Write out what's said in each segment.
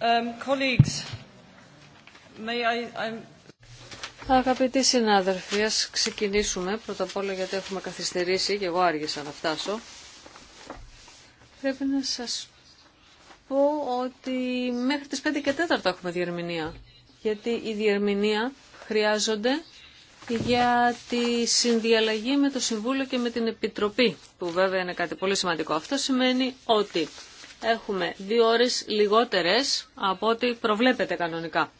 Um, Αγαπητοί συνάδελφοι, ας ξεκινήσουμε πρώτα απ' όλα γιατί έχουμε καθυστερήσει και εγώ άργησα να φτάσω. Πρέπει να σας πω ότι μέχρι τις 5 και 4 έχουμε διερμηνία. Γιατί η διερμηνία χρειάζονται για τη συνδιαλλαγή με το Συμβούλιο και με την Επιτροπή, που βέβαια είναι κάτι πολύ σημαντικό. Αυτό σημαίνει ότι έχουμε δύο ώρες λιγότερες από ό,τι προβλέπεται κανονικά.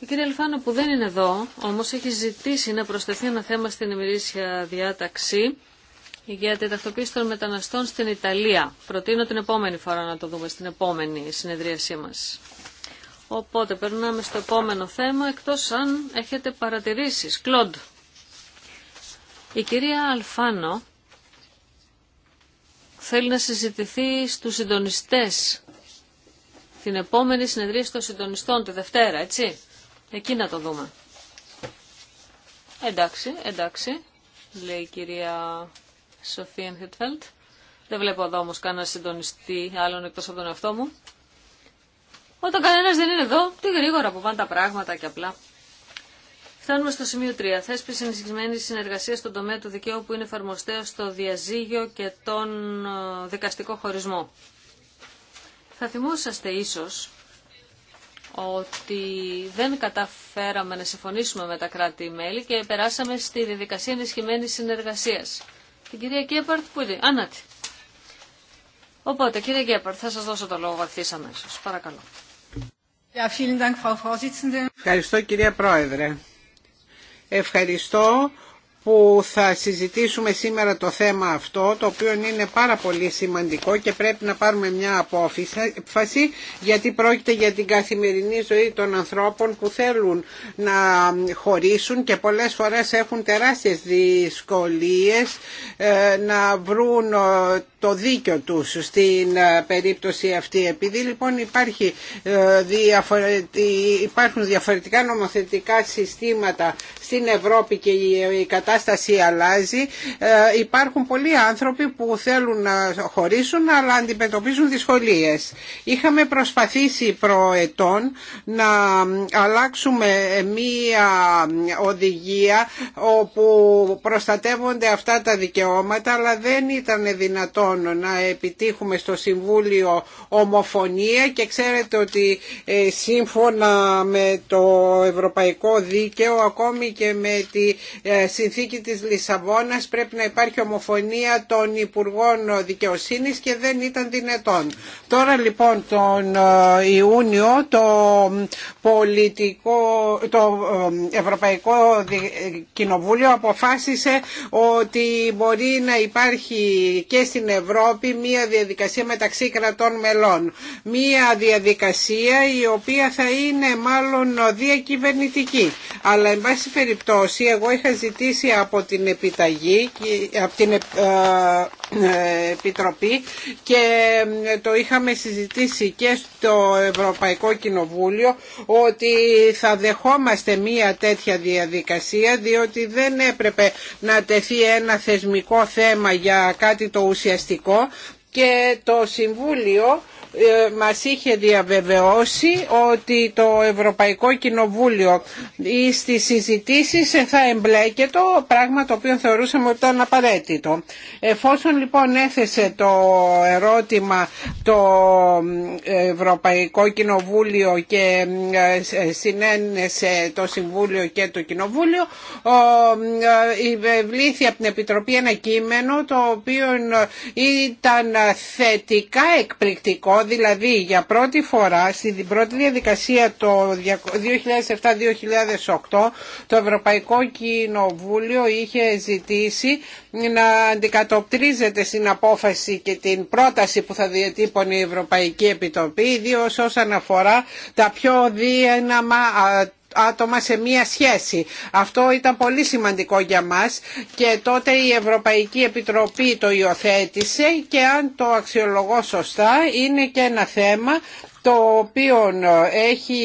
Η κυρία Αλφάνο, που δεν είναι εδώ, όμως έχει ζητήσει να προσθεθεί ένα θέμα στην ημερήσια διάταξη για την τακτοποίηση των μεταναστών στην Ιταλία. Προτείνω την επόμενη φορά να το δούμε, στην επόμενη συνεδρίασή μας. Οπότε περνάμε στο επόμενο θέμα, εκτός αν έχετε παρατηρήσεις. Κλοντ. Η κυρία Αλφάνο θέλει να συζητηθεί στους συντονιστές την επόμενη συνεδρία των συντονιστών τη Δευτέρα, έτσι. Εκεί να το δούμε. Εντάξει, εντάξει, λέει η κυρία Σοφία Χιτφέλτ. Δεν βλέπω εδώ όμως κανένα συντονιστή άλλον εκτός από τον εαυτό μου. Όταν κανένας δεν είναι εδώ, τι γρήγορα που πάνε τα πράγματα και απλά. Φτάνουμε στο σημείο 3. Θέσπιση ενισχυμένη συνεργασία στον τομέα του δικαίου που είναι εφαρμοστέο στο διαζύγιο και τον ε, δικαστικό χωρισμό. Θα θυμόσαστε ίσως ότι δεν καταφέραμε να συμφωνήσουμε με τα κράτη-μέλη και περάσαμε στη διαδικασία ενισχυμένη συνεργασία. Την κυρία Κέπαρτ που είναι. Άνατη. Οπότε, κύριε Κέπαρτ, θα σα δώσω το λόγο ευθύ αμέσω. Παρακαλώ. Ευχαριστώ, κυρία Πρόεδρε. Ευχαριστώ που θα συζητήσουμε σήμερα το θέμα αυτό, το οποίο είναι πάρα πολύ σημαντικό και πρέπει να πάρουμε μια απόφαση, γιατί πρόκειται για την καθημερινή ζωή των ανθρώπων που θέλουν να χωρίσουν και πολλές φορές έχουν τεράστιες δυσκολίες ε, να βρουν ε, το δίκιο τους στην ε, περίπτωση αυτή. Επειδή λοιπόν υπάρχει, υπάρχουν διαφορετικά νομοθετικά συστήματα στην Ευρώπη και η κατάσταση αλλάζει. Ε, υπάρχουν πολλοί άνθρωποι που θέλουν να χωρίσουν αλλά αντιμετωπίζουν δυσκολίες. Είχαμε προσπαθήσει προετών να αλλάξουμε μία οδηγία όπου προστατεύονται αυτά τα δικαιώματα αλλά δεν ήταν δυνατόν να επιτύχουμε στο Συμβούλιο ομοφωνία και ξέρετε ότι ε, σύμφωνα με το Ευρωπαϊκό Δίκαιο ακόμη και με τη ε, συνθήκη της Λισαβόνας πρέπει να υπάρχει ομοφωνία των Υπουργών Δικαιοσύνης και δεν ήταν δυνατόν. Τώρα λοιπόν τον ε, Ιούνιο το, πολιτικό, το ε, Ευρωπαϊκό Κοινοβούλιο αποφάσισε ότι μπορεί να υπάρχει και στην Ευρώπη μία διαδικασία μεταξύ κρατών μελών. Μία διαδικασία η οποία θα είναι μάλλον διακυβερνητική. Αλλά εν περιπτώσει εγώ είχα ζητήσει από την επιταγή, από την ε, ε, Επιτροπή και ε, το είχαμε συζητήσει και στο Ευρωπαϊκό Κοινοβούλιο ότι θα δεχόμαστε μία τέτοια διαδικασία διότι δεν έπρεπε να τεθεί ένα θεσμικό θέμα για κάτι το ουσιαστικό και το Συμβούλιο ε, μας είχε διαβεβαιώσει ότι το Ευρωπαϊκό Κοινοβούλιο στις συζητήσει θα εμπλέκεται, πράγμα το οποίο θεωρούσαμε ότι ήταν απαραίτητο. Εφόσον λοιπόν έθεσε το ερώτημα το Ευρωπαϊκό Κοινοβούλιο και ε, συνένεσε το Συμβούλιο και το Κοινοβούλιο, βλήθη ε, από την Επιτροπή ένα κείμενο το οποίο ήταν θετικά εκπληκτικό δηλαδή για πρώτη φορά στην πρώτη διαδικασία το 2007-2008 το Ευρωπαϊκό Κοινοβούλιο είχε ζητήσει να αντικατοπτρίζεται στην απόφαση και την πρόταση που θα διατύπωνε η Ευρωπαϊκή Επιτροπή ιδίω όσον αφορά τα πιο δύναμα άτομα σε μία σχέση. Αυτό ήταν πολύ σημαντικό για μας και τότε η Ευρωπαϊκή Επιτροπή το υιοθέτησε και αν το αξιολογώ σωστά είναι και ένα θέμα το οποίο έχει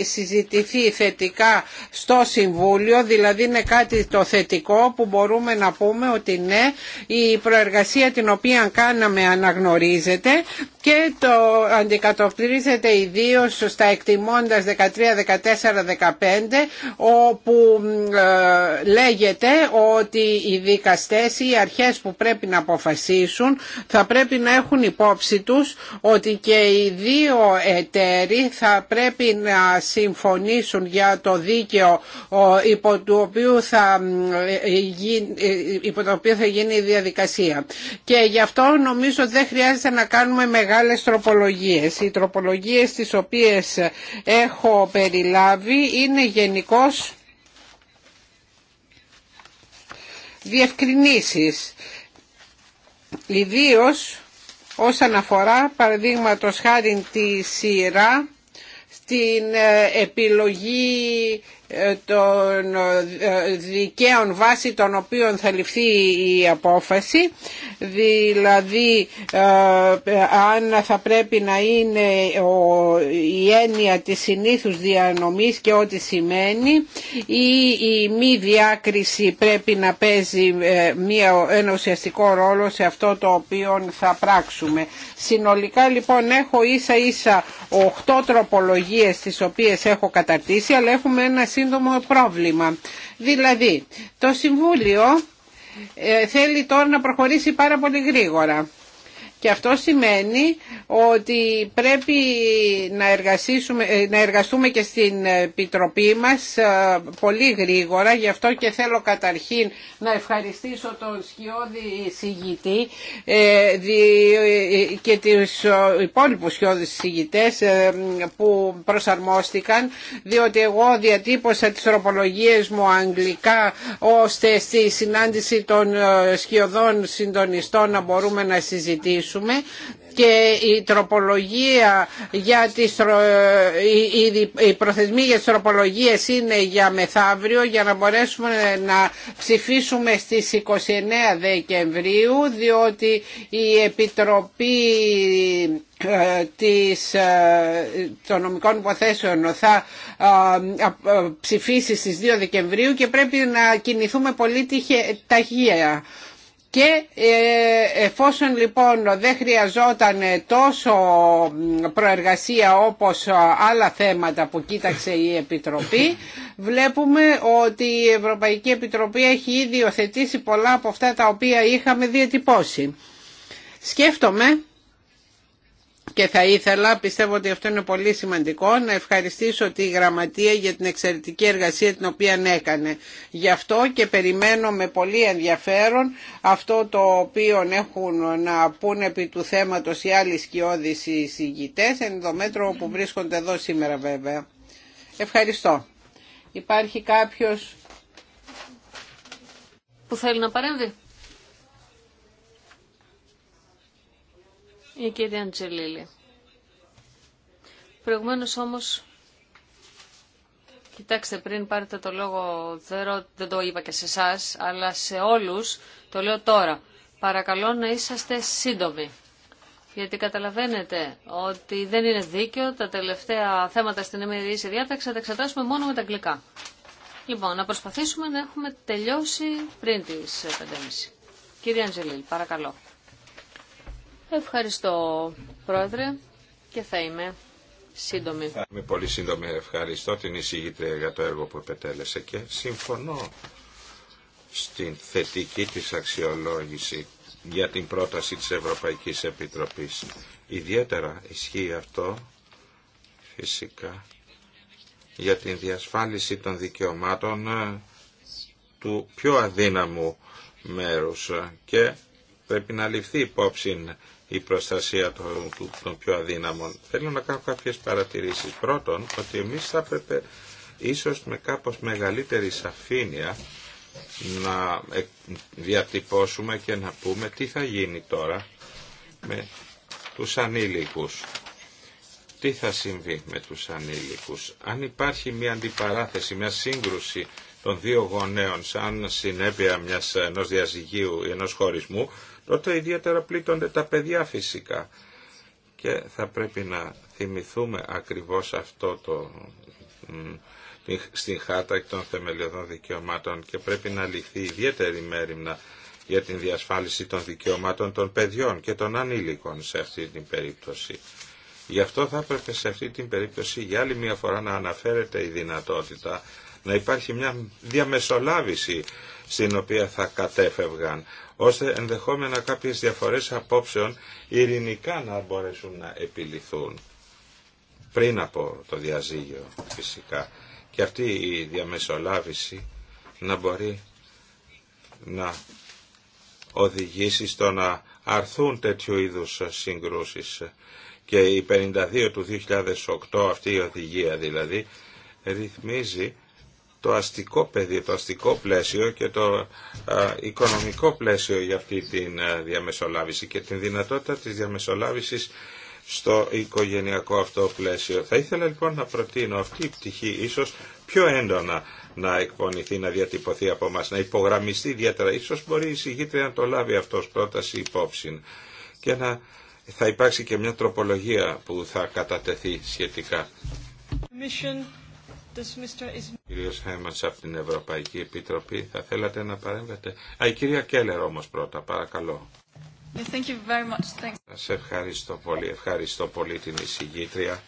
συζητηθεί θετικά στο Συμβούλιο, δηλαδή είναι κάτι το θετικό που μπορούμε να πούμε ότι ναι, η προεργασία την οποία κάναμε αναγνωρίζεται και το αντικατοπτρίζεται ιδίως στα εκτιμώντας 13, 14, 15 όπου ε, λέγεται ότι οι δικαστές ή οι αρχές που πρέπει να αποφασίσουν θα πρέπει να έχουν υπόψη τους ότι και οι δύο εταίροι θα πρέπει να συμφωνήσουν για το δίκαιο ε, ε, υπό το οποίο θα γίνει, η διαδικασία. Και γι' αυτό νομίζω δεν χρειάζεται να κάνουμε μεγάλη μεγάλες τροπολογίες. Οι τροπολογίες τις οποίες έχω περιλάβει είναι γενικώς διευκρινήσεις. Ιδίως όσον αφορά παραδείγματο χάρη τη σειρά στην ε, επιλογή ε, των ε, δικαίων βάση των οποίων θα ληφθεί η απόφαση δηλαδή ε, αν θα πρέπει να είναι η έννοια της συνήθους διανομής και ό,τι σημαίνει ή η μη διάκριση πρέπει να παίζει μια, ένα ουσιαστικό ρόλο σε αυτό το οποίο θα πράξουμε. Συνολικά λοιπόν έχω ίσα ίσα 8 τροπολογίες τις οποίες έχω καταρτήσει αλλά έχουμε ένα σύντομο πρόβλημα. Δηλαδή, το Συμβούλιο ε, θέλει τώρα να προχωρήσει πάρα πολύ γρήγορα. Και αυτό σημαίνει ότι πρέπει να, ε, να εργαστούμε και στην Επιτροπή μας ε, πολύ γρήγορα. Γι' αυτό και θέλω καταρχήν να ευχαριστήσω τον Σκιώδη Συγητή ε, και τους υπόλοιπους Σκιώδης Συγητές που προσαρμόστηκαν διότι εγώ διατύπωσα τις τροπολογίες μου αγγλικά ώστε στη συνάντηση των Σκιωδών Συντονιστών να μπορούμε να συζητήσουμε και η τροπολογία για τις, οι προθεσμοί για τις τροπολογίες είναι για μεθαύριο για να μπορέσουμε να ψηφίσουμε στις 29 Δεκεμβρίου διότι η Επιτροπή ε, της, ε, των νομικών υποθέσεων θα ε, ψηφίσει στις 2 Δεκεμβρίου και πρέπει να κινηθούμε πολύ ταχεία και ε, εφόσον λοιπόν δεν χρειαζόταν τόσο προεργασία όπως άλλα θέματα που κοίταξε η Επιτροπή, βλέπουμε ότι η Ευρωπαϊκή Επιτροπή έχει ήδη οθετήσει πολλά από αυτά τα οποία είχαμε διατυπώσει. Σκέφτομαι και θα ήθελα, πιστεύω ότι αυτό είναι πολύ σημαντικό, να ευχαριστήσω τη Γραμματεία για την εξαιρετική εργασία την οποία έκανε. Γι' αυτό και περιμένω με πολύ ενδιαφέρον αυτό το οποίο έχουν να πούν επί του θέματος οι άλλοι σκιώδεις εισηγητές, εν που βρίσκονται εδώ σήμερα βέβαια. Ευχαριστώ. Υπάρχει κάποιος που θέλει να παρέμβει. η κυρία Αντζελίλη. Προηγουμένως όμως, κοιτάξτε πριν πάρετε το λόγο, δεν το είπα και σε εσά, αλλά σε όλους το λέω τώρα. Παρακαλώ να είσαστε σύντομοι. Γιατί καταλαβαίνετε ότι δεν είναι δίκαιο τα τελευταία θέματα στην εμερήση διάταξη να τα εξετάσουμε μόνο με τα αγγλικά. Λοιπόν, να προσπαθήσουμε να έχουμε τελειώσει πριν τις 5.30. Κύριε Αντζελίλη, παρακαλώ. Ευχαριστώ, Πρόεδρε, και θα είμαι σύντομη. Θα είμαι πολύ σύντομη. Ευχαριστώ την εισηγήτρια για το έργο που επετέλεσε και συμφωνώ στην θετική της αξιολόγηση για την πρόταση της Ευρωπαϊκής Επιτροπής. Ιδιαίτερα ισχύει αυτό φυσικά για την διασφάλιση των δικαιωμάτων ε, του πιο αδύναμου μέρους και πρέπει να ληφθεί υπόψη η προστασία των, των πιο αδύναμων. Θέλω να κάνω κάποιες παρατηρήσεις. Πρώτον, ότι εμείς θα έπρεπε ίσως με κάπως μεγαλύτερη σαφήνεια να ε, διατυπώσουμε και να πούμε τι θα γίνει τώρα με τους ανήλικους. Τι θα συμβεί με τους ανήλικους. Αν υπάρχει μια αντιπαράθεση, μια σύγκρουση των δύο γονέων σαν συνέπεια μιας, ενός διαζυγίου ή ενός χωρισμού, τότε ιδιαίτερα πλήττονται τα παιδιά φυσικά. Και θα πρέπει να θυμηθούμε ακριβώς αυτό το, στην χάτα των θεμελιωδών δικαιωμάτων και πρέπει να ληφθεί ιδιαίτερη μέρημνα για την διασφάλιση των δικαιωμάτων των παιδιών και των ανήλικων σε αυτή την περίπτωση. Γι' αυτό θα έπρεπε σε αυτή την περίπτωση για άλλη μια φορά να αναφέρεται η δυνατότητα να υπάρχει μια διαμεσολάβηση στην οποία θα κατέφευγαν, ώστε ενδεχόμενα κάποιες διαφορές απόψεων ειρηνικά να μπορέσουν να επιληθούν πριν από το διαζύγιο φυσικά. Και αυτή η διαμεσολάβηση να μπορεί να οδηγήσει στο να αρθούν τέτοιου είδους συγκρούσεις. Και η 52 του 2008, αυτή η οδηγία δηλαδή, ρυθμίζει το αστικό πεδίο, το αστικό πλαίσιο και το οικονομικό πλαίσιο για αυτή τη διαμεσολάβηση και την δυνατότητα της διαμεσολάβησης στο οικογενειακό αυτό πλαίσιο. Θα ήθελα λοιπόν να προτείνω αυτή η πτυχή ίσως πιο έντονα να εκπονηθεί, να διατυπωθεί από μας, να υπογραμμιστεί ιδιαίτερα. Ίσως μπορεί η συγγήτρια να το λάβει αυτός πρόταση υπόψη και να θα υπάρξει και μια τροπολογία που θα κατατεθεί σχετικά. Κύριος Χέμαντς από την Ευρωπαϊκή Επιτροπή, θα θέλατε να παρέμβετε. Α, η κυρία Κέλλερ όμως πρώτα, παρακαλώ. Σα ευχαριστώ πολύ, ευχαριστώ πολύ την εισηγήτρια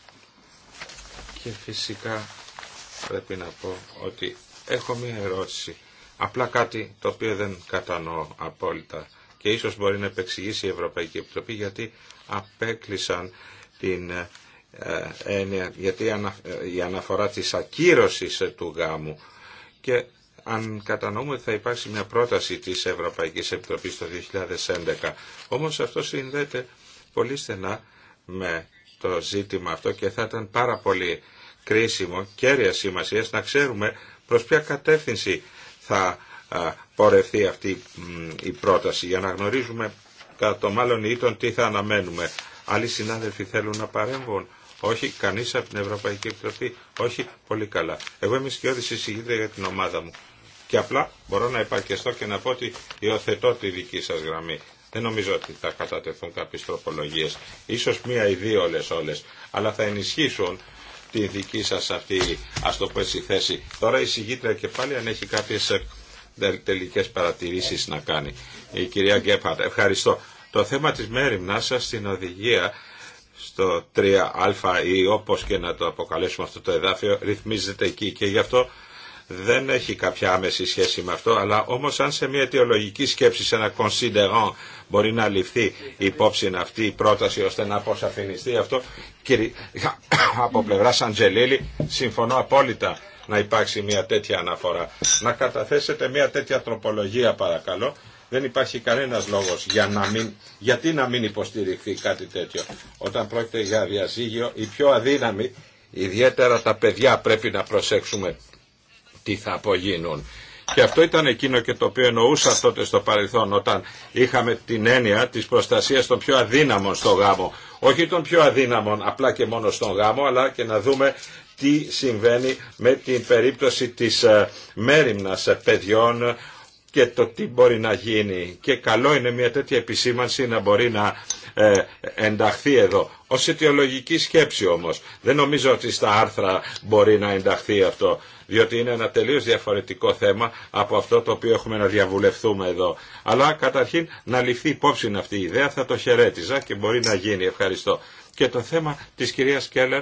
και φυσικά πρέπει να πω ότι έχω μία ερώτηση. Απλά κάτι το οποίο δεν κατανοώ απόλυτα και ίσως μπορεί να επεξηγήσει η Ευρωπαϊκή Επιτροπή γιατί απέκλεισαν την ε, ε, γιατί ε, η αναφορά της ακύρωσης ε, του γάμου και αν κατανοούμε ότι θα υπάρξει μια πρόταση της Ευρωπαϊκής Επιτροπής το 2011, όμως αυτό συνδέεται πολύ στενά με το ζήτημα αυτό και θα ήταν πάρα πολύ κρίσιμο, κέρια σημασία να ξέρουμε προς ποια κατεύθυνση θα πορευθεί αυτή η πρόταση για να γνωρίζουμε κατά το μάλλον τον τι θα αναμένουμε. Άλλοι συνάδελφοι θέλουν να παρέμβουν. Όχι, κανείς από την Ευρωπαϊκή Επιτροπή. Όχι, πολύ καλά. Εγώ είμαι σκιώδης εισηγήτρια για την ομάδα μου. Και απλά μπορώ να επαρκεστώ και να πω ότι υιοθετώ τη δική σας γραμμή. Δεν νομίζω ότι θα κατατεθούν κάποιες τροπολογίες. Ίσως μία ή δύο όλες όλες. Αλλά θα ενισχύσουν τη δική σας αυτή, ας το πω έτσι, θέση. Τώρα η συγγύτρια και πάλι αν έχει κάποιες ε, τελικές παρατηρήσεις να κάνει. Η κυρία Γκέπαρτ, ευχαριστώ. Το θέμα της μέρημνάς σας στην οδηγία στο 3α ή όπως και να το αποκαλέσουμε αυτό το εδάφιο ρυθμίζεται εκεί και γι' αυτό δεν έχει κάποια άμεση σχέση με αυτό, αλλά όμως αν σε μια αιτιολογική σκέψη, σε ένα considerant μπορεί να ληφθεί υπόψη αυτή η πρόταση ώστε να αποσαφινιστεί αυτό, κύριε, από πλευρά Αντζελίλη συμφωνώ απόλυτα να υπάρξει μια τέτοια αναφορά. Να καταθέσετε μια τέτοια τροπολογία παρακαλώ δεν υπάρχει κανένας λόγος για να μην, γιατί να μην υποστηριχθεί κάτι τέτοιο. Όταν πρόκειται για διαζύγιο, οι πιο αδύναμοι, ιδιαίτερα τα παιδιά πρέπει να προσέξουμε τι θα απογίνουν. Και αυτό ήταν εκείνο και το οποίο εννοούσα τότε στο παρελθόν όταν είχαμε την έννοια της προστασίας των πιο αδύναμων στο γάμο. Όχι των πιο αδύναμων απλά και μόνο στον γάμο αλλά και να δούμε τι συμβαίνει με την περίπτωση της ε, μέρημνας ε, παιδιών και το τι μπορεί να γίνει. Και καλό είναι μια τέτοια επισήμανση να μπορεί να ε, ενταχθεί εδώ. Ω αιτιολογική σκέψη όμως. Δεν νομίζω ότι στα άρθρα μπορεί να ενταχθεί αυτό. Διότι είναι ένα τελείως διαφορετικό θέμα από αυτό το οποίο έχουμε να διαβουλευτούμε εδώ. Αλλά καταρχήν να ληφθεί υπόψη αυτή η ιδέα θα το χαιρέτιζα και μπορεί να γίνει. Ευχαριστώ. Και το θέμα της κυρίας Κέλλερ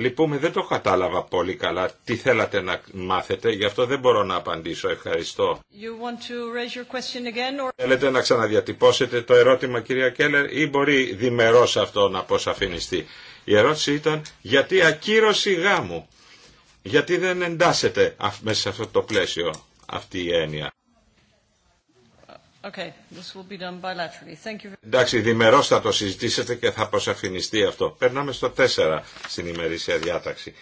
Λυπούμε, δεν το κατάλαβα πολύ καλά τι θέλατε να μάθετε, γι' αυτό δεν μπορώ να απαντήσω. Ευχαριστώ. You want to raise your question again, or... Θέλετε να ξαναδιατυπώσετε το ερώτημα, κυρία Κέλλερ, ή μπορεί διμερώς αυτό να αποσαφινιστεί. Η ερώτηση ήταν γιατί ακύρωση γάμου. Γιατί δεν εντάσσεται μέσα σε αυτό το πλαίσιο αυτή η έννοια. Εντάξει, διμερώς θα το συζητήσετε και θα αποσαφινιστεί αυτό. Περνάμε στο 4 στην ημερήσια διάταξη.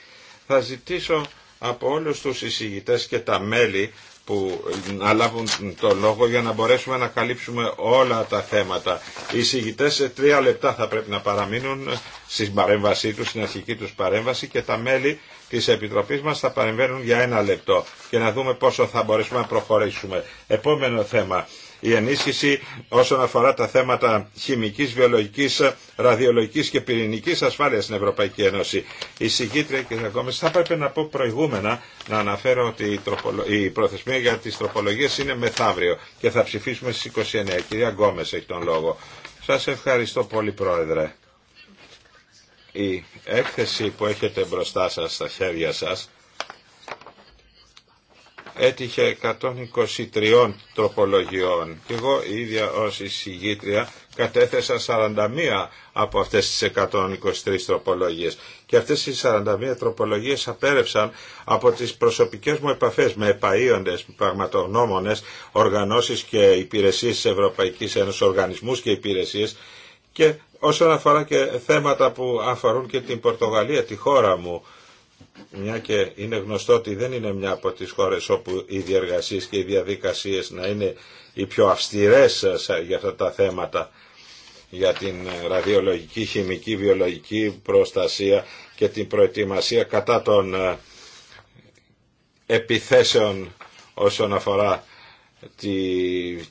Θα ζητήσω από όλους τους εισηγητές και τα μέλη που να λάβουν το λόγο για να μπορέσουμε να καλύψουμε όλα τα θέματα. Οι εισηγητές σε τρία λεπτά θα πρέπει να παραμείνουν στην παρέμβασή τους, στην αρχική τους παρέμβαση και τα μέλη της Επιτροπής μας θα παρεμβαίνουν για ένα λεπτό και να δούμε πόσο θα μπορέσουμε να προχωρήσουμε. Επόμενο θέμα η ενίσχυση όσον αφορά τα θέματα χημικής, βιολογικής, ραδιολογικής και πυρηνικής ασφάλειας στην Ευρωπαϊκή Ένωση. Η συγκίτρια και Γκόμες θα έπρεπε να πω προηγούμενα να αναφέρω ότι η προθεσμία για τις τροπολογίες είναι μεθαύριο και θα ψηφίσουμε στις 29. κυρία Γκόμες έχει τον λόγο. Σας ευχαριστώ πολύ Πρόεδρε. Η έκθεση που έχετε μπροστά σας στα χέρια σας έτυχε 123 τροπολογιών. Και εγώ η ίδια ως εισηγήτρια κατέθεσα 41 από αυτές τις 123 τροπολογίες. Και αυτές οι 41 τροπολογίες απέρευσαν από τις προσωπικές μου επαφές με επαΐοντες, πραγματογνώμονες, οργανώσεις και υπηρεσίες της Ευρωπαϊκής Ένωσης, οργανισμούς και υπηρεσίες και όσον αφορά και θέματα που αφορούν και την Πορτογαλία, τη χώρα μου, μια και είναι γνωστό ότι δεν είναι μια από τις χώρες όπου οι διεργασίες και οι διαδικασίες να είναι οι πιο αυστηρές για αυτά τα θέματα για την ραδιολογική, χημική, βιολογική προστασία και την προετοιμασία κατά των ε, επιθέσεων όσον αφορά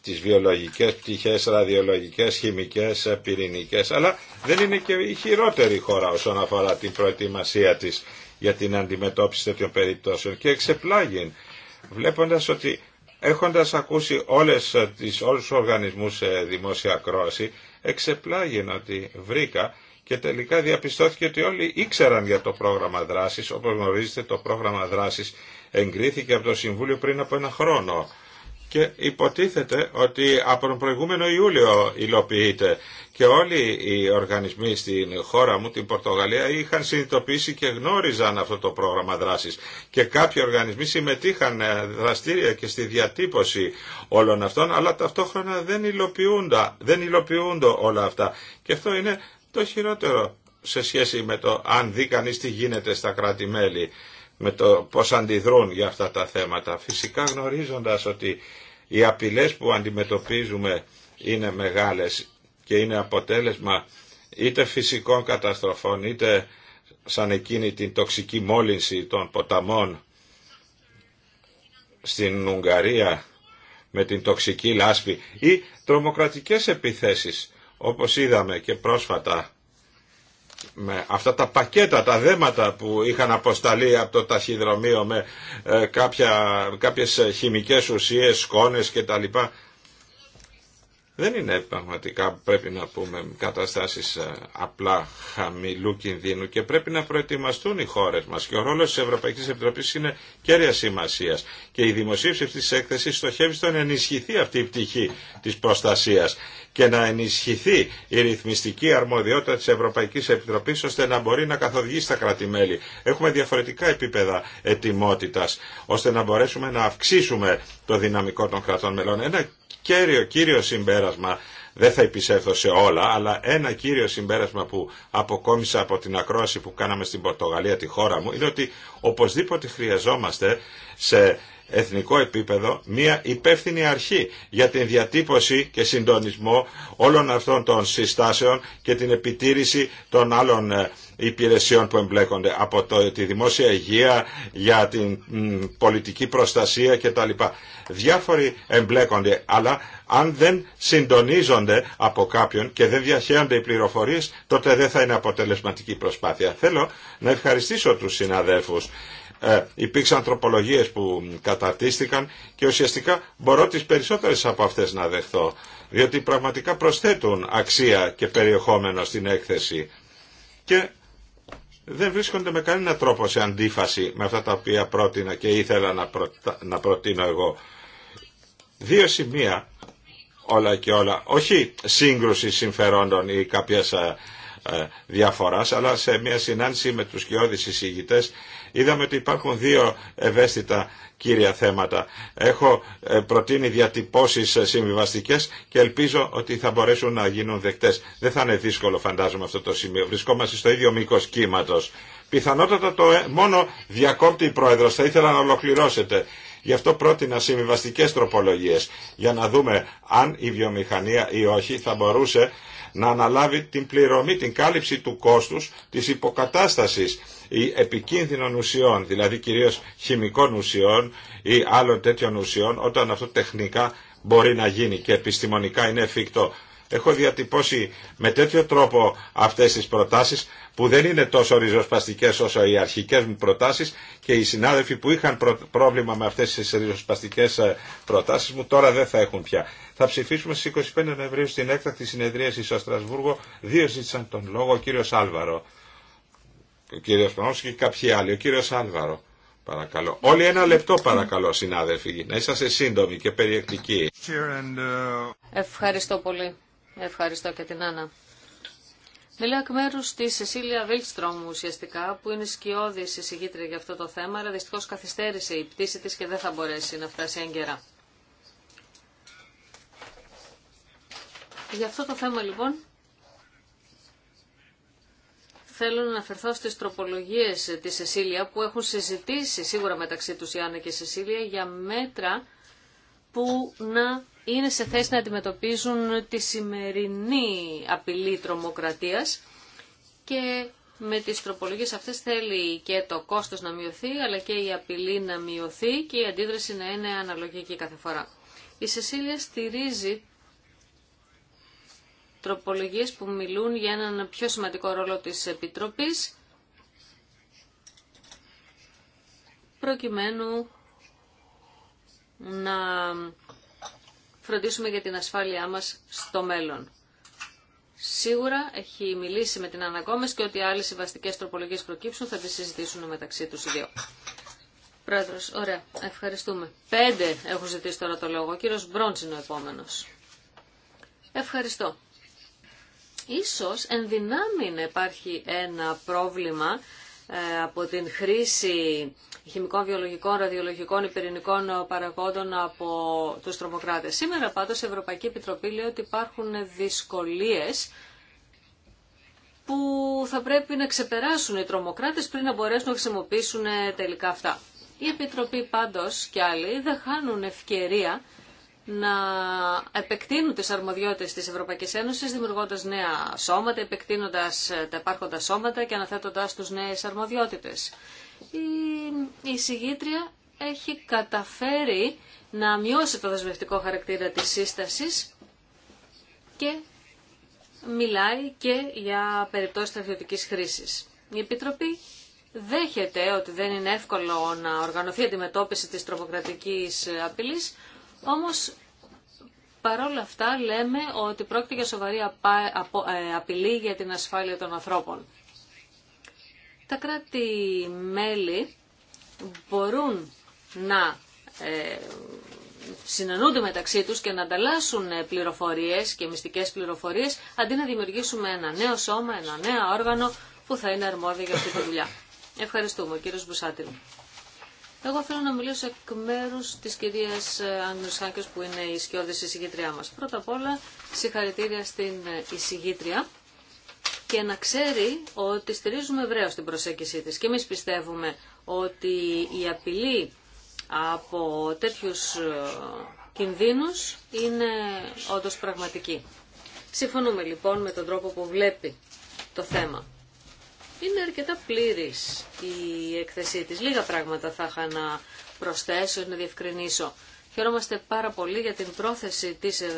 τις βιολογικές πτυχές, ραδιολογικές, χημικές, πυρηνικές, αλλά δεν είναι και η χειρότερη χώρα όσον αφορά την προετοιμασία της για την αντιμετώπιση τέτοιων περιπτώσεων και εξεπλάγει βλέποντας ότι έχοντας ακούσει όλες τις, όλους τους οργανισμούς σε δημόσια κρόση εξεπλάγει ότι βρήκα και τελικά διαπιστώθηκε ότι όλοι ήξεραν για το πρόγραμμα δράσης όπως γνωρίζετε το πρόγραμμα δράσης εγκρίθηκε από το Συμβούλιο πριν από ένα χρόνο και υποτίθεται ότι από τον προηγούμενο Ιούλιο υλοποιείται και όλοι οι οργανισμοί στην χώρα μου, την Πορτογαλία, είχαν συνειδητοποιήσει και γνώριζαν αυτό το πρόγραμμα δράσης και κάποιοι οργανισμοί συμμετείχαν ε, δραστήρια και στη διατύπωση όλων αυτών, αλλά ταυτόχρονα δεν υλοποιούνται, δεν υλοποιούνται όλα αυτά. Και αυτό είναι το χειρότερο σε σχέση με το αν δει κανείς τι γίνεται στα κράτη-μέλη με το πώς αντιδρούν για αυτά τα θέματα. Φυσικά γνωρίζοντας ότι οι απειλές που αντιμετωπίζουμε είναι μεγάλες και είναι αποτέλεσμα είτε φυσικών καταστροφών είτε σαν εκείνη την τοξική μόλυνση των ποταμών στην Ουγγαρία με την τοξική λάσπη ή τρομοκρατικές επιθέσεις όπως είδαμε και πρόσφατα με αυτά τα πακέτα, τα δέματα που είχαν αποσταλεί από το ταχυδρομείο με ε, κάποια, κάποιες ε, χημικές ουσίες, σκόνες κτλ δεν είναι πραγματικά πρέπει να πούμε καταστάσεις ε, απλά χαμηλού κινδύνου και πρέπει να προετοιμαστούν οι χώρες μας και ο ρόλος της Ευρωπαϊκής Επιτροπής είναι κέρια σημασίας και η δημοσίευση αυτής της έκθεσης στοχεύει στο να ενισχυθεί αυτή η πτυχή της προστασίας και να ενισχυθεί η ρυθμιστική αρμοδιότητα της Ευρωπαϊκής Επιτροπής ώστε να μπορεί να καθοδηγήσει τα κράτη-μέλη. Έχουμε διαφορετικά επίπεδα ετοιμότητας ώστε να μπορέσουμε να αυξήσουμε το δυναμικό των κρατών μελών κέριο, κύριο συμπέρασμα, δεν θα επισέλθω σε όλα, αλλά ένα κύριο συμπέρασμα που αποκόμισα από την ακρόαση που κάναμε στην Πορτογαλία, τη χώρα μου, είναι ότι οπωσδήποτε χρειαζόμαστε σε εθνικό επίπεδο μια υπεύθυνη αρχή για την διατύπωση και συντονισμό όλων αυτών των συστάσεων και την επιτήρηση των άλλων ε, υπηρεσιών που εμπλέκονται από το, τη δημόσια υγεία για την πολιτική προστασία κτλ. Διάφοροι εμπλέκονται, αλλά αν δεν συντονίζονται από κάποιον και δεν διαχέονται οι πληροφορίες, τότε δεν θα είναι αποτελεσματική προσπάθεια. Θέλω να ευχαριστήσω τους συναδέλφους. Ε, υπήρξαν τροπολογίες που καταρτίστηκαν και ουσιαστικά μπορώ τις περισσότερες από αυτές να δεχθώ, διότι πραγματικά προσθέτουν αξία και περιεχόμενο στην έκθεση δεν βρίσκονται με κανένα τρόπο σε αντίφαση με αυτά τα οποία πρότεινα και ήθελα να, να προτείνω εγώ. Δύο σημεία όλα και όλα, όχι σύγκρουση συμφερόντων ή κάποιας ε, ε, διαφοράς, αλλά σε μια συνάντηση με τους κοιόδης εισηγητές είδαμε ότι υπάρχουν δύο ευαίσθητα κύρια θέματα. Έχω ε, προτείνει διατυπώσεις ε, συμβιβαστικές και ελπίζω ότι θα μπορέσουν να γίνουν δεκτές. Δεν θα είναι δύσκολο φαντάζομαι αυτό το σημείο. Βρισκόμαστε στο ίδιο μήκο κύματος. Πιθανότατα το ε, μόνο διακόπτη πρόεδρος θα ήθελα να ολοκληρώσετε. Γι' αυτό πρότεινα συμβιβαστικές τροπολογίες για να δούμε αν η βιομηχανία ή όχι θα μπορούσε να αναλάβει την πληρωμή, την κάλυψη του κόστους της υποκατάστασης ή επικίνδυνων ουσιών, δηλαδή κυρίως χημικών ουσιών ή άλλων τέτοιων ουσιών, όταν αυτό τεχνικά μπορεί να γίνει και επιστημονικά είναι εφικτό. Έχω διατυπώσει με τέτοιο τρόπο αυτές τις προτάσεις που δεν είναι τόσο ριζοσπαστικές όσο οι αρχικές μου προτάσεις και οι συνάδελφοι που είχαν πρόβλημα με αυτές τις ριζοσπαστικές ε, προτάσεις μου τώρα δεν θα έχουν πια. Θα ψηφίσουμε στις 25 Νοεμβρίου στην έκτακτη συνεδρίαση στο Στρασβούργο. Δύο ζήτησαν τον λόγο ο κύριος Άλβαρο ο κύριος Πανός και κάποιοι άλλοι. Ο κύριος Άλβαρο, παρακαλώ. Όλοι ένα λεπτό παρακαλώ, συνάδελφοι, να είσαστε σύντομοι και περιεκτικοί. Ευχαριστώ πολύ. Ευχαριστώ και την Άννα. Μιλάω εκ μέρου τη Σεσίλια Βίλστρομ ουσιαστικά, που είναι σκιώδη εισηγήτρια για αυτό το θέμα, αλλά δυστυχώ καθυστέρησε η πτήση τη και δεν θα μπορέσει να φτάσει έγκαιρα. Για αυτό το θέμα λοιπόν θέλω να αναφερθώ στις τροπολογίες της Σεσίλια που έχουν συζητήσει σίγουρα μεταξύ τους Άννα και Σεσίλια για μέτρα που να είναι σε θέση να αντιμετωπίζουν τη σημερινή απειλή τρομοκρατία και με τις τροπολογίες αυτές θέλει και το κόστος να μειωθεί αλλά και η απειλή να μειωθεί και η αντίδραση να είναι αναλογική κάθε φορά. Η Σεσίλια στηρίζει τροπολογίες που μιλούν για έναν πιο σημαντικό ρόλο της Επιτροπής προκειμένου να φροντίσουμε για την ασφάλειά μας στο μέλλον. Σίγουρα έχει μιλήσει με την Ανακόμες και ότι άλλες συμβαστικέ τροπολογίες προκύψουν θα τις συζητήσουν μεταξύ τους οι δύο. Πρόεδρος, ωραία, ευχαριστούμε. Πέντε έχουν ζητήσει τώρα το λόγο. Ο κύριος Μπρόντς είναι ο επόμενος. Ευχαριστώ. Ίσως ενδυνάμει να υπάρχει ένα πρόβλημα ε, από την χρήση χημικών, βιολογικών, ραδιολογικών, υπερηνικών παραγόντων από τους τρομοκράτες. Σήμερα πάντως η Ευρωπαϊκή Επιτροπή λέει ότι υπάρχουν δυσκολίες που θα πρέπει να ξεπεράσουν οι τρομοκράτες πριν να μπορέσουν να χρησιμοποιήσουν τελικά αυτά. Η Επιτροπή πάντως και άλλοι δεν χάνουν ευκαιρία να επεκτείνουν τις αρμοδιότητες της Ευρωπαϊκής Ένωσης, δημιουργώντας νέα σώματα, επεκτείνοντας τα υπάρχοντα σώματα και αναθέτοντας τους νέες αρμοδιότητες. Η, η συγγήτρια έχει καταφέρει να μειώσει το δεσμευτικό χαρακτήρα της σύστασης και μιλάει και για περιπτώσεις στρατιωτικής χρήσης. Η Επιτροπή δέχεται ότι δεν είναι εύκολο να οργανωθεί η αντιμετώπιση της τρομοκρατικής απειλής, όμως παρόλα αυτά λέμε ότι πρόκειται για σοβαρή ε, απειλή για την ασφάλεια των ανθρώπων. Τα κράτη-μέλη μπορούν να ε, συνενούνται μεταξύ τους και να ανταλλάσσουν πληροφορίες και μυστικές πληροφορίες αντί να δημιουργήσουμε ένα νέο σώμα, ένα νέο όργανο που θα είναι αρμόδιο για αυτή τη δουλειά. Ευχαριστούμε, κύριος Μπουσάτηλ. Εγώ θέλω να μιλήσω εκ μέρου τη κυρία ε, που είναι η σκιώδη εισηγήτριά μα. Πρώτα απ' όλα, συγχαρητήρια στην ε, εισηγήτρια και να ξέρει ότι στηρίζουμε ευρέω την προσέγγιση τη. Και εμεί πιστεύουμε ότι η απειλή από τέτοιου ε, κινδύνου είναι όντω πραγματική. Συμφωνούμε λοιπόν με τον τρόπο που βλέπει το θέμα. Είναι αρκετά πλήρης η έκθεσή της. Λίγα πράγματα θα είχα να προσθέσω ή να διευκρινίσω. Χαιρόμαστε πάρα πολύ για την πρόθεση της ε,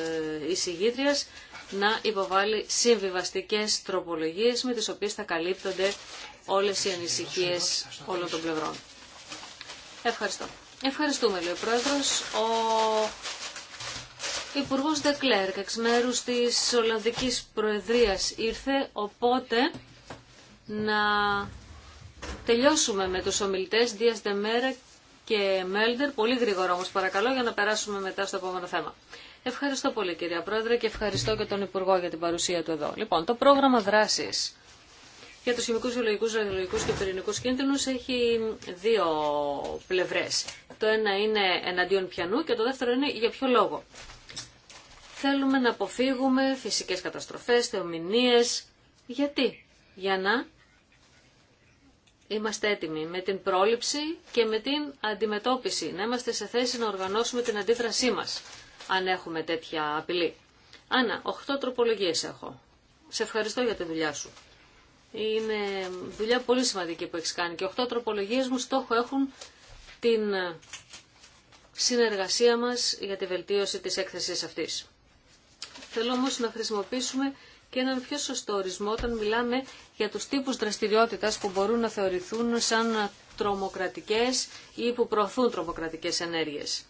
εισηγήτριας να υποβάλει συμβιβαστικές τροπολογίες με τις οποίες θα καλύπτονται όλες οι ανησυχίες όλων των πλευρών. Ευχαριστώ. Ευχαριστούμε, λέει ο Πρόεδρος. Ο Υπουργό Δεκλέρκ, εξ μέρου τη Ολλανδική Προεδρία, ήρθε, οπότε να τελειώσουμε με τους ομιλητές Δίας Δεμέρα και Μέλντερ, πολύ γρήγορα όμως παρακαλώ, για να περάσουμε μετά στο επόμενο θέμα. Ευχαριστώ πολύ κυρία Πρόεδρε και ευχαριστώ και τον Υπουργό για την παρουσία του εδώ. Λοιπόν, το πρόγραμμα δράσης για τους χημικούς, βιολογικούς, ραδιολογικούς και πυρηνικούς κίνδυνους έχει δύο πλευρές. Το ένα είναι εναντίον πιανού και το δεύτερο είναι για ποιο λόγο. Θέλουμε να αποφύγουμε φυσικές καταστροφές, θεομηνίες. Γιατί? Για να είμαστε έτοιμοι με την πρόληψη και με την αντιμετώπιση. Να είμαστε σε θέση να οργανώσουμε την αντίδρασή μας, αν έχουμε τέτοια απειλή. Άννα, 8 τροπολογίες έχω. Σε ευχαριστώ για τη δουλειά σου. Είναι δουλειά πολύ σημαντική που έχει κάνει και 8 τροπολογίες μου στόχο έχουν την συνεργασία μας για τη βελτίωση της έκθεσης αυτής. Θέλω όμως να χρησιμοποιήσουμε και έναν πιο σωστό ορισμό όταν μιλάμε για τους τύπους δραστηριότητας που μπορούν να θεωρηθούν σαν τρομοκρατικές ή που προωθούν τρομοκρατικές ενέργειες.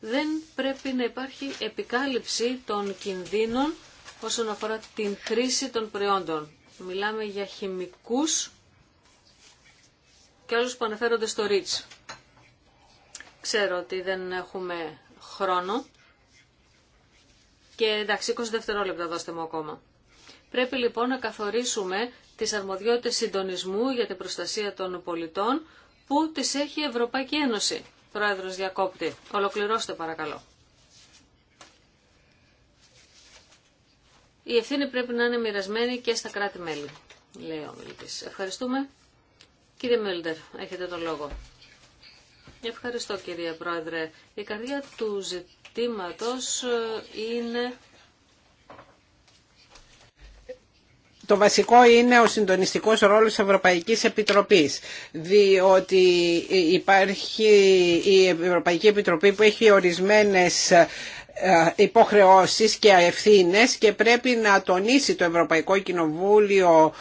Δεν πρέπει να υπάρχει επικάλυψη των κινδύνων όσον αφορά την χρήση των προϊόντων. Μιλάμε για χημικούς και άλλους που αναφέρονται στο ρίτς. Ξέρω ότι δεν έχουμε χρόνο και εντάξει 20 δευτερόλεπτα δώστε μου ακόμα. Πρέπει λοιπόν να καθορίσουμε τις αρμοδιότητες συντονισμού για την προστασία των πολιτών που τις έχει η Ευρωπαϊκή Ένωση. Πρόεδρος Διακόπτη, ολοκληρώστε παρακαλώ. Η ευθύνη πρέπει να είναι μοιρασμένη και στα κράτη-μέλη, λέει ο μιλητής. Ευχαριστούμε. Κύριε Μίλντερ, έχετε τον λόγο. Ευχαριστώ κύριε Πρόεδρε. Η καρδιά του ζητήματος ε, είναι το βασικό είναι ο συντονιστικός ρόλος της Ευρωπαϊκής Επιτροπής, διότι υπάρχει η Ευρωπαϊκή Επιτροπή που έχει ορισμένες ε, υποχρεώσεις και ευθύνες και πρέπει να τονίσει το Ευρωπαϊκό Κοινοβούλιο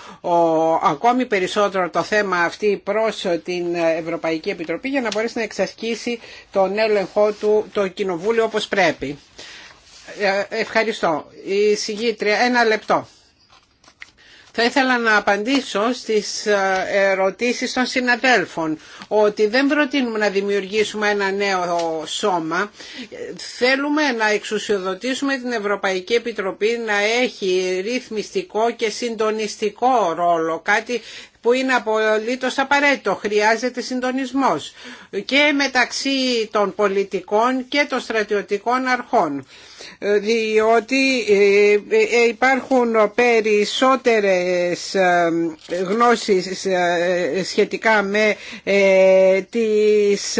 ακόμη περισσότερο το θέμα αυτή προς την Ευρωπαϊκή Επιτροπή για να μπορέσει να εξασκήσει τον έλεγχό του το Κοινοβούλιο όπως πρέπει. Ε, ευχαριστώ. Η συγγήτρια, ένα λεπτό. Θα ήθελα να απαντήσω στις ε, ερωτήσεις των συναδέλφων ότι δεν προτείνουμε να δημιουργήσουμε ένα νέο σώμα. Θέλουμε να εξουσιοδοτήσουμε την Ευρωπαϊκή Επιτροπή να έχει ρυθμιστικό και συντονιστικό ρόλο, κάτι που είναι απολύτω απαραίτητο. Χρειάζεται συντονισμός και μεταξύ των πολιτικών και των στρατιωτικών αρχών διότι ε, ε, υπάρχουν περισσότερες ε, γνώσεις σχετικά με τις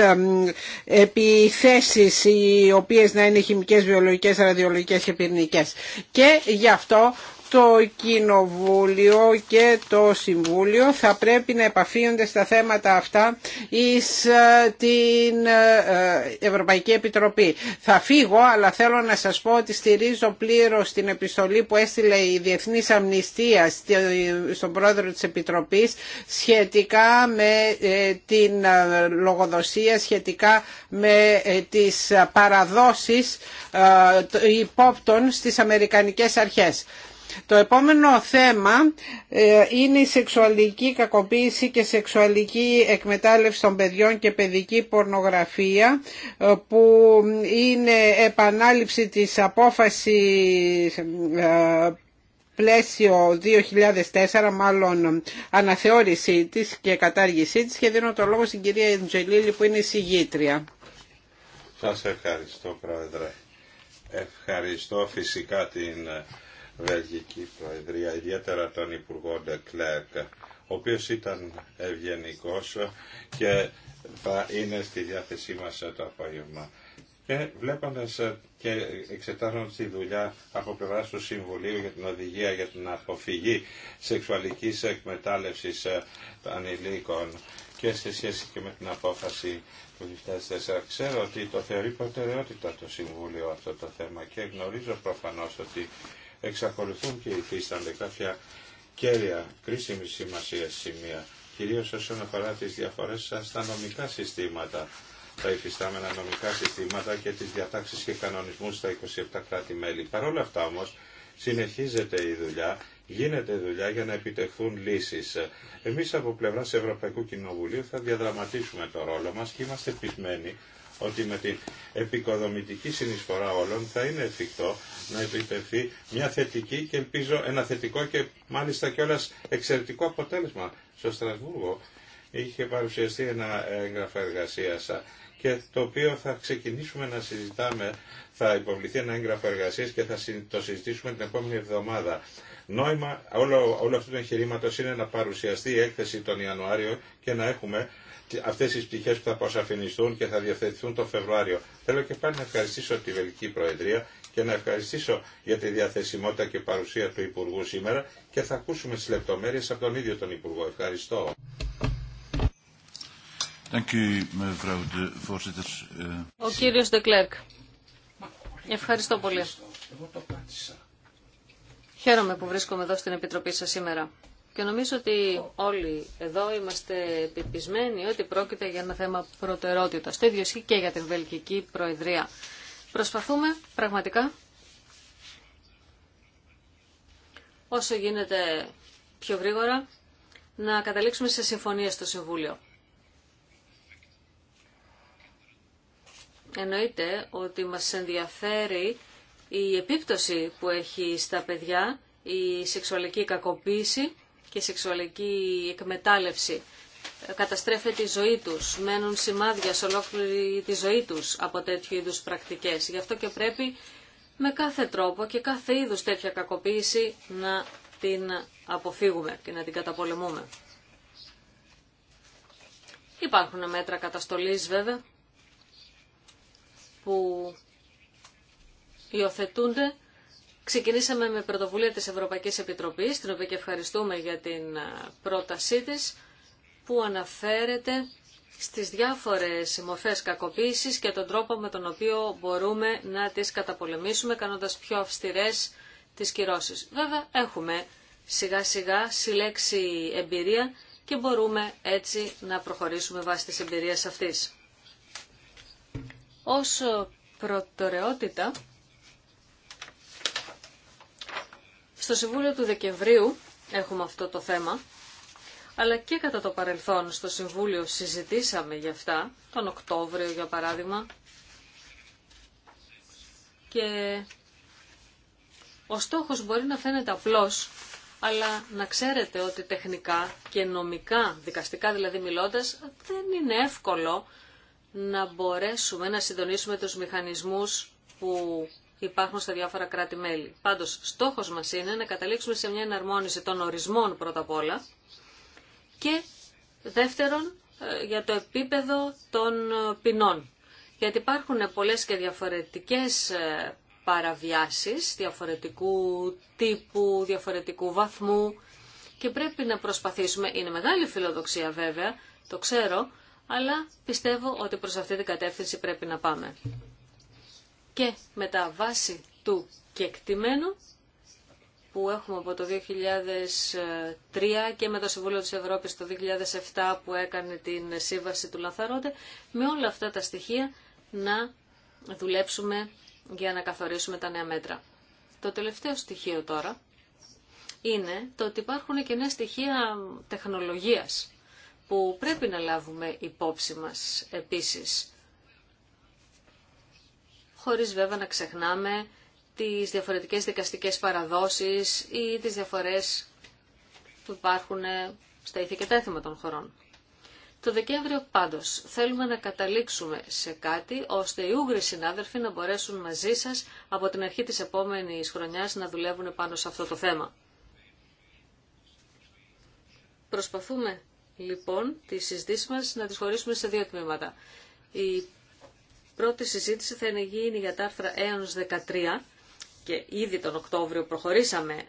επιθέσεις οι οποίες να είναι χημικές, βιολογικές, ραδιολογικές και πυρηνικές. Και γι' αυτό το Κοινοβούλιο και το Συμβούλιο θα πρέπει να επαφίονται στα θέματα αυτά εις ε, την ε, ε, Ευρωπαϊκή Επιτροπή. Θα φύγω, αλλά θέλω να σας πω ότι στηρίζω πλήρως την επιστολή που έστειλε η Διεθνής Αμνηστία στον πρόεδρο της Επιτροπής σχετικά με την λογοδοσία, σχετικά με τις παραδόσεις υπόπτων στις Αμερικανικές αρχές. Το επόμενο θέμα ε, είναι η σεξουαλική κακοποίηση και σεξουαλική εκμετάλλευση των παιδιών και παιδική πορνογραφία ε, που είναι επανάληψη της απόφασης ε, πλαίσιο 2004, μάλλον αναθεώρησή της και κατάργησή της και δίνω το λόγο στην κυρία Εντζελίλη που είναι η συγγήτρια. Σας ευχαριστώ Πρόεδρε. Ευχαριστώ φυσικά την Βελγική Προεδρία, ιδιαίτερα τον Υπουργό Ντεκλέρκ, ο οποίος ήταν ευγενικό και θα είναι στη διάθεσή μας το απόγευμα. Και βλέποντας και εξετάζοντας τη δουλειά από πλευρά του Συμβουλίου για την Οδηγία για την Αποφυγή Σεξουαλικής Εκμετάλλευσης Ανηλίκων και σε σχέση και με την απόφαση του 2004. Ξέρω ότι το θεωρεί προτεραιότητα το Συμβούλιο αυτό το θέμα και γνωρίζω προφανώς ότι εξακολουθούν και υφίστανται κάποια κέρια κρίσιμη σημασία σημεία, κυρίως όσον αφορά τις διαφορές στα νομικά συστήματα, τα υφιστάμενα νομικά συστήματα και τις διατάξεις και κανονισμούς στα 27 κράτη-μέλη. Παρ' όλα αυτά όμως συνεχίζεται η δουλειά γίνεται δουλειά για να επιτευχθούν λύσεις. Εμείς από πλευράς Ευρωπαϊκού Κοινοβουλίου θα διαδραματίσουμε το ρόλο μας και είμαστε πεισμένοι ότι με την επικοδομητική συνεισφορά όλων θα είναι εφικτό να επιτευχθεί μια θετική και ελπίζω ένα θετικό και μάλιστα κιόλα εξαιρετικό αποτέλεσμα στο Στρασβούργο. Είχε παρουσιαστεί ένα έγγραφο εργασία και το οποίο θα ξεκινήσουμε να συζητάμε, θα υποβληθεί ένα έγγραφο εργασία και θα το συζητήσουμε την επόμενη εβδομάδα. Νόημα όλο, όλο αυτού του εγχειρήματο είναι να παρουσιαστεί η έκθεση τον Ιανουάριο και να έχουμε αυτές τις πτυχές που θα αποσαφινιστούν και θα διευθετηθούν το Φεβρουάριο. Θέλω και πάλι να ευχαριστήσω τη Βελική Προεδρία και να ευχαριστήσω για τη διαθεσιμότητα και παρουσία του Υπουργού σήμερα και θα ακούσουμε τις λεπτομέρειες από τον ίδιο τον Υπουργό. Ευχαριστώ. Ο κύριος Ντεκλέρκ. Ευχαριστώ πολύ. Χαίρομαι που βρίσκομαι εδώ στην Επιτροπή σας σήμερα. Και νομίζω ότι όλοι εδώ είμαστε επιπισμένοι ότι πρόκειται για ένα θέμα προτεραιότητα. Το ίδιο ισχύει και για την Βελγική Προεδρία. Προσπαθούμε πραγματικά όσο γίνεται πιο γρήγορα να καταλήξουμε σε συμφωνία στο Συμβούλιο. Εννοείται ότι μας ενδιαφέρει η επίπτωση που έχει στα παιδιά η σεξουαλική κακοποίηση και σεξουαλική εκμετάλλευση. Καταστρέφεται η ζωή τους, μένουν σημάδια σε ολόκληρη τη ζωή τους από τέτοιου είδου πρακτικές. Γι' αυτό και πρέπει με κάθε τρόπο και κάθε είδους τέτοια κακοποίηση να την αποφύγουμε και να την καταπολεμούμε. Υπάρχουν μέτρα καταστολής βέβαια που υιοθετούνται Ξεκινήσαμε με πρωτοβουλία της Ευρωπαϊκής Επιτροπής, την οποία και ευχαριστούμε για την πρότασή της, που αναφέρεται στις διάφορες μορφές κακοποίησης και τον τρόπο με τον οποίο μπορούμε να τις καταπολεμήσουμε, κάνοντας πιο αυστηρές τις κυρώσεις. Βέβαια, έχουμε σιγά σιγά συλλέξει εμπειρία και μπορούμε έτσι να προχωρήσουμε βάσει της εμπειρίας αυτής. Όσο προτεραιότητα, Στο Συμβούλιο του Δεκεμβρίου έχουμε αυτό το θέμα, αλλά και κατά το παρελθόν στο Συμβούλιο συζητήσαμε για αυτά, τον Οκτώβριο για παράδειγμα, και ο στόχος μπορεί να φαίνεται απλός, αλλά να ξέρετε ότι τεχνικά και νομικά, δικαστικά δηλαδή μιλώντας, δεν είναι εύκολο να μπορέσουμε να συντονίσουμε τους μηχανισμούς που υπάρχουν στα διάφορα κράτη-μέλη. Πάντως, στόχος μας είναι να καταλήξουμε σε μια εναρμόνιση των ορισμών πρώτα απ' όλα και δεύτερον ε, για το επίπεδο των ε, ποινών. Γιατί υπάρχουν πολλές και διαφορετικές ε, παραβιάσεις διαφορετικού τύπου, διαφορετικού βαθμού και πρέπει να προσπαθήσουμε, είναι μεγάλη φιλοδοξία βέβαια, το ξέρω, αλλά πιστεύω ότι προς αυτή την κατεύθυνση πρέπει να πάμε και με τα βάση του κεκτημένου που έχουμε από το 2003 και με το Συμβούλιο της Ευρώπης το 2007 που έκανε την σύμβαση του Λαθαρότε, με όλα αυτά τα στοιχεία να δουλέψουμε για να καθορίσουμε τα νέα μέτρα. Το τελευταίο στοιχείο τώρα είναι το ότι υπάρχουν και νέα στοιχεία τεχνολογίας που πρέπει να λάβουμε υπόψη μας επίσης χωρίς βέβαια να ξεχνάμε τις διαφορετικές δικαστικές παραδόσεις ή τις διαφορές που υπάρχουν στα ήθη και έθιμα των χωρών. Το Δεκέμβριο πάντως θέλουμε να καταλήξουμε σε κάτι ώστε οι Ούγγροι συνάδελφοι να μπορέσουν μαζί σας από την αρχή της επόμενης χρονιάς να δουλεύουν πάνω σε αυτό το θέμα. Προσπαθούμε λοιπόν τις συζητήσεις μας να τις χωρίσουμε σε δύο τμήματα. Η Πρώτη συζήτηση θα είναι γίνει για τα άρθρα έως 13 και ήδη τον Οκτώβριο προχωρήσαμε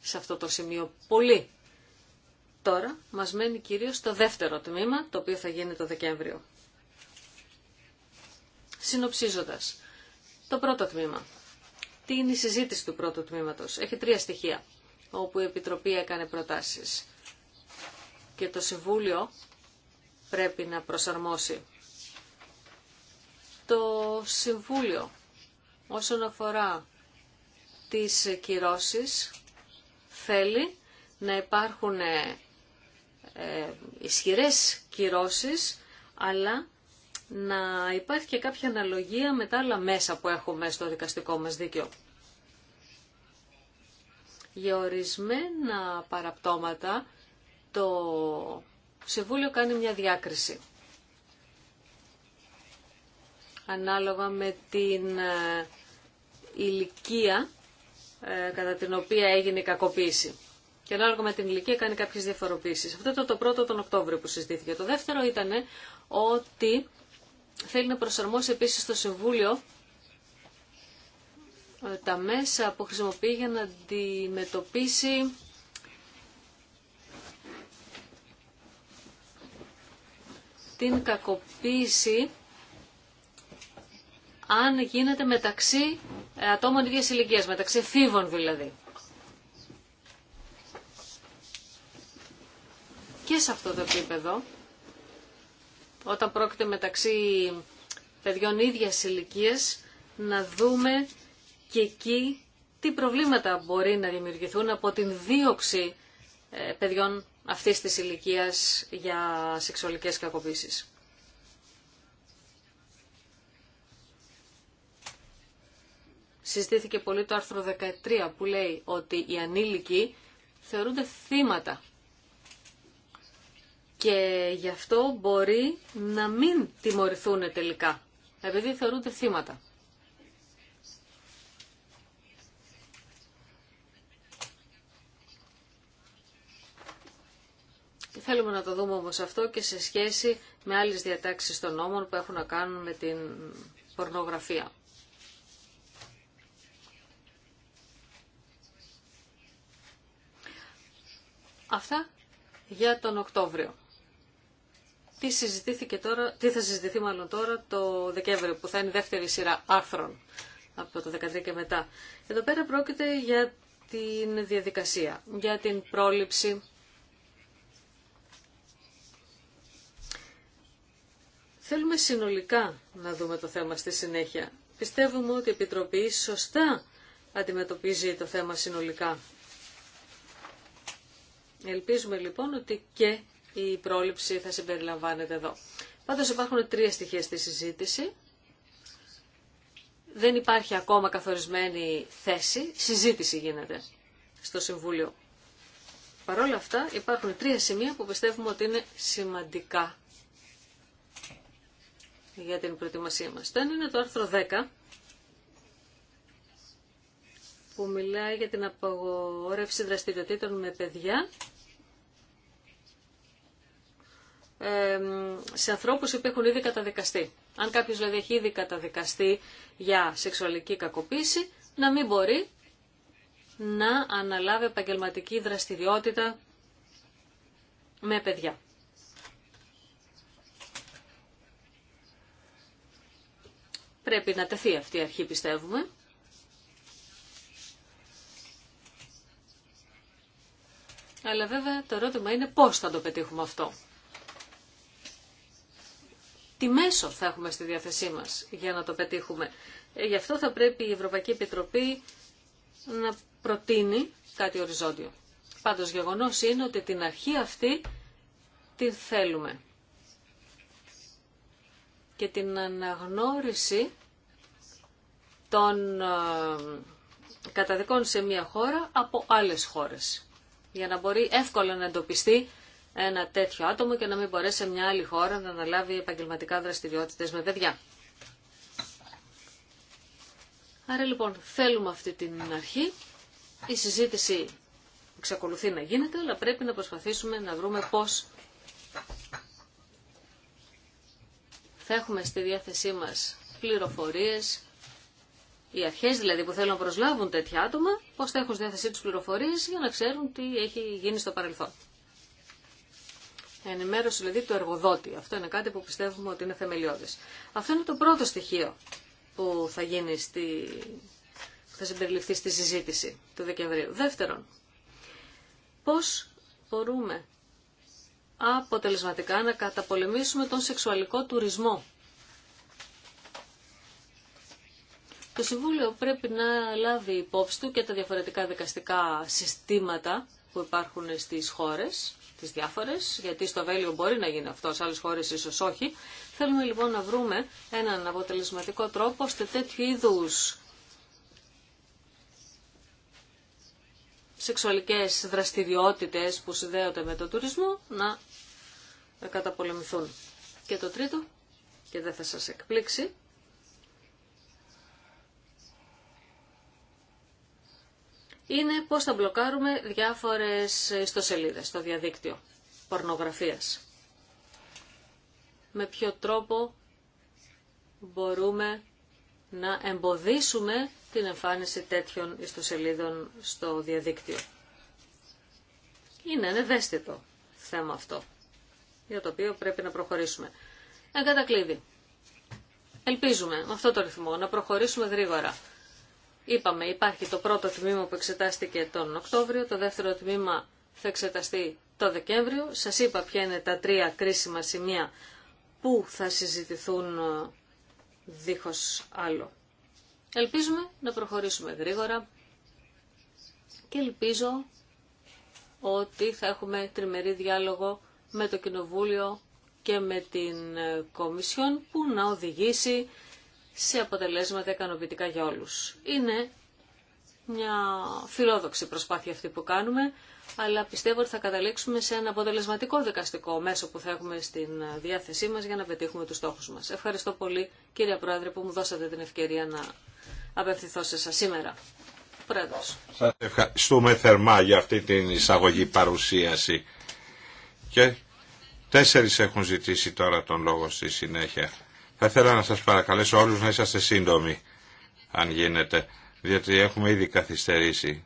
σε αυτό το σημείο πολύ. Τώρα μας μένει κυρίως το δεύτερο τμήμα, το οποίο θα γίνει το Δεκέμβριο. Συνοψίζοντας, το πρώτο τμήμα. Τι είναι η συζήτηση του πρώτου τμήματος. Έχει τρία στοιχεία, όπου η Επιτροπή έκανε προτάσεις. Και το Συμβούλιο πρέπει να προσαρμόσει το Συμβούλιο όσον αφορά τις κυρώσεις θέλει να υπάρχουν ε, ε, ισχυρές κυρώσεις αλλά να υπάρχει και κάποια αναλογία με τα άλλα μέσα που έχουμε στο δικαστικό μας δίκαιο. Για ορισμένα παραπτώματα το Συμβούλιο κάνει μια διάκριση ανάλογα με την ε, ηλικία ε, κατά την οποία έγινε η κακοποίηση. Και ανάλογα με την ηλικία κάνει κάποιες διαφοροποίησεις. Αυτό ήταν το πρώτο τον Οκτώβριο που συζητήθηκε. Το δεύτερο ήταν ότι θέλει να προσαρμόσει επίσης το Συμβούλιο ε, τα μέσα που χρησιμοποιεί για να αντιμετωπίσει την κακοποίηση αν γίνεται μεταξύ ατόμων ίδιας ηλικίας, μεταξύ φίβων δηλαδή. Και σε αυτό το επίπεδο, όταν πρόκειται μεταξύ παιδιών ίδιας ηλικίας, να δούμε και εκεί τι προβλήματα μπορεί να δημιουργηθούν από την δίωξη ε, παιδιών αυτής της ηλικίας για σεξουαλικές κακοποίησεις. συζητήθηκε πολύ το άρθρο 13 που λέει ότι οι ανήλικοι θεωρούνται θύματα και γι' αυτό μπορεί να μην τιμωρηθούν τελικά, επειδή θεωρούνται θύματα. Θέλουμε να το δούμε όμως αυτό και σε σχέση με άλλες διατάξεις των νόμων που έχουν να κάνουν με την πορνογραφία. Αυτά για τον Οκτώβριο. Τι, συζητήθηκε τώρα, θα συζητηθεί μάλλον τώρα το Δεκέμβριο, που θα είναι η δεύτερη σειρά άρθρων από το 2013 και μετά. Εδώ πέρα πρόκειται για την διαδικασία, για την πρόληψη. Θέλουμε συνολικά να δούμε το θέμα στη συνέχεια. Πιστεύουμε ότι η Επιτροπή σωστά αντιμετωπίζει το θέμα συνολικά Ελπίζουμε λοιπόν ότι και η πρόληψη θα συμπεριλαμβάνεται εδώ. Πάντως υπάρχουν τρία στοιχεία στη συζήτηση. Δεν υπάρχει ακόμα καθορισμένη θέση, συζήτηση γίνεται στο Συμβούλιο. Παρ' όλα αυτά υπάρχουν τρία σημεία που πιστεύουμε ότι είναι σημαντικά για την προετοιμασία μας. Το ένα είναι το άρθρο 10 που μιλάει για την απαγορεύση δραστηριοτήτων με παιδιά σε ανθρώπους που έχουν ήδη καταδικαστεί. Αν κάποιος δηλαδή έχει ήδη καταδικαστεί για σεξουαλική κακοποίηση, να μην μπορεί να αναλάβει επαγγελματική δραστηριότητα με παιδιά. Πρέπει να τεθεί αυτή η αρχή, πιστεύουμε. Αλλά βέβαια το ερώτημα είναι πώς θα το πετύχουμε αυτό. Τι μέσο θα έχουμε στη διάθεσή μας για να το πετύχουμε. Ε, γι' αυτό θα πρέπει η Ευρωπαϊκή Επιτροπή να προτείνει κάτι οριζόντιο. Πάντως γεγονός είναι ότι την αρχή αυτή την θέλουμε. Και την αναγνώριση των ε, καταδικών σε μια χώρα από άλλες χώρες για να μπορεί εύκολα να εντοπιστεί ένα τέτοιο άτομο και να μην μπορέσει σε μια άλλη χώρα να αναλάβει επαγγελματικά δραστηριότητες με παιδιά. Άρα λοιπόν θέλουμε αυτή την αρχή. Η συζήτηση εξακολουθεί να γίνεται, αλλά πρέπει να προσπαθήσουμε να βρούμε πώς θα έχουμε στη διάθεσή μας πληροφορίες οι αρχές δηλαδή που θέλουν να προσλάβουν τέτοια άτομα, πώς θα έχουν στη διάθεσή τους πληροφορίες για να ξέρουν τι έχει γίνει στο παρελθόν. Ενημέρωση δηλαδή του εργοδότη. Αυτό είναι κάτι που πιστεύουμε ότι είναι θεμελιώδες. Αυτό είναι το πρώτο στοιχείο που θα γίνει στη... που θα συμπεριληφθεί στη συζήτηση του Δεκεμβρίου. Δεύτερον, πώς μπορούμε αποτελεσματικά να καταπολεμήσουμε τον σεξουαλικό τουρισμό Το Συμβούλιο πρέπει να λάβει υπόψη του και τα διαφορετικά δικαστικά συστήματα που υπάρχουν στις χώρες, τις διάφορες, γιατί στο Βέλιο μπορεί να γίνει αυτό, σε άλλες χώρες ίσως όχι. Θέλουμε λοιπόν να βρούμε έναν αποτελεσματικό τρόπο ώστε τέτοιου είδους σεξουαλικές δραστηριότητες που συνδέονται με τον τουρισμό να καταπολεμηθούν. Και το τρίτο, και δεν θα σας εκπλήξει, είναι πώς θα μπλοκάρουμε διάφορες ιστοσελίδες στο διαδίκτυο πορνογραφίας. Με ποιο τρόπο μπορούμε να εμποδίσουμε την εμφάνιση τέτοιων ιστοσελίδων στο διαδίκτυο. Είναι ευαίσθητο θέμα αυτό, για το οποίο πρέπει να προχωρήσουμε. Εγκατακλείδη. Ελπίζουμε με αυτό το ρυθμό να προχωρήσουμε γρήγορα Είπαμε, υπάρχει το πρώτο τμήμα που εξετάστηκε τον Οκτώβριο, το δεύτερο τμήμα θα εξεταστεί το Δεκέμβριο. Σας είπα ποια είναι τα τρία κρίσιμα σημεία που θα συζητηθούν ε, δίχως άλλο. Ελπίζουμε να προχωρήσουμε γρήγορα και ελπίζω ότι θα έχουμε τριμερή διάλογο με το Κοινοβούλιο και με την ε, Κομισιόν που να οδηγήσει σε αποτελέσματα ικανοποιητικά για όλους. Είναι μια φιλόδοξη προσπάθεια αυτή που κάνουμε, αλλά πιστεύω ότι θα καταλήξουμε σε ένα αποτελεσματικό δικαστικό μέσο που θα έχουμε στην διάθεσή μας για να πετύχουμε τους στόχους μας. Ευχαριστώ πολύ κύριε Πρόεδρε που μου δώσατε την ευκαιρία να απευθυνθώ σε σας σήμερα. Πρόεδρος. Σας ευχαριστούμε θερμά για αυτή την εισαγωγή παρουσίαση. Και τέσσερις έχουν ζητήσει τώρα τον λόγο στη συνέχεια. Θα ήθελα να σας παρακαλέσω όλους να είσαστε σύντομοι, αν γίνεται, διότι έχουμε ήδη καθυστερήσει.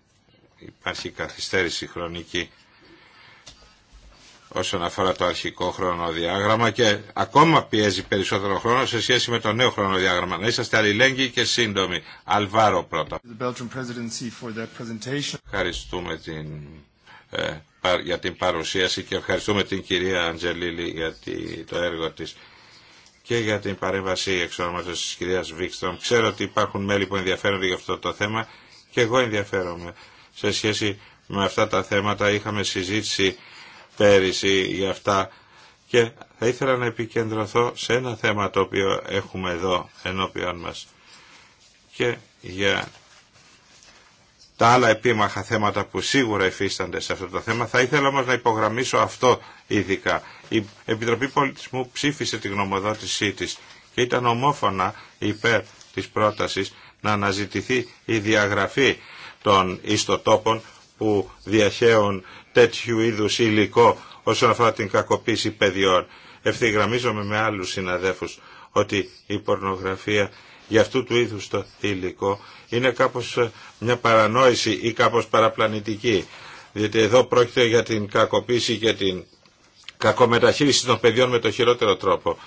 Υπάρχει καθυστέρηση χρονική όσον αφορά το αρχικό χρονοδιάγραμμα και ακόμα πιέζει περισσότερο χρόνο σε σχέση με το νέο χρονοδιάγραμμα. Να είσαστε αλληλέγγυοι και σύντομοι. Αλβάρο πρώτα. Ευχαριστούμε την, ε, για την παρουσίαση και ευχαριστούμε την κυρία Αντζελίλη για το έργο της και για την παρέμβαση εξ ονόματο της κυρίας Βίξτρομ. Ξέρω ότι υπάρχουν μέλη που ενδιαφέρονται για αυτό το θέμα και εγώ ενδιαφέρομαι. Σε σχέση με αυτά τα θέματα είχαμε συζήτηση πέρυσι για αυτά και θα ήθελα να επικεντρωθώ σε ένα θέμα το οποίο έχουμε εδώ ενώπιον μας και για τα άλλα επίμαχα θέματα που σίγουρα υφίστανται σε αυτό το θέμα. Θα ήθελα όμως να υπογραμμίσω αυτό ειδικά. Η Επιτροπή Πολιτισμού ψήφισε τη γνωμοδότησή της και ήταν ομόφωνα υπέρ της πρότασης να αναζητηθεί η διαγραφή των ιστοτόπων που διαχέουν τέτοιου είδους υλικό όσον αφορά την κακοποίηση παιδιών. Ευθυγραμμίζομαι με άλλους συναδέφους ότι η πορνογραφία για αυτού του είδου το υλικό είναι κάπως ε, μια παρανόηση ή κάπως παραπλανητική. Διότι εδώ πρόκειται για την κακοποίηση και την κακομεταχείριση των παιδιών με το χειρότερο τρόπο.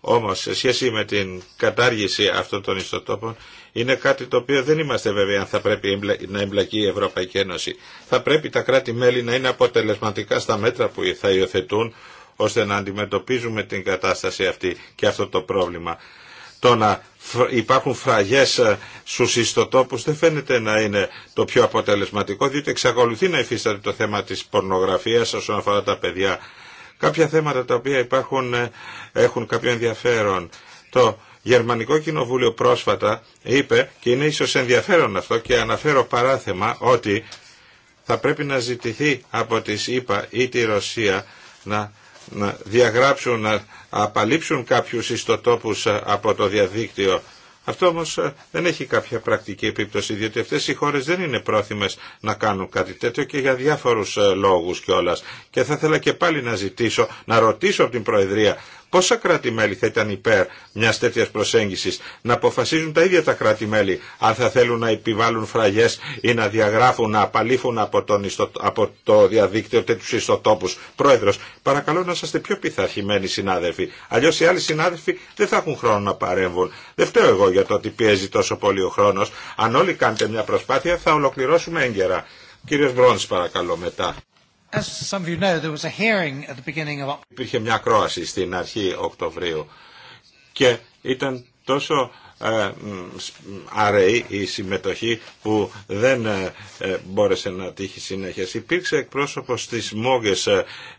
Όμως σε σχέση με την κατάργηση αυτών των ιστοτόπων είναι κάτι το οποίο δεν είμαστε βέβαια αν θα πρέπει να εμπλακεί η Ευρωπαϊκή Ένωση. Θα πρέπει τα κράτη-μέλη να είναι αποτελεσματικά στα μέτρα που θα υιοθετούν ώστε να αντιμετωπίζουμε την κατάσταση αυτή και αυτό το πρόβλημα το να υπάρχουν φραγές ε, στους ιστοτόπους δεν φαίνεται να είναι το πιο αποτελεσματικό διότι εξακολουθεί να υφίσταται το θέμα της πορνογραφίας όσον αφορά τα παιδιά. Κάποια θέματα τα οποία υπάρχουν ε, έχουν κάποιο ενδιαφέρον. Το Γερμανικό Κοινοβούλιο πρόσφατα είπε και είναι ίσως ενδιαφέρον αυτό και αναφέρω παράθεμα ότι θα πρέπει να ζητηθεί από τις ΗΠΑ ή τη Ρωσία να, να διαγράψουν, να απαλείψουν κάποιους ιστοτόπους ε, από το διαδίκτυο. Αυτό όμως ε, δεν έχει κάποια πρακτική επίπτωση, διότι αυτές οι χώρες δεν είναι πρόθυμες να κάνουν κάτι τέτοιο και για διάφορους ε, λόγους κιόλα. Και θα ήθελα και πάλι να ζητήσω, να ρωτήσω από την Προεδρία Πόσα κράτη-μέλη θα ήταν υπέρ μια τέτοια προσέγγιση να αποφασίζουν τα ίδια τα κράτη-μέλη αν θα θέλουν να επιβάλλουν φραγέ ή να διαγράφουν, να απαλήφουν από, τον ιστο... από το διαδίκτυο τέτοιου ιστοτόπου. Πρόεδρο, παρακαλώ να είστε πιο πειθαρχημένοι συνάδελφοι. Αλλιώ οι άλλοι συνάδελφοι δεν θα έχουν χρόνο να παρέμβουν. Δεν φταίω εγώ για το ότι πιέζει τόσο πολύ ο χρόνο. Αν όλοι κάνετε μια προσπάθεια θα ολοκληρώσουμε έγκαιρα. Κύριος Μπρόνς παρακαλώ μετά. Υπήρχε μια κρόαση στην αρχή Οκτωβρίου και ήταν τόσο ε, αραιή η συμμετοχή που δεν ε, ε, μπόρεσε να τύχει συνέχεια. Υπήρξε εκπρόσωπος της ΜΟΓΕΣ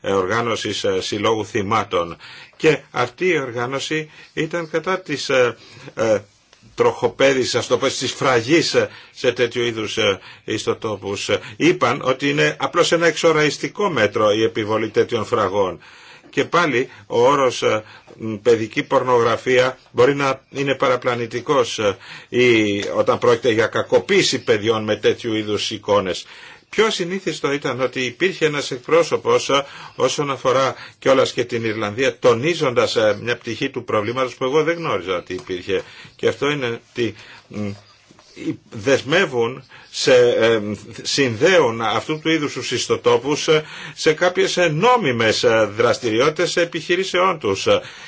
οργάνωσης συλλόγου θυμάτων και αυτή η οργάνωση ήταν κατά της τροχοπέδης, ας το πω, της φραγής σε τέτοιου είδους ε, ιστοτόπους. Είπαν ότι είναι απλώς ένα εξοραϊστικό μέτρο η επιβολή τέτοιων φραγών. Και πάλι ο όρος ε, παιδική πορνογραφία μπορεί να είναι παραπλανητικός ε, ή όταν πρόκειται για κακοποίηση παιδιών με τέτοιου είδους εικόνες. Πιο συνήθιστο ήταν ότι υπήρχε ένας εκπρόσωπος ε, όσον αφορά κιόλας και την Ιρλανδία τονίζοντας ε, μια πτυχή του προβλήματος που εγώ δεν γνώριζα ότι υπήρχε. Και αυτό είναι ότι δεσμεύουν, σε, ε, συνδέουν αυτού του είδους τους ιστοτόπους σε κάποιες νόμιμες δραστηριότητες επιχειρήσεών τους.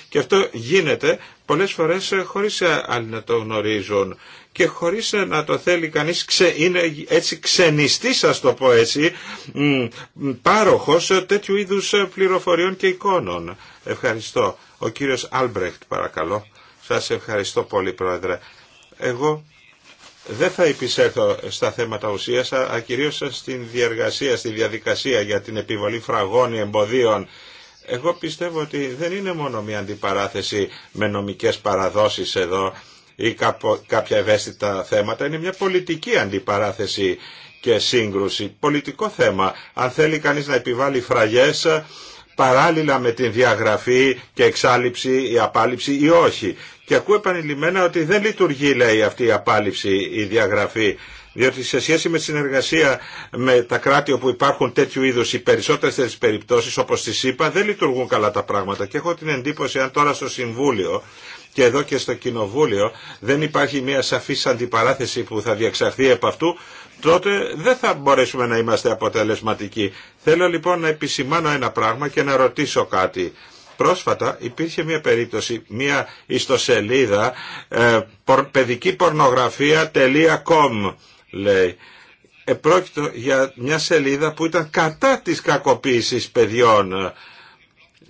Και αυτό γίνεται πολλές φορές χωρίς άλλοι να το γνωρίζουν και χωρίς ε, να το θέλει κανείς ξε, είναι έτσι ξενιστή ας το πω έτσι πάροχος ε, τέτοιου είδους ε, πληροφοριών και εικόνων. Ευχαριστώ. Ο κύριος Άλμπρεχτ παρακαλώ. Σας ευχαριστώ πολύ πρόεδρε. Εγώ δεν θα επισέλθω στα θέματα ουσίας, αλλά κυρίως στην διαργασία, στη διαδικασία για την επιβολή φραγών ή εμποδίων. Εγώ πιστεύω ότι δεν είναι μόνο μια αντιπαράθεση με νομικές παραδόσεις εδώ, ή κάποια ευαίσθητα θέματα. Είναι μια πολιτική αντιπαράθεση και σύγκρουση. Πολιτικό θέμα. Αν θέλει κανείς να επιβάλλει φραγές παράλληλα με την διαγραφή και εξάλληψη ή απάλληψη ή όχι. Και ακούω επανειλημμένα ότι δεν λειτουργεί λέει αυτή η απάλληψη ή διαγραφή. Διότι σε σχέση με συνεργασία με τα κράτη όπου υπάρχουν τέτοιου είδου οι περισσότερε περιπτώσει, όπω τη είπα, δεν λειτουργούν καλά τα πράγματα. Και έχω την εντύπωση, αν τώρα στο Συμβούλιο και εδώ και στο Κοινοβούλιο δεν υπάρχει μια σαφής αντιπαράθεση που θα διεξαρθεί από αυτού, τότε δεν θα μπορέσουμε να είμαστε αποτελεσματικοί. Θέλω λοιπόν να επισημάνω ένα πράγμα και να ρωτήσω κάτι. Πρόσφατα υπήρχε μια περίπτωση, μια ιστοσελίδα ε, παιδική πορνογραφία.com λέει. Επρόκειτο για μια σελίδα που ήταν κατά της κακοποίησης παιδιών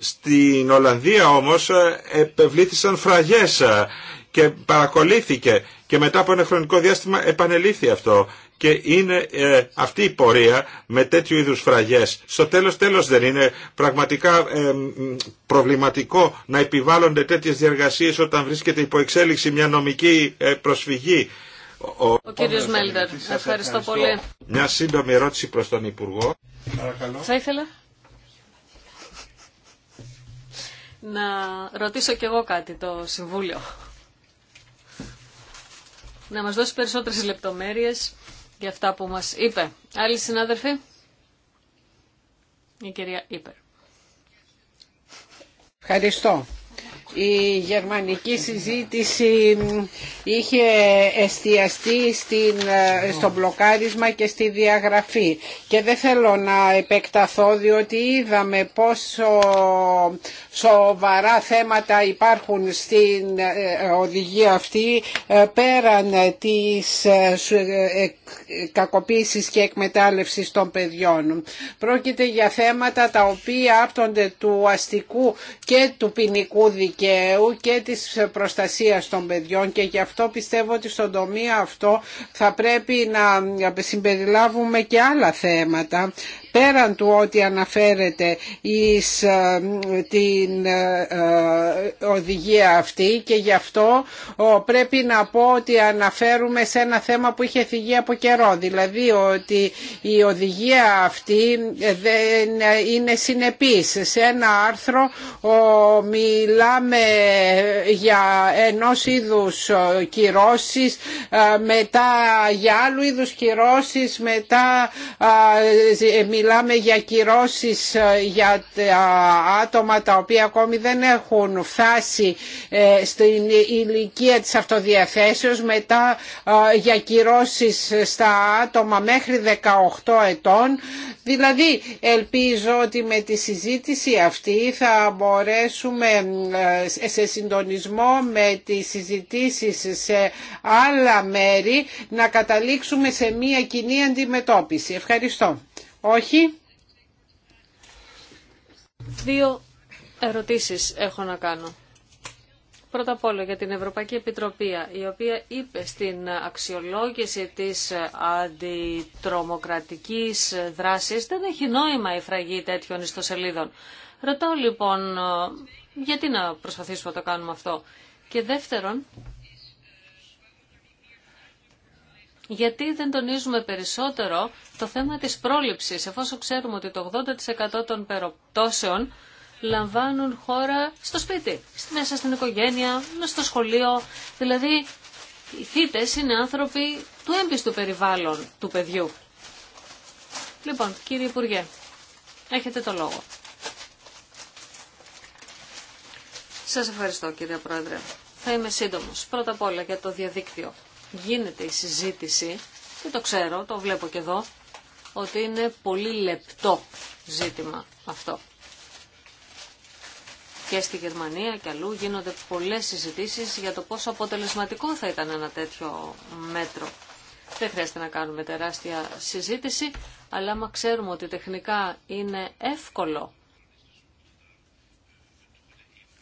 στην Ολλανδία όμως ε, επευλήθησαν φραγές ε, και παρακολύθηκε και μετά από ένα χρονικό διάστημα επανελήφθη αυτό και είναι ε, αυτή η πορεία με τέτοιου είδους φραγές. Στο τέλος τέλος δεν είναι πραγματικά προβληματικό να επιβάλλονται τέτοιες διαργασίες όταν βρίσκεται υπό εξέλιξη μια νομική προσφυγή. Ο, ο, κύριος Μέλντερ, ευχαριστώ, ευχαριστώ πολύ. Μια σύντομη ερώτηση προς τον Υπουργό. Παρακαλώ. Θα ήθελα να ρωτήσω κι εγώ κάτι το Συμβούλιο. Να μας δώσει περισσότερες λεπτομέρειες για αυτά που μας είπε. Άλλοι συνάδελφοι. Η κυρία Ήπερ. Ευχαριστώ. Η γερμανική συζήτηση είχε εστιαστεί στην, στο μπλοκάρισμα και στη διαγραφή και δεν θέλω να επεκταθώ διότι είδαμε πόσο σοβαρά θέματα υπάρχουν στην ε, οδηγία αυτή ε, πέραν ε, της κακοποίησης και εκμετάλλευσης των παιδιών. Πρόκειται για θέματα τα οποία άπτονται του αστικού και του ποινικού δικαίου και της προστασίας των παιδιών και γι' αυτό πιστεύω ότι στον τομέα αυτό θα πρέπει να συμπεριλάβουμε και άλλα θέματα πέραν του ότι αναφέρεται εις ε, την ε, ε, οδηγία αυτή και γι' αυτό πρέπει να πω ότι αναφέρουμε σε ένα θέμα που είχε θυγεί από καιρό δηλαδή ότι η οδηγία αυτή δεν είναι συνεπής σε ένα άρθρο μιλάμε για ενός είδους κυρώσεις μετά για άλλου είδους κυρώσεις μετά μιλάμε για κυρώσεις ε, για τα άτομα τα οποία ακόμη δεν έχουν φτάσει ε, στην ηλικία της αυτοδιαθέσεως μετά ε, για κυρώσεις στα άτομα μέχρι 18 ετών δηλαδή ελπίζω ότι με τη συζήτηση αυτή θα μπορέσουμε σε συντονισμό με τις συζητήσεις σε άλλα μέρη να καταλήξουμε σε μια κοινή αντιμετώπιση. Ευχαριστώ. Όχι. Δύο ερωτήσεις έχω να κάνω. Πρώτα απ' όλα για την Ευρωπαϊκή Επιτροπή, η οποία είπε στην αξιολόγηση της αντιτρομοκρατικής δράσης δεν έχει νόημα η φραγή τέτοιων ιστοσελίδων. Ρωτάω λοιπόν ε, γιατί να προσπαθήσουμε να το κάνουμε αυτό. Και δεύτερον, γιατί δεν τονίζουμε περισσότερο το θέμα της πρόληψης, εφόσον ξέρουμε ότι το 80% των περοπτώσεων λαμβάνουν χώρα στο σπίτι, μέσα στην οικογένεια, μέσα στο σχολείο. Δηλαδή, οι θύτες είναι άνθρωποι του έμπιστου περιβάλλον του παιδιού. Λοιπόν, κύριε Υπουργέ, έχετε το λόγο. Σας ευχαριστώ κύριε Πρόεδρε. Θα είμαι σύντομος. Πρώτα απ' όλα για το διαδίκτυο γίνεται η συζήτηση, και το ξέρω, το βλέπω και εδώ, ότι είναι πολύ λεπτό ζήτημα αυτό. Και στη Γερμανία και αλλού γίνονται πολλές συζητήσεις για το πόσο αποτελεσματικό θα ήταν ένα τέτοιο μέτρο. Δεν χρειάζεται να κάνουμε τεράστια συζήτηση, αλλά άμα ξέρουμε ότι τεχνικά είναι εύκολο,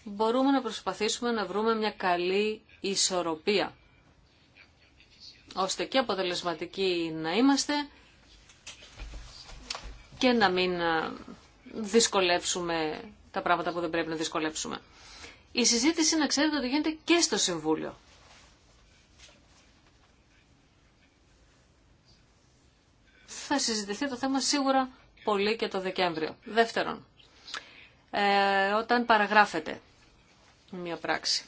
μπορούμε να προσπαθήσουμε να βρούμε μια καλή ισορροπία ώστε και αποτελεσματικοί να είμαστε και να μην ε, δυσκολεύσουμε τα πράγματα που δεν πρέπει να δυσκολεύσουμε. Η συζήτηση να ξέρετε ότι γίνεται και στο Συμβούλιο. Θα συζητηθεί το θέμα σίγουρα πολύ και το Δεκέμβριο. Δεύτερον, ε, όταν παραγράφεται μια πράξη.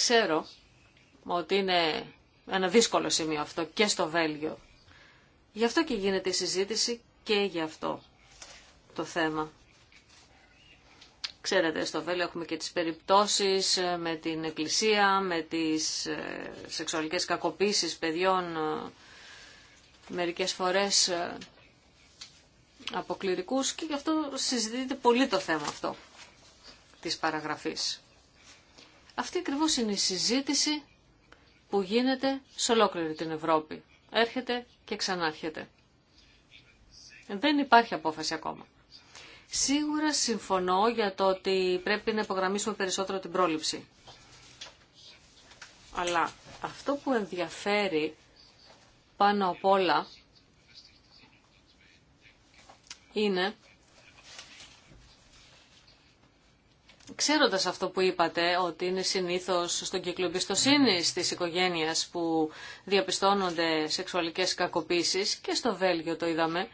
Ξέρω ότι είναι ένα δύσκολο σημείο αυτό και στο Βέλγιο. Γι' αυτό και γίνεται η συζήτηση και γι' αυτό το θέμα. Ξέρετε, στο Βέλγιο έχουμε και τις περιπτώσεις ε, με την εκκλησία, με τις ε, σεξουαλικές κακοποίησεις παιδιών. Ε, μερικές φορές από κληρικούς και γι' αυτό συζητείται πολύ το θέμα αυτό της παραγραφής. Αυτή ακριβώ είναι η συζήτηση που γίνεται σε ολόκληρη την Ευρώπη. Έρχεται και ξανάρχεται. Δεν υπάρχει απόφαση ακόμα. Σίγουρα συμφωνώ για το ότι πρέπει να υπογραμμίσουμε περισσότερο την πρόληψη. Αλλά αυτό που ενδιαφέρει πάνω απ' όλα είναι Ξέροντας αυτό που είπατε, ότι είναι συνήθως στον κύκλο εμπιστοσύνη της οικογένειας που διαπιστώνονται σεξουαλικές κακοποίησεις, και στο Βέλγιο το είδαμε,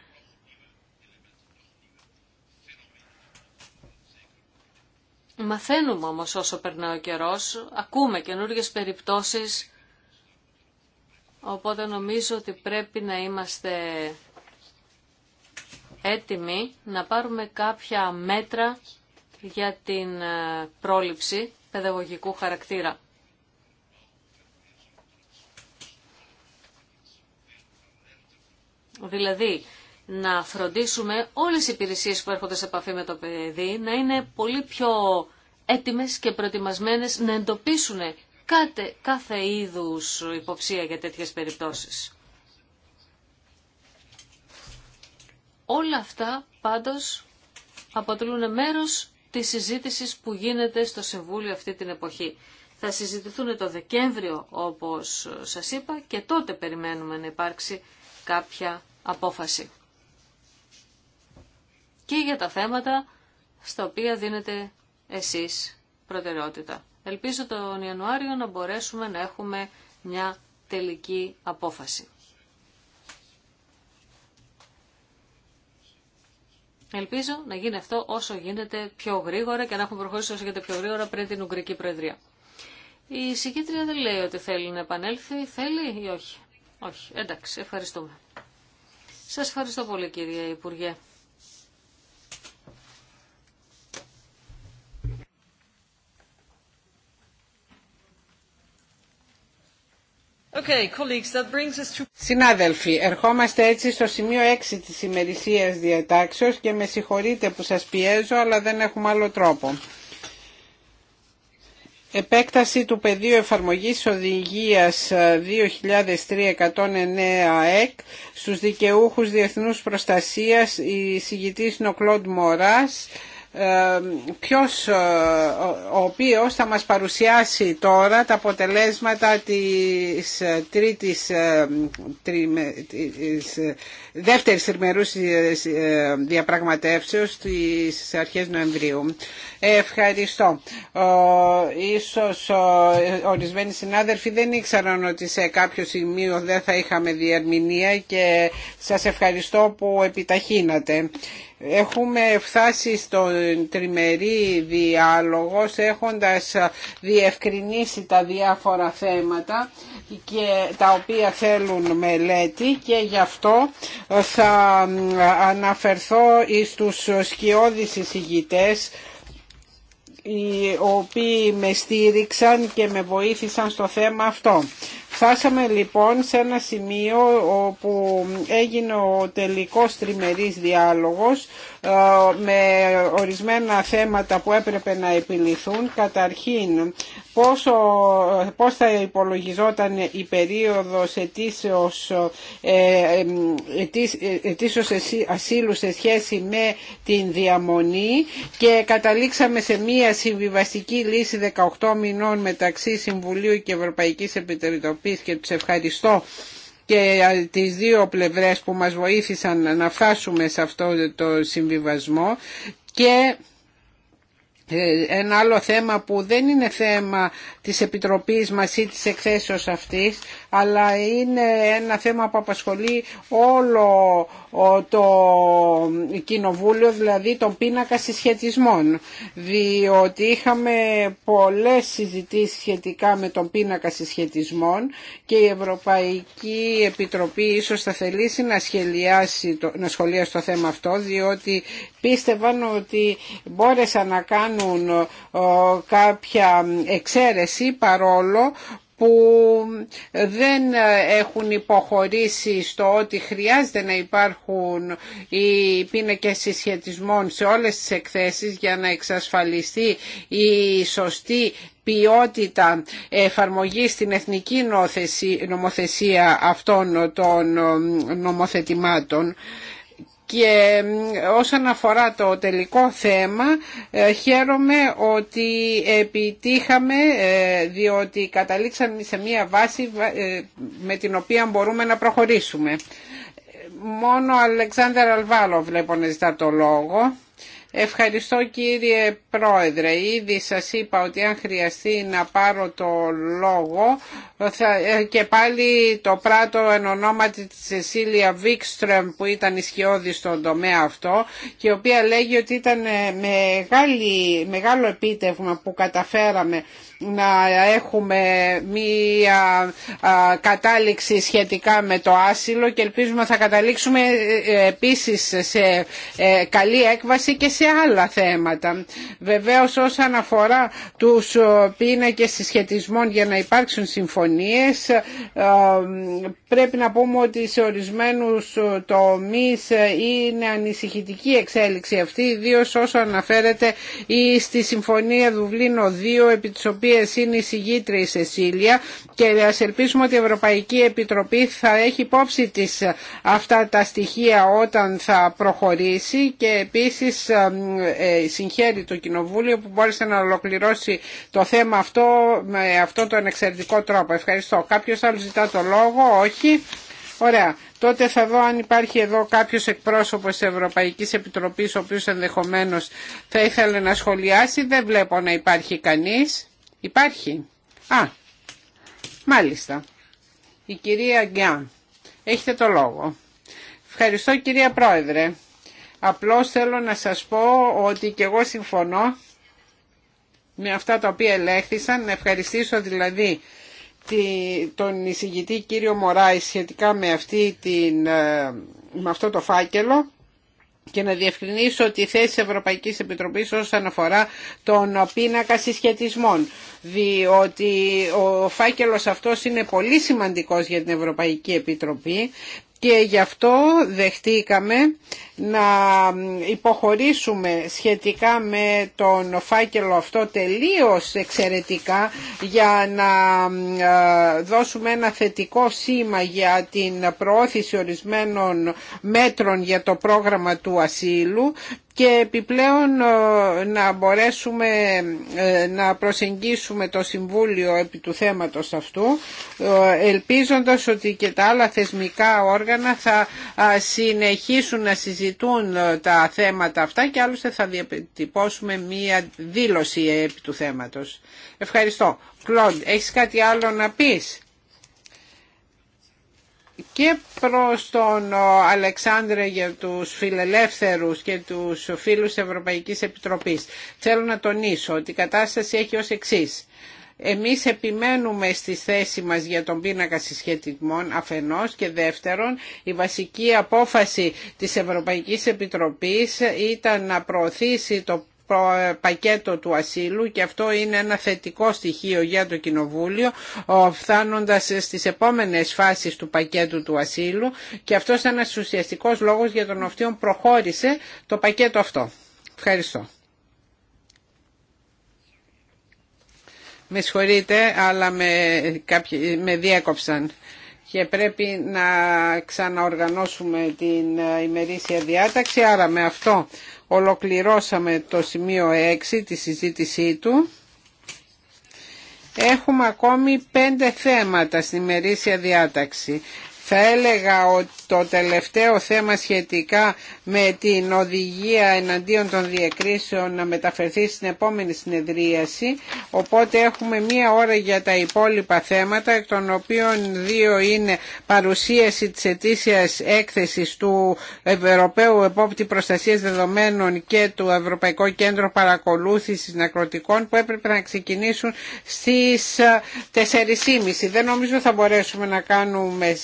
Μαθαίνουμε όμως όσο περνάει ο καιρός, ακούμε καινούριε περιπτώσεις, οπότε νομίζω ότι πρέπει να είμαστε έτοιμοι να πάρουμε κάποια μέτρα για την ε, πρόληψη παιδαγωγικού χαρακτήρα. Δηλαδή, να φροντίσουμε όλες οι υπηρεσίες που έρχονται σε επαφή με το παιδί να είναι πολύ πιο έτοιμες και προετοιμασμένες να εντοπίσουν κάθε, κάθε είδους υποψία για τέτοιες περιπτώσεις. Όλα αυτά πάντως αποτελούν μέρος Τη συζήτηση που γίνεται στο Συμβούλιο αυτή την εποχή. Θα συζητηθούν το Δεκέμβριο, όπως σας είπα, και τότε περιμένουμε να υπάρξει κάποια απόφαση. Και για τα θέματα στα οποία δίνετε εσείς προτεραιότητα. Ελπίζω τον Ιανουάριο να μπορέσουμε να έχουμε μια τελική απόφαση. Ελπίζω να γίνει αυτό όσο γίνεται πιο γρήγορα και να έχουμε προχωρήσει όσο γίνεται πιο γρήγορα πριν την Ουγγρική Προεδρία. Η συγκίτρια δεν λέει ότι θέλει να επανέλθει. Θέλει ή όχι. Όχι. Εντάξει. Ευχαριστούμε. Σας ευχαριστώ πολύ κύριε Υπουργέ. Συνάδελφοι, ερχόμαστε έτσι στο σημείο 6 της ημερησίας διατάξεως και με συγχωρείτε που σας πιέζω, αλλά δεν έχουμε άλλο τρόπο. Επέκταση του πεδίου εφαρμογής οδηγίας 2003-109-ΕΚ ε, στους δικαιούχους διεθνούς προστασίας, η συγητής Νοκλόντ Μοράς, ποιος, ε, ο οποίος θα μας παρουσιάσει τώρα τα αποτελέσματα της, ε, τρίτης, ε, τρι, της δεύτερης τριμερούς διαπραγματεύσεως στις αρχές Νοεμβρίου. Ευχαριστώ. Ίσως ορισμένοι συνάδελφοι δεν ήξεραν ότι σε κάποιο σημείο δεν θα είχαμε διερμηνία και σας ευχαριστώ που επιταχύνατε. Έχουμε φτάσει στον τριμερή διάλογο έχοντας διευκρινίσει τα διάφορα θέματα και τα οποία θέλουν μελέτη και γι' αυτό θα αναφερθώ στους σκιώδεις εισηγητές οι οποίοι με στήριξαν και με βοήθησαν στο θέμα αυτό. Φτάσαμε λοιπόν σε ένα σημείο όπου έγινε ο τελικός τριμερής διάλογος ε, με ορισμένα θέματα που έπρεπε να επιληθούν. Καταρχήν, πόσο, πώς θα υπολογιζόταν η περίοδος ετήσεως, ετήσεως ε, ε, ασύλου σε σχέση με την διαμονή και καταλήξαμε σε μία συμβιβαστική λύση 18 μηνών μεταξύ Συμβουλίου και Ευρωπαϊκής Επιτροπής και τους ευχαριστώ και τις δύο πλευρές που μας βοήθησαν να φτάσουμε σε αυτό το συμβιβασμό και ε, ένα άλλο θέμα που δεν είναι θέμα της Επιτροπής μας ή της εκθέσεως αυτής αλλά είναι ένα θέμα που απασχολεί όλο το κοινοβούλιο, δηλαδή τον πίνακα συσχετισμών. Διότι είχαμε πολλές συζητήσεις σχετικά με τον πίνακα συσχετισμών και η Ευρωπαϊκή Επιτροπή ίσως θα θελήσει να, σχολιάσει, να σχολιάσει το θέμα αυτό, διότι πίστευαν ότι μπόρεσαν να κάνουν κάποια εξαίρεση παρόλο που δεν έχουν υποχωρήσει στο ότι χρειάζεται να υπάρχουν οι πίνακες συσχετισμών σε όλες τις εκθέσεις για να εξασφαλιστεί η σωστή ποιότητα εφαρμογή στην εθνική νομοθεσία αυτών των νομοθετημάτων και όσον αφορά το τελικό θέμα, ε, χαίρομαι ότι επιτύχαμε ε, διότι καταλήξαμε σε μία βάση ε, με την οποία μπορούμε να προχωρήσουμε. Μόνο ο Αλεξάνδρ Αλβάλο βλέπω να ζητά το λόγο. Ευχαριστώ κύριε Πρόεδρε. Ήδη σας είπα ότι αν χρειαστεί να πάρω το λόγο ε, και πάλι το πράτο εν ονόματι της Σεσίλια Βίκστρεμ που ήταν ισχυώδη στον τομέα αυτό και η οποία λέγει ότι ήταν ε, μεγάλη, μεγάλο επίτευγμα που καταφέραμε να έχουμε μία κατάληξη σχετικά με το άσυλο και ελπίζουμε θα καταλήξουμε ε, επίσης σε καλή έκβαση και σε άλλα θέματα. Βεβαίως όσον αφορά τους ε, πίνακες συσχετισμών για να υπάρξουν συμφωνίες ε, πρέπει να πούμε ότι σε ορισμένους ε, τομείς είναι ανησυχητική εξέλιξη αυτή ιδίω όσο αναφέρεται ή στη Συμφωνία Δουβλίνο 2 επί της οποίας είναι η συγγήτρια η Σεσίλια και ας ελπίσουμε ότι η Ευρωπαϊκή Επιτροπή θα έχει υπόψη της αυτά τα στοιχεία όταν θα προχωρήσει και επίσης ε, συγχαίρει το Κοινοβούλιο που μπόρεσε να ολοκληρώσει το θέμα αυτό με αυτόν τον εξαιρετικό τρόπο. Ευχαριστώ. Κάποιος άλλος ζητά το λόγο, όχι. Ωραία. Τότε θα δω αν υπάρχει εδώ κάποιος εκπρόσωπος της Ευρωπαϊκής Επιτροπής ο οποίος ενδεχομένως θα ήθελε να σχολιάσει. Δεν βλέπω να υπάρχει κανείς. Υπάρχει. Α, μάλιστα. Η κυρία Γκιάν. Έχετε το λόγο. Ευχαριστώ κυρία Πρόεδρε. Απλώς θέλω να σας πω ότι και εγώ συμφωνώ με αυτά τα οποία ελέγχθησαν. Να ευχαριστήσω δηλαδή τον εισηγητή κύριο Μωράη σχετικά με, αυτή την, ε, με αυτό το φάκελο και να διευκρινίσω τη θέση της Ευρωπαϊκής Επιτροπής όσον αφορά τον πίνακα συσχετισμών διότι ο φάκελος αυτός είναι πολύ σημαντικός για την Ευρωπαϊκή Επιτροπή και γι' αυτό δεχτήκαμε να υποχωρήσουμε σχετικά με τον φάκελο αυτό τελείως εξαιρετικά για να ε, δώσουμε ένα θετικό σήμα για την προώθηση ορισμένων μέτρων για το πρόγραμμα του ασύλου και επιπλέον ε, να μπορέσουμε ε, να προσεγγίσουμε το Συμβούλιο επί του θέματος αυτού ελπίζοντας ότι και τα άλλα θεσμικά όργανα θα συνεχίσουν να συζητήσουν συζητούν ε, τα θέματα αυτά και άλλωστε θα διατυπώσουμε μία δήλωση επί του θέματος. Ευχαριστώ. Κλοντ, έχεις κάτι άλλο να πεις? και προς τον ε, Αλεξάνδρε για τους φιλελεύθερους και τους φίλους Ευρωπαϊκής Επιτροπής. Θέλω να τονίσω ότι η κατάσταση έχει ως εξής. Εμείς επιμένουμε στη θέση μας για τον πίνακα συσχετισμών αφενός και δεύτερον η βασική απόφαση της Ευρωπαϊκής Επιτροπής ήταν να προωθήσει το πακέτο του ασύλου και αυτό είναι ένα θετικό στοιχείο για το Κοινοβούλιο φτάνοντας στις επόμενες φάσεις του πακέτου του ασύλου και αυτός είναι ένας ουσιαστικός λόγος για τον οποίο προχώρησε το πακέτο αυτό. Ευχαριστώ. Με συγχωρείτε, αλλά με, με διέκοψαν και πρέπει να ξαναοργανώσουμε την ε, ημερήσια διάταξη. Άρα με αυτό ολοκληρώσαμε το σημείο 6, τη συζήτησή του. Έχουμε ακόμη πέντε θέματα στην ημερήσια διάταξη. Θα έλεγα ότι το τελευταίο θέμα σχετικά με την οδηγία εναντίον των διακρίσεων να μεταφερθεί στην επόμενη συνεδρίαση. Οπότε έχουμε μία ώρα για τα υπόλοιπα θέματα, εκ των οποίων δύο είναι παρουσίαση της ετήσιας έκθεσης του Ευρωπαίου Επόπτη Προστασίας Δεδομένων και του Ευρωπαϊκού Κέντρου Παρακολούθησης Νακροτικών που έπρεπε να ξεκινήσουν στις 4.30. Ε, Δεν νομίζω θα μπορέσουμε να κάνουμε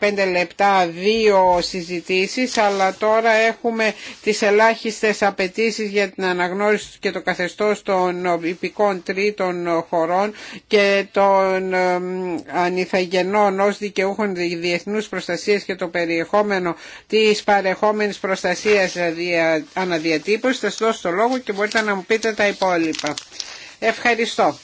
15 λεπτά δύο συζητήσεις αλλά τώρα έχουμε τις ελάχιστες απαιτήσει για την αναγνώριση και το καθεστώς των υπηκών τρίτων χωρών και των ανιθαγενών ως δικαιούχων διεθνούς προστασίας και το περιεχόμενο της παρεχόμενης προστασίας αναδιατύπωσης. Θα σας δώσω το λόγο και μπορείτε να μου πείτε τα υπόλοιπα. Ευχαριστώ.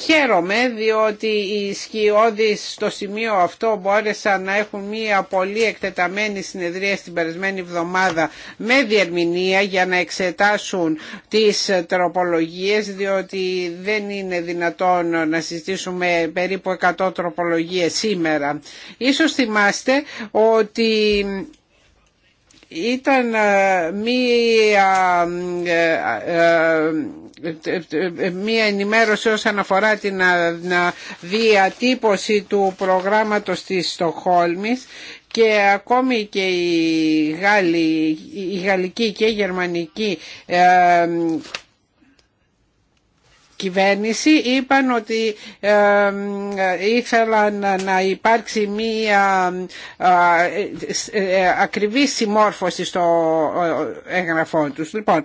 Χαίρομαι διότι οι σκιώδεις στο σημείο αυτό μπόρεσαν να έχουν μία πολύ εκτεταμένη συνεδρία στην περασμένη εβδομάδα με διερμηνία για να εξετάσουν τις τροπολογίες διότι δεν είναι δυνατόν να συζητήσουμε περίπου 100 τροπολογίες σήμερα. Ίσως θυμάστε ότι ήταν ε, μία ε, ε, ε, ε, μία ενημέρωση όσον αφορά την διατύπωση του προγράμματος της Στοχόλμης και ακόμη και η γαλλική και η γερμανική ε, κυβέρνηση είπαν ότι ήθελαν να υπάρξει μία ε, ε, ακριβή συμμόρφωση στο ε, έγγραφό τους. Λοιπόν,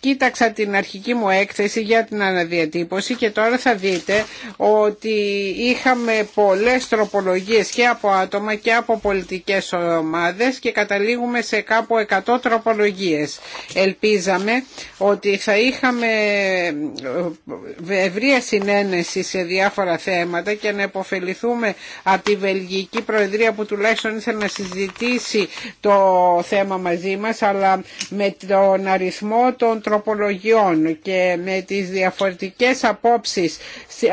κοίταξα την αρχική μου έκθεση για την αναδιατύπωση και τώρα θα δείτε ότι είχαμε πολλές τροπολογίες και από άτομα και από πολιτικές ομάδες και καταλήγουμε σε κάπου 100 τροπολογίες. Ελπίζαμε ότι θα είχαμε ε, ε, ευρεία συνένεση σε διάφορα θέματα και να υποφεληθούμε από τη Βελγική Προεδρία που τουλάχιστον ήθελε να συζητήσει το θέμα μαζί μας αλλά με τον αριθμό των τροπολογιών και με τις διαφορετικές απόψεις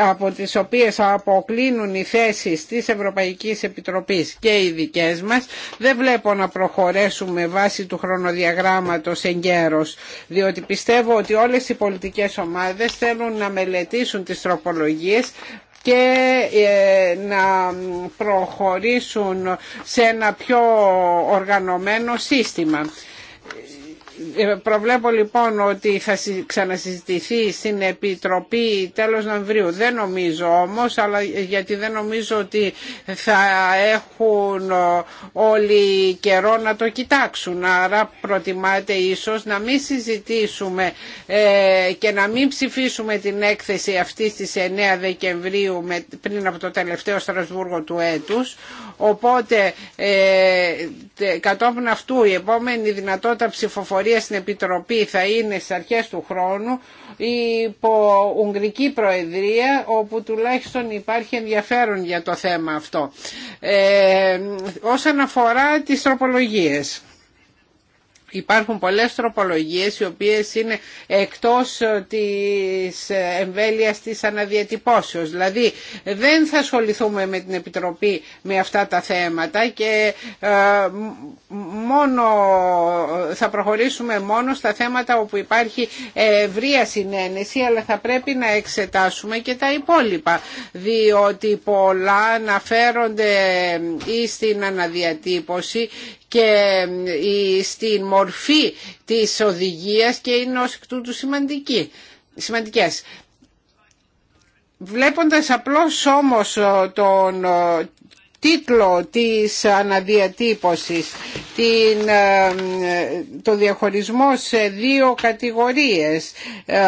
από τις οποίες αποκλίνουν οι θέσεις της Ευρωπαϊκής Επιτροπής και οι δικές μας δεν βλέπω να προχωρέσουμε βάσει του χρονοδιαγράμματος εγκαίρως διότι πιστεύω ότι όλες οι πολιτικές ομάδες δεν θέλουν να μελετήσουν τις τροπολογίες και ε, να προχωρήσουν σε ένα πιο οργανωμένο σύστημα. Ε, προβλέπω λοιπόν ότι θα ξανασυζητηθεί στην Επιτροπή τέλος Νοεμβρίου. Δεν νομίζω όμως, αλλά γιατί δεν νομίζω ότι θα έχουν ε, όλοι καιρό να το κοιτάξουν. Άρα προτιμάτε ίσως να μην συζητήσουμε ε, και να μην ψηφίσουμε την έκθεση αυτή στις 9 Δεκεμβρίου πριν από το τελευταίο Στρασβούργο του έτους. Οπότε κατόπιν αυτού η επόμενη δυνατότητα ψηφοφορία πορεία στην Επιτροπή θα είναι στι αρχές του χρόνου υπό Ουγγρική Προεδρία όπου τουλάχιστον υπάρχει ενδιαφέρον για το θέμα αυτό. Ε, όσον αφορά τις τροπολογίες. Υπάρχουν πολλές τροπολογίες οι οποίες είναι εκτός ε, της ε, εμβέλειας της αναδιατυπώσεως. Δηλαδή δεν θα ασχοληθούμε με την Επιτροπή με αυτά τα θέματα και ε, μόνο θα προχωρήσουμε μόνο στα θέματα όπου υπάρχει ευρεία συνένεση αλλά θα πρέπει να εξετάσουμε και τα υπόλοιπα διότι πολλά αναφέρονται ή στην αναδιατύπωση και στην μορφή της οδηγίας και είναι ως τούτου σημαντική, σημαντικές. Βλέποντας απλώς όμως τον, τίτλο της αναδιατύπωσης την, ε, το διαχωρισμό σε δύο κατηγορίες ε,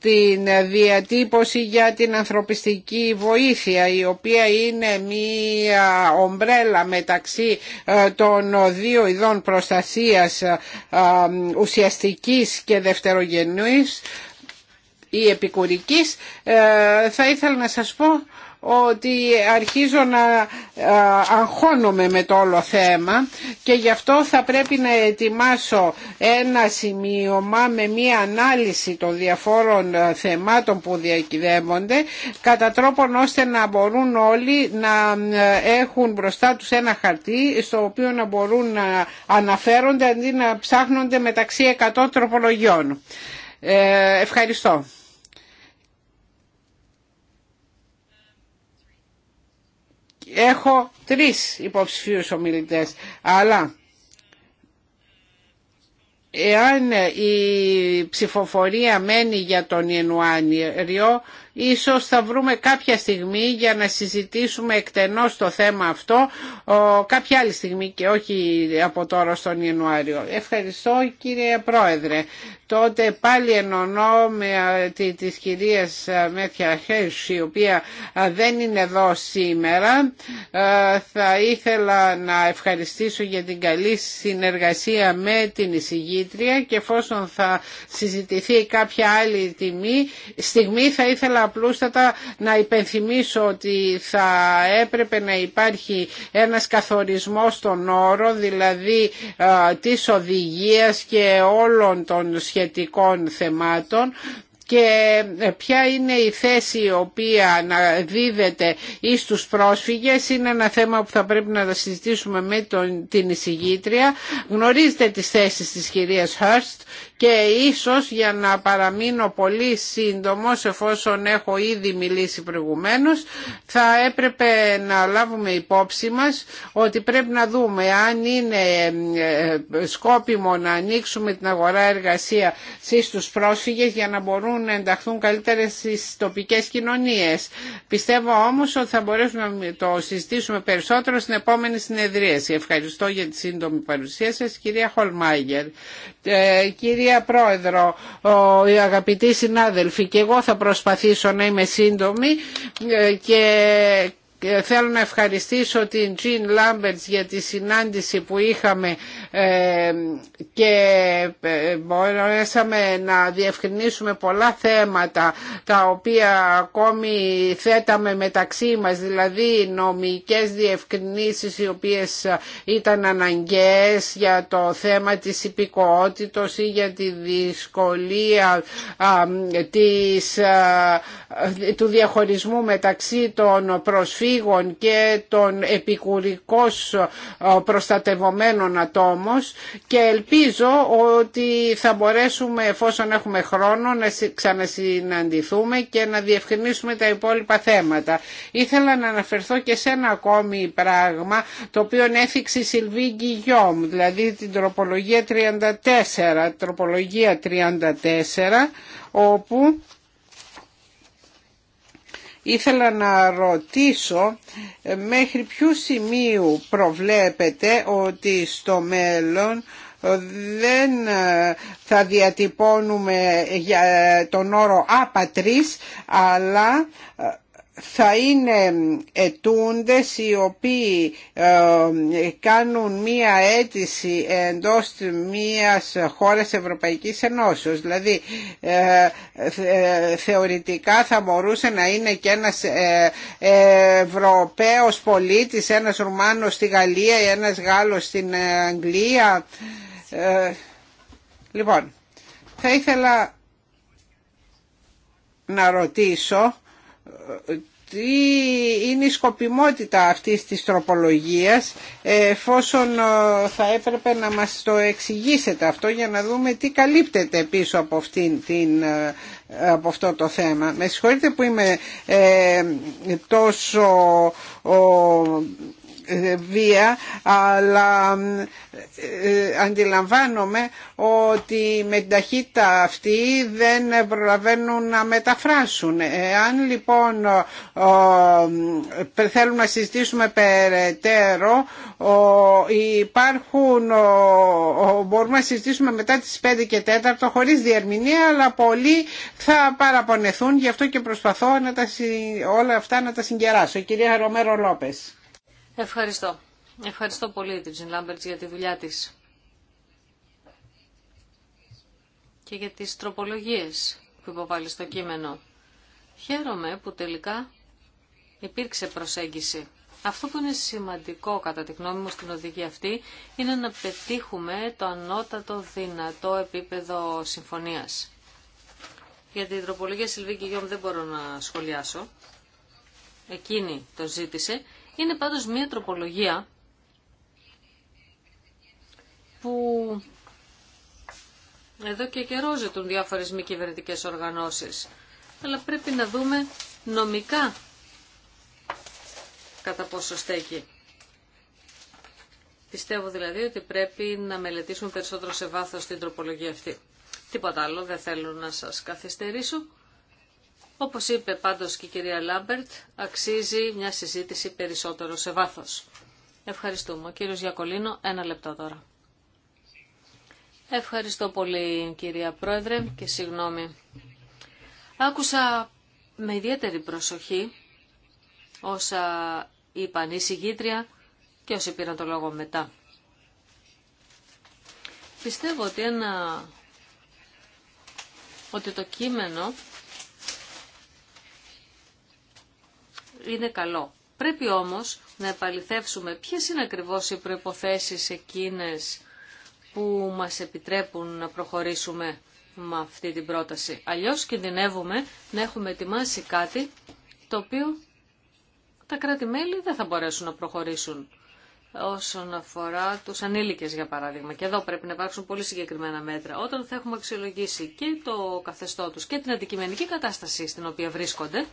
την διατύπωση για την ανθρωπιστική βοήθεια η οποία είναι μία ομπρέλα μεταξύ ε, των δύο ειδών προστασίας ουσιαστικής και δευτερογενής ή επικουρικής θα ήθελα να σας πω ότι αρχίζω να ε, αγχώνομαι με το όλο θέμα και γι' αυτό θα πρέπει να ετοιμάσω ένα σημείωμα με μία ανάλυση των διαφόρων ε, θεμάτων που διακυβεύονται κατά τρόπον ώστε να μπορούν όλοι να ε, έχουν μπροστά τους ένα χαρτί στο οποίο να μπορούν να αναφέρονται αντί να ψάχνονται μεταξύ 100 τροπολογιών. Ε, ευχαριστώ. έχω τρεις υποψηφίους ομιλητές, αλλά εάν η ψηφοφορία μένει για τον Ιανουάριο Ίσως θα βρούμε κάποια στιγμή για να συζητήσουμε εκτενώς το θέμα αυτό κάποια άλλη στιγμή και όχι από τώρα στον Ιανουάριο. Ευχαριστώ κύριε Πρόεδρε. Τότε πάλι ενωνώ με ε, της κυρίας ε, Μέτια Χέρση η οποία ε, δεν είναι εδώ σήμερα. Θα ήθελα να ευχαριστήσω για την καλή συνεργασία με την εισηγήτρια και εφόσον θα συζητηθεί κάποια άλλη τιμή, στιγμή θα ήθελα απλούστατα να υπενθυμίσω ότι θα έπρεπε να υπάρχει ένας καθορισμός στον όρο, δηλαδή της οδηγίας και όλων των σχετικών θεμάτων και ε, ποια είναι η θέση η οποία να δίδεται εις τους πρόσφυγες είναι ένα θέμα που θα πρέπει να συζητήσουμε με τον, την εισηγήτρια γνωρίζετε τις θέσεις της κυρίας Χάρστ και ίσως για να παραμείνω πολύ σύντομος εφόσον έχω ήδη μιλήσει προηγουμένως θα έπρεπε να λάβουμε υπόψη μας ότι πρέπει να δούμε αν είναι ε, ε, σκόπιμο να ανοίξουμε την αγορά εργασία στους πρόσφυγες για να μπορούν να ενταχθούν καλύτερα στις τοπικές κοινωνίες. Πιστεύω όμως ότι θα μπορέσουμε να το συζητήσουμε περισσότερο στην επόμενη συνεδρίαση. Ευχαριστώ για τη σύντομη παρουσία σας κυρία Χολμάγερ. Ε, κυρία Πρόεδρο, οι αγαπητοί συνάδελφοι, και εγώ θα προσπαθήσω να είμαι σύντομη ε, και ε, θέλω να ευχαριστήσω την Τζιν Λάμπερτς για τη συνάντηση που είχαμε ε, και ε, μπορέσαμε να διευκρινίσουμε πολλά θέματα τα οποία ακόμη θέταμε μεταξύ μας, δηλαδή νομικές διευκρινήσεις οι οποίες ήταν αναγκαίες για το θέμα της υπηκοότητος ή για τη δυσκολία της, του διαχωρισμού μεταξύ των προσφύγων και των επικουρικώς προστατευομένων ατόμων και ελπίζω ότι θα μπορέσουμε εφόσον έχουμε χρόνο να ξανασυναντηθούμε και να διευκρινίσουμε τα υπόλοιπα θέματα. Ήθελα να αναφερθώ και σε ένα ακόμη πράγμα το οποίο έθιξε η Σιλβίγκη Γιόμ δηλαδή την τροπολογία 34, τροπολογία 34 όπου Ήθελα να ρωτήσω ε, μέχρι ποιο σημείο προβλέπετε ότι στο μέλλον ε, δεν ε, θα διατυπώνουμε για τον όρο «απατρίς» αλλά θα είναι ετούντες οι οποίοι ε, κάνουν μία αίτηση εντός μίας χώρας Ευρωπαϊκής Ενώσεως. Δηλαδή ε, ε, θεωρητικά θα μπορούσε να είναι και ένας Ευρωπαίος πολίτης, ένας Ρουμάνος στη Γαλλία ή ένας Γάλλος στην Αγγλία. Λοιπόν, θα ήθελα να ρωτήσω τι είναι η σκοπιμότητα αυτής της τροπολογίας εφόσον ε, θα έπρεπε να μας το εξηγήσετε αυτό για να δούμε τι καλύπτεται πίσω από, αυτήν, την, ε, αυτό το θέμα. Με συγχωρείτε που είμαι ε, τόσο βία, αλλά ε, ε, αντιλαμβάνομαι ότι με την ταχύτητα αυτή δεν προλαβαίνουν να μεταφράσουν. Αν λοιπόν θέλουμε να συζητήσουμε περαιτέρω, υπάρχουν, μπορούμε να συζητήσουμε μετά τις 5 και 4 χωρίς διερμηνία, αλλά πολλοί θα παραπονεθούν, γι' αυτό και προσπαθώ να τα, όλα αυτά να τα συγκεράσω. κυρία Ρωμέρο Λόπες. Ευχαριστώ. Ευχαριστώ πολύ την Τζιν Λάμπερτς για τη δουλειά της και για τις τροπολογίες που υποβάλλει στο κείμενο. Χαίρομαι που τελικά υπήρξε προσέγγιση. Αυτό που είναι σημαντικό κατά τη γνώμη μου στην οδηγία αυτή είναι να πετύχουμε το ανώτατο δυνατό επίπεδο συμφωνίας. Για την τροπολογία Σιλβίκη Γιώμ δεν μπορώ να σχολιάσω. Εκείνη το ζήτησε είναι πάντως μία τροπολογία που εδώ και καιρό ζητούν διάφορες μη κυβερνητικέ οργανώσεις. Αλλά πρέπει να δούμε νομικά κατά πόσο στέκει. Πιστεύω δηλαδή ότι πρέπει να μελετήσουμε περισσότερο σε βάθος την τροπολογία αυτή. Τίποτα άλλο, δεν θέλω να σας καθυστερήσω. Όπως είπε πάντως και η κυρία Λάμπερτ, αξίζει μια συζήτηση περισσότερο σε βάθος. Ευχαριστούμε. Ο κύριος Γιακολίνο, ένα λεπτό τώρα. Ευχαριστώ πολύ κυρία Πρόεδρε και συγγνώμη. Άκουσα με ιδιαίτερη προσοχή όσα είπαν η συγγήτρια και όσοι πήραν το λόγο μετά. Πιστεύω ότι, ένα... ότι το κείμενο είναι καλό. Πρέπει όμως να επαληθεύσουμε ποιες είναι ακριβώς οι προϋποθέσεις εκείνες που μας επιτρέπουν να προχωρήσουμε με αυτή την πρόταση. Αλλιώς κινδυνεύουμε να έχουμε ετοιμάσει κάτι το οποίο τα κράτη-μέλη δεν θα μπορέσουν να προχωρήσουν όσον αφορά τους ανήλικες για παράδειγμα. Και εδώ πρέπει να υπάρξουν πολύ συγκεκριμένα μέτρα. Όταν θα έχουμε αξιολογήσει και το καθεστώ τους και την αντικειμενική κατάσταση στην οποία βρίσκονται,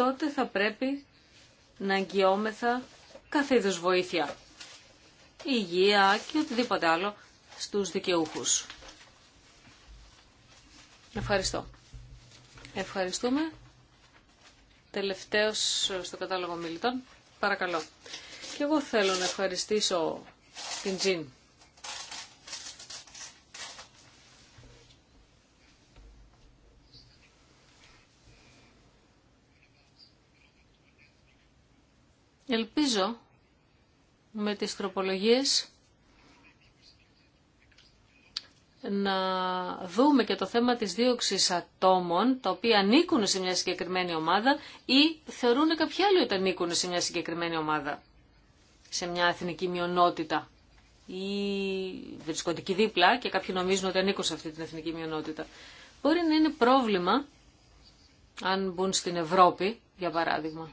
τότε θα πρέπει να αγγιόμεθα κάθε είδους βοήθεια, υγεία και οτιδήποτε άλλο στους δικαιούχους. Ευχαριστώ. Ευχαριστούμε. Τελευταίος στο κατάλογο μιλητών. Παρακαλώ. Και εγώ θέλω να ευχαριστήσω την Τζιν Ελπίζω με τις τροπολογίες να δούμε και το θέμα της δίωξης ατόμων, τα οποία ανήκουν σε μια συγκεκριμένη ομάδα ή θεωρούν κάποιοι άλλοι ότι ανήκουν σε μια συγκεκριμένη ομάδα, σε μια εθνική μειονότητα ή βρίσκονται δίπλα και κάποιοι νομίζουν ότι ανήκουν σε αυτή την εθνική μειονότητα. Μπορεί να είναι πρόβλημα αν μπουν στην Ευρώπη, για παράδειγμα.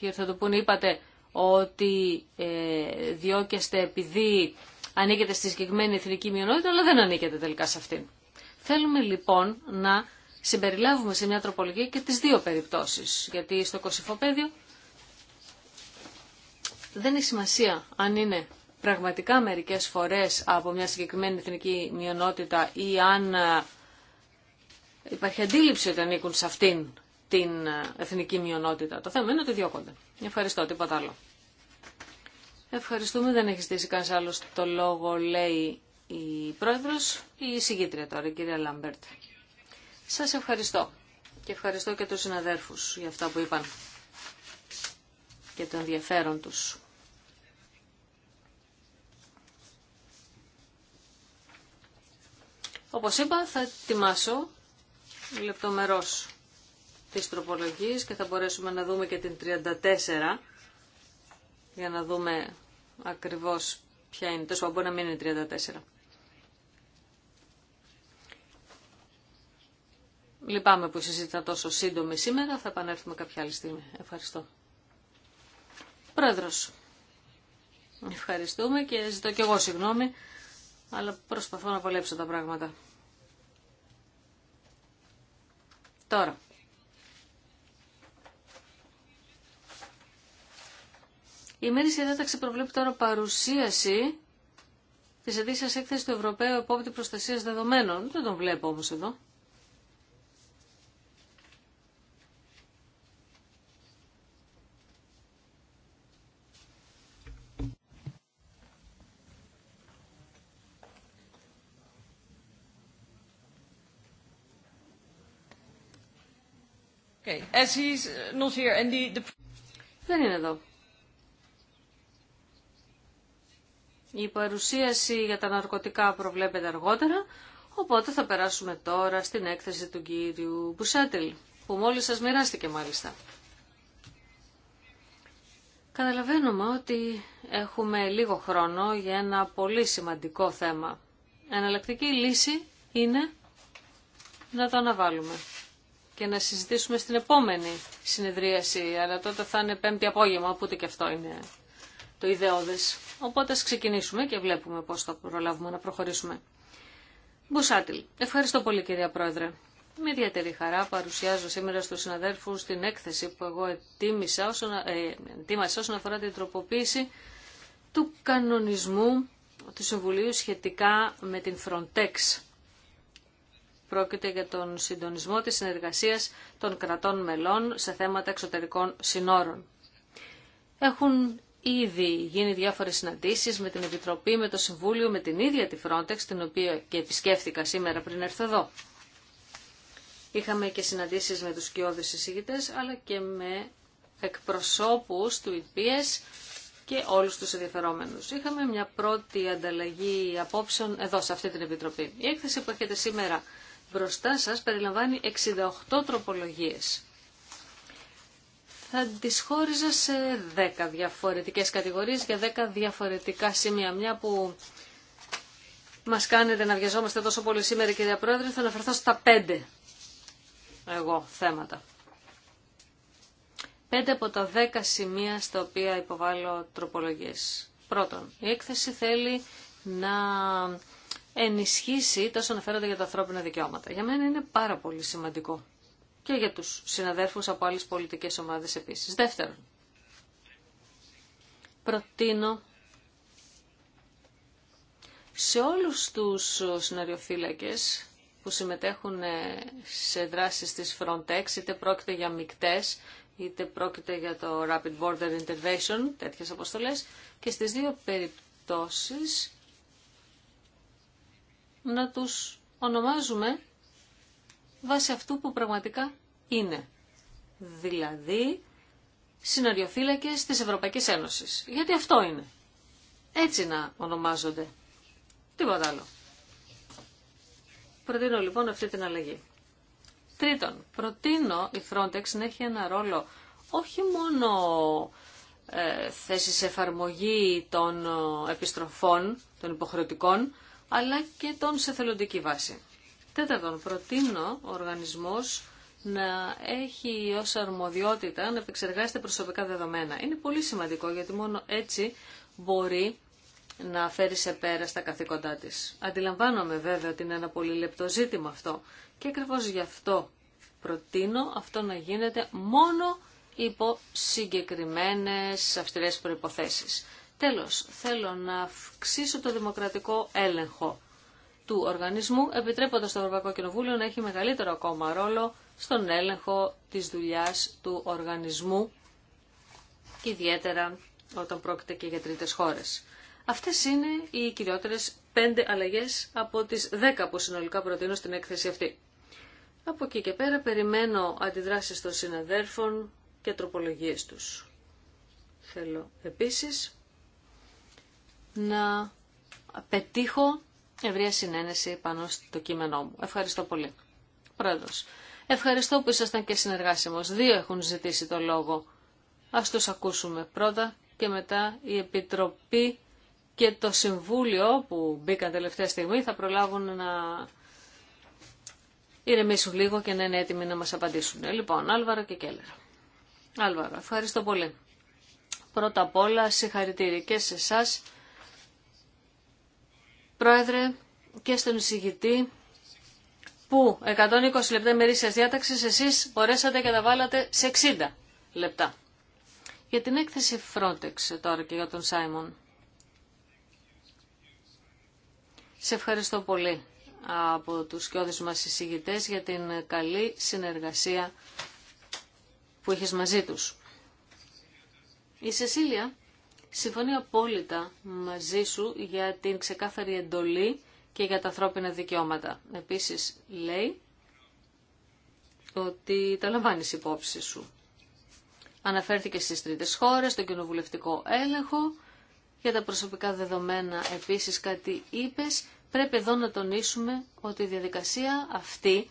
Ποιοι θα το είπατε ότι ε, διώκεστε επειδή ανήκετε στη συγκεκριμένη εθνική μειονότητα, αλλά δεν ανήκετε τελικά σε αυτήν. Θέλουμε λοιπόν να συμπεριλάβουμε σε μια τροπολογία και τις δύο περιπτώσεις, γιατί στο κοσυφοπέδιο δεν έχει σημασία αν είναι πραγματικά μερικές φορές από μια συγκεκριμένη εθνική μειονότητα ή αν ε, υπάρχει αντίληψη ότι ανήκουν σε αυτήν την εθνική μειονότητα. Το θέμα είναι ότι διώκονται. Ευχαριστώ, τίποτα άλλο. Ευχαριστούμε, δεν έχει στήσει κανένα άλλο το λόγο, λέει η πρόεδρος ή η συγκήτρια τώρα, η κυρία Λάμπερτ. Σας ευχαριστώ και ευχαριστώ και τους συναδέρφους για αυτά που είπαν και το ενδιαφέρον του. Όπως είπα θα ετοιμάσω λεπτομερώς της και θα μπορέσουμε να δούμε και την 34 για να δούμε ακριβώς ποια είναι. Τόσο μπορεί να μην είναι 34. Λυπάμαι που συζήτησα τόσο σύντομη σήμερα. Θα επανέλθουμε κάποια άλλη στιγμή. Ευχαριστώ. Πρόεδρος, ευχαριστούμε και ζητώ και εγώ συγγνώμη, αλλά προσπαθώ να απολέψω τα πράγματα. Τώρα. Η μέρη συνέταξη προβλέπει τώρα παρουσίαση της ετήσια έκθεση του Ευρωπαίου Επόπτη Προστασία Δεδομένων. Δεν τον βλέπω όμως εδώ. Okay. As he's not here and the... Δεν είναι εδώ. Η παρουσίαση για τα ναρκωτικά προβλέπεται αργότερα, οπότε θα περάσουμε τώρα στην έκθεση του κύριου Μπουσέτελ, που μόλις σας μοιράστηκε μάλιστα. Καταλαβαίνουμε ότι έχουμε λίγο χρόνο για ένα πολύ σημαντικό θέμα. Εναλλακτική λύση είναι να το αναβάλουμε και να συζητήσουμε στην επόμενη συνεδρίαση, αλλά τότε θα είναι πέμπτη απόγευμα, οπότε και αυτό είναι το ιδεώδες. Οπότε ας ξεκινήσουμε και βλέπουμε πώς θα προλάβουμε να προχωρήσουμε. Μπουσάτιλ. Ευχαριστώ πολύ κυρία Πρόεδρε. Με ιδιαίτερη χαρά παρουσιάζω σήμερα στους συναδέλφους την έκθεση που εγώ ετοίμησα όσον, ε, ετοίμασα όσον αφορά την τροποποίηση του κανονισμού του Συμβουλίου σχετικά με την Frontex. Πρόκειται για τον συντονισμό της συνεργασίας των κρατών μελών σε θέματα εξωτερικών συνόρων. Έχουν ήδη γίνει διάφορες συναντήσεις με την Επιτροπή, με το Συμβούλιο, με την ίδια τη Frontex, την οποία και επισκέφθηκα σήμερα πριν έρθω εδώ. Είχαμε και συναντήσεις με τους κοιόδες εισηγητές, αλλά και με εκπροσώπους του ΙΠΙΕΣ και όλους τους ενδιαφερόμενους. Είχαμε μια πρώτη ανταλλαγή απόψεων εδώ, σε αυτή την Επιτροπή. Η έκθεση που έχετε σήμερα μπροστά σας περιλαμβάνει 68 τροπολογίες θα τις χώριζα σε 10 διαφορετικές κατηγορίες για 10 διαφορετικά σημεία. Μια που μας κάνετε να βιαζόμαστε τόσο πολύ σήμερα κυρία Πρόεδρε, θα αναφερθώ στα 5 εγώ θέματα. 5 από τα 10 σημεία στα οποία υποβάλλω τροπολογίες. Πρώτον, η έκθεση θέλει να ενισχύσει τόσο αναφέρονται για τα ανθρώπινα δικαιώματα. Για μένα είναι πάρα πολύ σημαντικό και για τους συναδέρφους από άλλες πολιτικές ομάδες επίσης. Δεύτερον, προτείνω σε όλους τους συναριοφύλακες που συμμετέχουν ε, σε δράσεις της Frontex, είτε πρόκειται για μικτές, είτε πρόκειται για το Rapid Border Intervention, τέτοιες αποστολές, και στις δύο περιπτώσεις να τους ονομάζουμε βάσει αυτού που πραγματικά είναι. Δηλαδή, συνοριοφύλακες της Ευρωπαϊκής Ένωσης. Γιατί αυτό είναι. Έτσι να ονομάζονται. Τίποτα άλλο. Προτείνω λοιπόν αυτή την αλλαγή. Τρίτον, προτείνω η Frontex να έχει ένα ρόλο όχι μόνο ε, θέση εφαρμογή των ε, επιστροφών, των υποχρεωτικών, αλλά και των σε θελοντική βάση. Τέταρτον, προτείνω ο οργανισμός να έχει ως αρμοδιότητα να επεξεργάζεται προσωπικά δεδομένα. Είναι πολύ σημαντικό γιατί μόνο έτσι μπορεί να φέρει σε πέρα στα καθήκοντά της. Αντιλαμβάνομαι βέβαια ότι είναι ένα πολύ λεπτό ζήτημα αυτό και ακριβώ γι' αυτό προτείνω αυτό να γίνεται μόνο υπό συγκεκριμένες αυστηρές προϋποθέσεις. Τέλος, θέλω να αυξήσω το δημοκρατικό έλεγχο του οργανισμού, επιτρέποντας το Ευρωπαϊκό Κοινοβούλιο να έχει μεγαλύτερο ακόμα ρόλο στον έλεγχο της δουλειάς του οργανισμού και ιδιαίτερα όταν πρόκειται και για τρίτες χώρες. Αυτές είναι οι κυριότερες πέντε αλλαγές από τις δέκα που συνολικά προτείνω στην έκθεση αυτή. Από εκεί και πέρα περιμένω αντιδράσεις των συναδέρφων και τροπολογίες τους. Θέλω επίσης να πετύχω ευρεία συνένεση πάνω στο κείμενό μου. Ευχαριστώ πολύ. Πρόεδρος, ευχαριστώ που ήσασταν και συνεργάσιμος. Δύο έχουν ζητήσει το λόγο. Ας τους ακούσουμε πρώτα και μετά η Επιτροπή και το Συμβούλιο που μπήκαν τελευταία στιγμή θα προλάβουν να ηρεμήσουν λίγο και να είναι έτοιμοι να μας απαντήσουν. Ε, λοιπόν, Άλβαρο και Κέλλερ. Άλβαρο, ευχαριστώ πολύ. Πρώτα απ' όλα συγχαρητήρια και σε εσάς Πρόεδρε, και στον εισηγητή που 120 λεπτά ημερήσιας διάταξης εσείς μπορέσατε και τα βάλατε σε 60 λεπτά. Για την έκθεση Frontex τώρα και για τον Σάιμον. Σε ευχαριστώ πολύ από τους σκιώδες μας εισηγητές για την καλή συνεργασία που έχεις μαζί τους. Η Σεσίλια Συμφωνεί απόλυτα μαζί σου για την ξεκάθαρη εντολή και για τα ανθρώπινα δικαιώματα. Επίσης λέει ότι τα λαμβάνει υπόψη σου. Αναφέρθηκε στις τρίτες χώρες, στο κοινοβουλευτικό έλεγχο, για τα προσωπικά δεδομένα επίσης κάτι είπες. Πρέπει εδώ να τονίσουμε ότι η διαδικασία αυτή,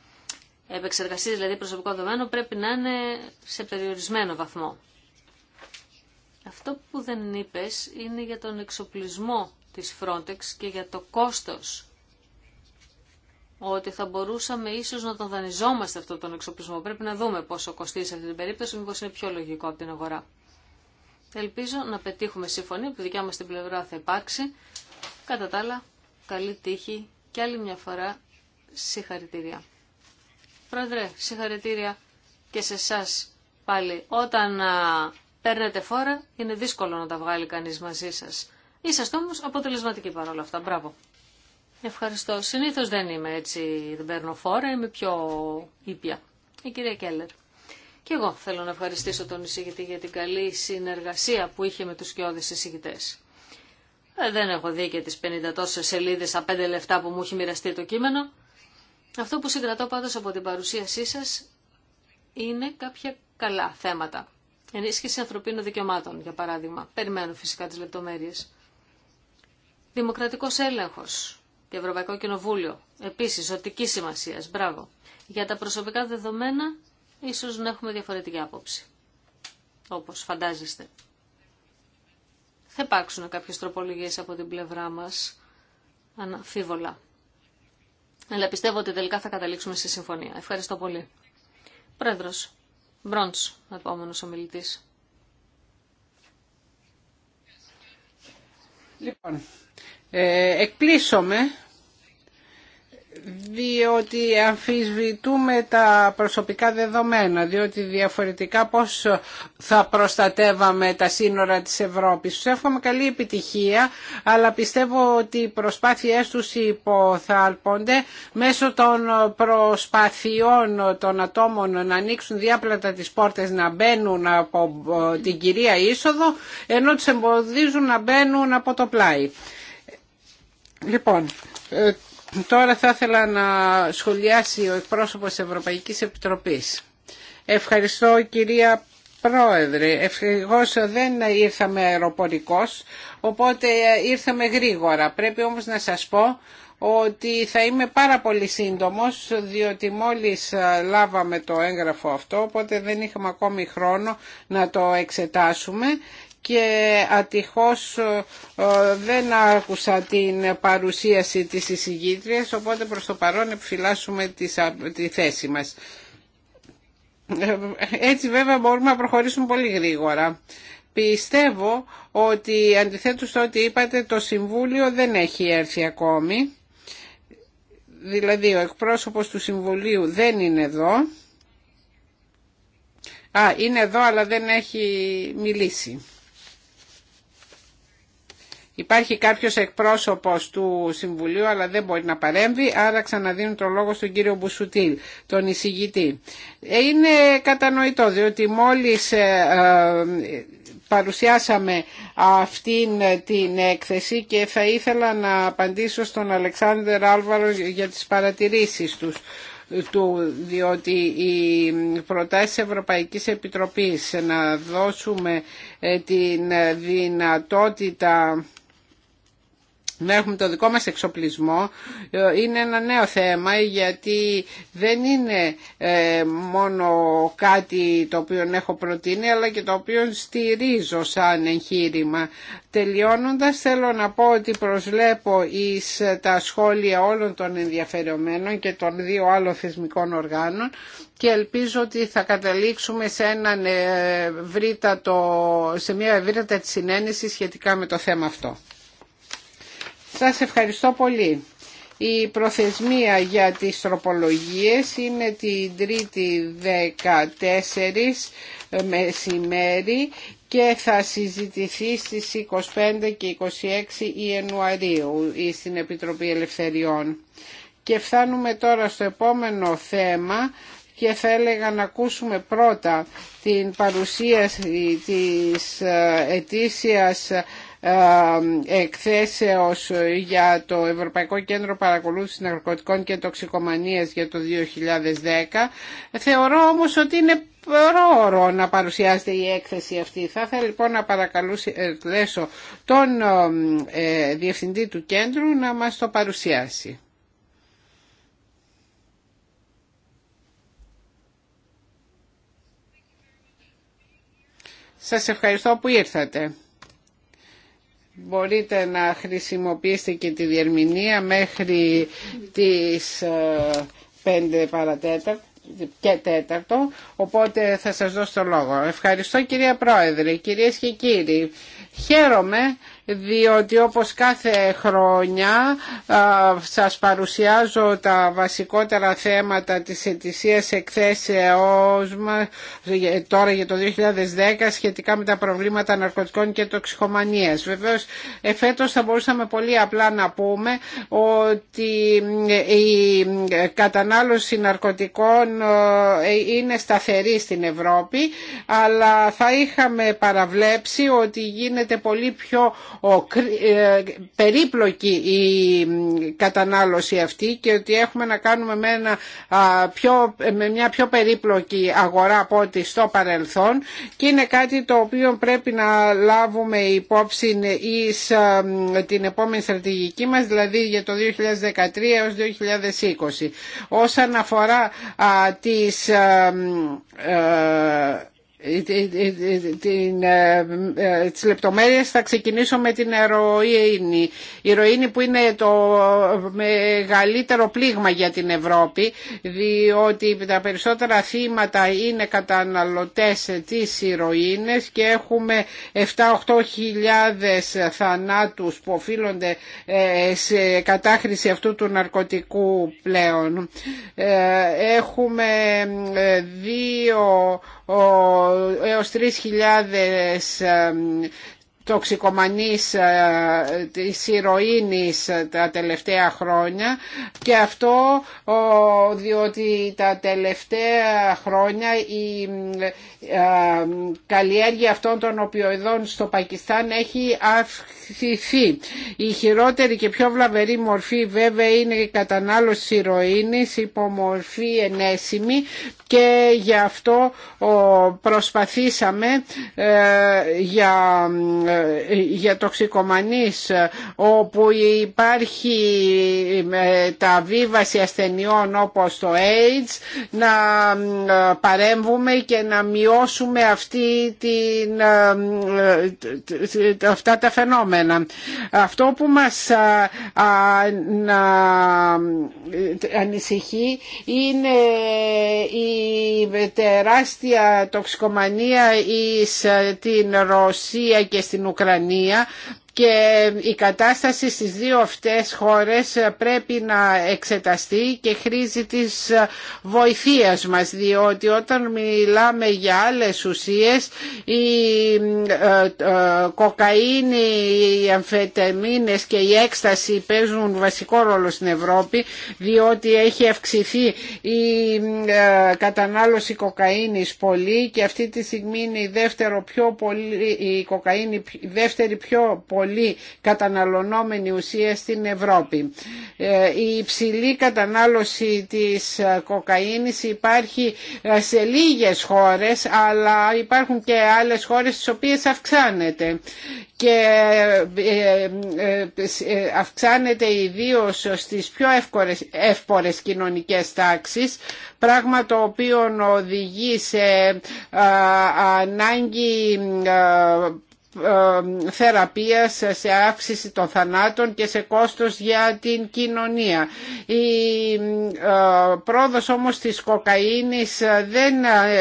επεξεργασία δηλαδή προσωπικό δεδομένο, πρέπει να είναι σε περιορισμένο βαθμό. Αυτό που δεν είπες είναι για τον εξοπλισμό της Frontex και για το κόστος. Ότι θα μπορούσαμε ίσως να τον δανειζόμαστε αυτόν τον εξοπλισμό. Πρέπει να δούμε πόσο κοστίζει σε αυτή την περίπτωση, μήπως είναι πιο λογικό από την αγορά. Ελπίζω να πετύχουμε συμφωνία, που δικιά μας την πλευρά θα υπάρξει. Κατά τα άλλα, καλή τύχη και άλλη μια φορά συγχαρητήρια. Πρόεδρε, συγχαρητήρια και σε εσά πάλι. Όταν παίρνετε φόρα, είναι δύσκολο να τα βγάλει κανεί μαζί σα. Είσαστε όμω αποτελεσματικοί παρόλα αυτά. Μπράβο. Ευχαριστώ. Συνήθω δεν είμαι έτσι, δεν παίρνω φόρα, είμαι πιο ήπια. Η κυρία Κέλλερ. Και εγώ θέλω να ευχαριστήσω τον εισηγητή για την καλή συνεργασία που είχε με του σκιώδει εισηγητέ. Ε, δεν έχω δει και τι 50 τόσε σελίδε στα 5 λεφτά που μου έχει μοιραστεί το κείμενο. Αυτό που συγκρατώ πάντω από την παρουσίασή σα είναι κάποια καλά θέματα. Ενίσχυση ανθρωπίνων δικαιωμάτων, για παράδειγμα. Περιμένω φυσικά τις λεπτομέρειε. Δημοκρατικός έλεγχος και Ευρωπαϊκό Κοινοβούλιο. Επίση, ζωτική σημασία. Μπράβο. Για τα προσωπικά δεδομένα, ίσως να έχουμε διαφορετική άποψη. Όπως φαντάζεστε. Θα υπάρξουν κάποιε τροπολογίε από την πλευρά μα αναφίβολα. Αλλά πιστεύω ότι τελικά θα καταλήξουμε σε συμφωνία. Ευχαριστώ πολύ. Πρόεδρος. Μπρόντς, επόμενος ομιλητής. Λοιπόν, ε, εκπλήσωμε διότι αμφισβητούμε τα προσωπικά δεδομένα, διότι διαφορετικά πώς θα προστατεύαμε τα σύνορα της Ευρώπης. Τους εύχομαι καλή επιτυχία, αλλά πιστεύω ότι οι προσπάθειές τους υποθάλπονται μέσω των προσπαθειών των ατόμων να ανοίξουν διάπλατα τις πόρτες, να μπαίνουν από την κυρία είσοδο, ενώ τους εμποδίζουν να μπαίνουν από το πλάι. Λοιπόν, ε, Τώρα θα ήθελα να σχολιάσει ο εκπρόσωπος της Ευρωπαϊκής Επιτροπής. Ευχαριστώ κυρία Πρόεδρε, Ευχαριστώ. δεν ήρθαμε αεροπορικός, οπότε ήρθαμε γρήγορα. Πρέπει όμως να σας πω ότι θα είμαι πάρα πολύ σύντομος διότι μόλις λάβαμε το έγγραφο αυτό οπότε δεν είχαμε ακόμη χρόνο να το εξετάσουμε και ατυχώς ε, δεν άκουσα την παρουσίαση της εισηγήτριας, οπότε προς το παρόν επιφυλάσσουμε τη θέση μας. Ε, έτσι βέβαια μπορούμε να προχωρήσουμε πολύ γρήγορα. Πιστεύω ότι αντιθέτως το ότι είπατε το Συμβούλιο δεν έχει έρθει ακόμη. Δηλαδή ο εκπρόσωπος του Συμβουλίου δεν είναι εδώ. Α, είναι εδώ αλλά δεν έχει μιλήσει. Υπάρχει κάποιος εκπρόσωπος του Συμβουλίου αλλά δεν μπορεί να παρέμβει, άρα ξαναδίνουν το λόγο στον κύριο Μπουσουτήλ, τον εισηγητή. Ε, είναι κατανοητό διότι μόλις ε, ε, παρουσιάσαμε αυτήν την έκθεση και θα ήθελα να απαντήσω στον Αλεξάνδερ Άλβαρο για τις παρατηρήσεις του, διότι οι προτάσεις Ευρωπαϊκής Επιτροπής να δώσουμε την δυνατότητα να έχουμε το δικό μας εξοπλισμό ε, είναι ένα νέο θέμα γιατί δεν είναι ε, μόνο κάτι το οποίο έχω προτείνει αλλά και το οποίο στηρίζω σαν εγχείρημα. Τελειώνοντας θέλω να πω ότι προσλέπω εις ε, τα σχόλια όλων των ενδιαφερομένων και των δύο άλλων θεσμικών οργάνων και ελπίζω ότι θα καταλήξουμε σε, έναν ευρύτατο, σε μια ευρύτατη συνένεση σχετικά με το θέμα αυτό. Σας ευχαριστώ πολύ. Η προθεσμία για τις τροπολογίες είναι την 3η 14 μεσημέρι και θα συζητηθεί στις 25 και 26 Ιανουαρίου στην Επιτροπή Ελευθεριών. Και φτάνουμε τώρα στο επόμενο θέμα και θα έλεγα να ακούσουμε πρώτα την παρουσίαση της ε, ε, ετήσιας ε, εκθέσεως για το Ευρωπαϊκό Κέντρο Παρακολούθησης Ναρκωτικών και Τοξικομανίας για το 2010. Θεωρώ όμως ότι είναι πρόωρο να παρουσιάζεται η έκθεση αυτή. Θα ήθελα λοιπόν να παρακαλέσω ε, τον ε, Διευθυντή του Κέντρου να μας το παρουσιάσει. Σας ευχαριστώ που ήρθατε μπορείτε να χρησιμοποιήσετε και τη διερμηνία μέχρι τις 5 ε, παρατέταρτο και τέταρτο, οπότε θα σας δώσω το λόγο. Ευχαριστώ κυρία Πρόεδρε, κυρίες και κύριοι. Χαίρομαι διότι όπως κάθε χρόνια σας παρουσιάζω τα βασικότερα θέματα της ετησίας εκθέσεώς μας τώρα για το 2010 σχετικά με τα προβλήματα ναρκωτικών και τοξικομανίας. Βεβαίως εφέτος θα μπορούσαμε πολύ απλά να πούμε ότι ε, η ε, κατανάλωση ναρκωτικών ε, είναι σταθερή στην Ευρώπη αλλά θα είχαμε παραβλέψει ότι γίνεται πολύ πιο ε, περίπλοκη η κατανάλωση αυτή και ότι έχουμε να κάνουμε με, ένα, πιο, με μια πιο περίπλοκη αγορά από ό,τι στο παρελθόν και είναι κάτι το οποίο πρέπει να λάβουμε υπόψη εις την επόμενη στρατηγική μας, δηλαδή για το 2013 έως 2020. Όσον αφορά τις ε, ε, ε, τις λεπτομέρειες θα ξεκινήσω με την ηρωίνη. Η ηρωίνη που είναι το μεγαλύτερο πλήγμα για την Ευρώπη διότι τα περισσότερα θύματα είναι καταναλωτές της ηρωίνης και έχουμε 7-8 χιλιάδες θανάτους που οφείλονται ε, σε κατάχρηση αυτού του ναρκωτικού πλέον. Έχουμε δύο έως 3.000 τοξικομανής ε, της ηρωίνης τα τελευταία χρόνια και αυτό διότι τα τελευταία χρόνια η ε, καλλιέργεια αυτών των οπιοειδών στο Πακιστάν έχει αυξηθεί. Η χειρότερη και πιο βλαβερή μορφή βέβαια είναι η κατανάλωση ηρωίνης υπό μορφή ενέσιμη και γι' αυτό προσπαθήσαμε ε, για για τοξικομανείς όπου υπάρχει ε, τα βίβαση ασθενειών όπως το AIDS να ε, παρέμβουμε και να μειώσουμε αυτή την, ε, αυτά τα φαινόμενα. Αυτό που μας να ανησυχεί είναι η τεράστια τοξικομανία η την Ρωσία και στην Ουκρανία και η κατάσταση στις δύο αυτές χώρες πρέπει να εξεταστεί και χρήζει της βοηθείας μας διότι όταν μιλάμε για άλλες ουσίες η ε, ε, κοκαίνη, οι αμφετεμίνες και η έκσταση παίζουν βασικό ρόλο στην Ευρώπη διότι έχει αυξηθεί η ε, κατανάλωση κοκαίνης πολύ και αυτή τη στιγμή είναι η, πολύ, δεύτερη πιο πολύ πολύ καταναλωνόμενη ουσία στην Ευρώπη. Ε, η υψηλή κατανάλωση της ε, κοκαίνης υπάρχει ε, σε λίγες χώρες αλλά υπάρχουν και άλλες χώρες στις οποίες αυξάνεται και αυξάνεται ιδίως στις πιο εύκολες, εύπορες κοινωνικές τάξεις πράγμα το οποίο οδηγεί σε ανάγκη ε, θεραπείας, σε αύξηση των θανάτων και σε κόστος για την κοινωνία. Η ε, πρόοδος όμως της κοκαίνης δεν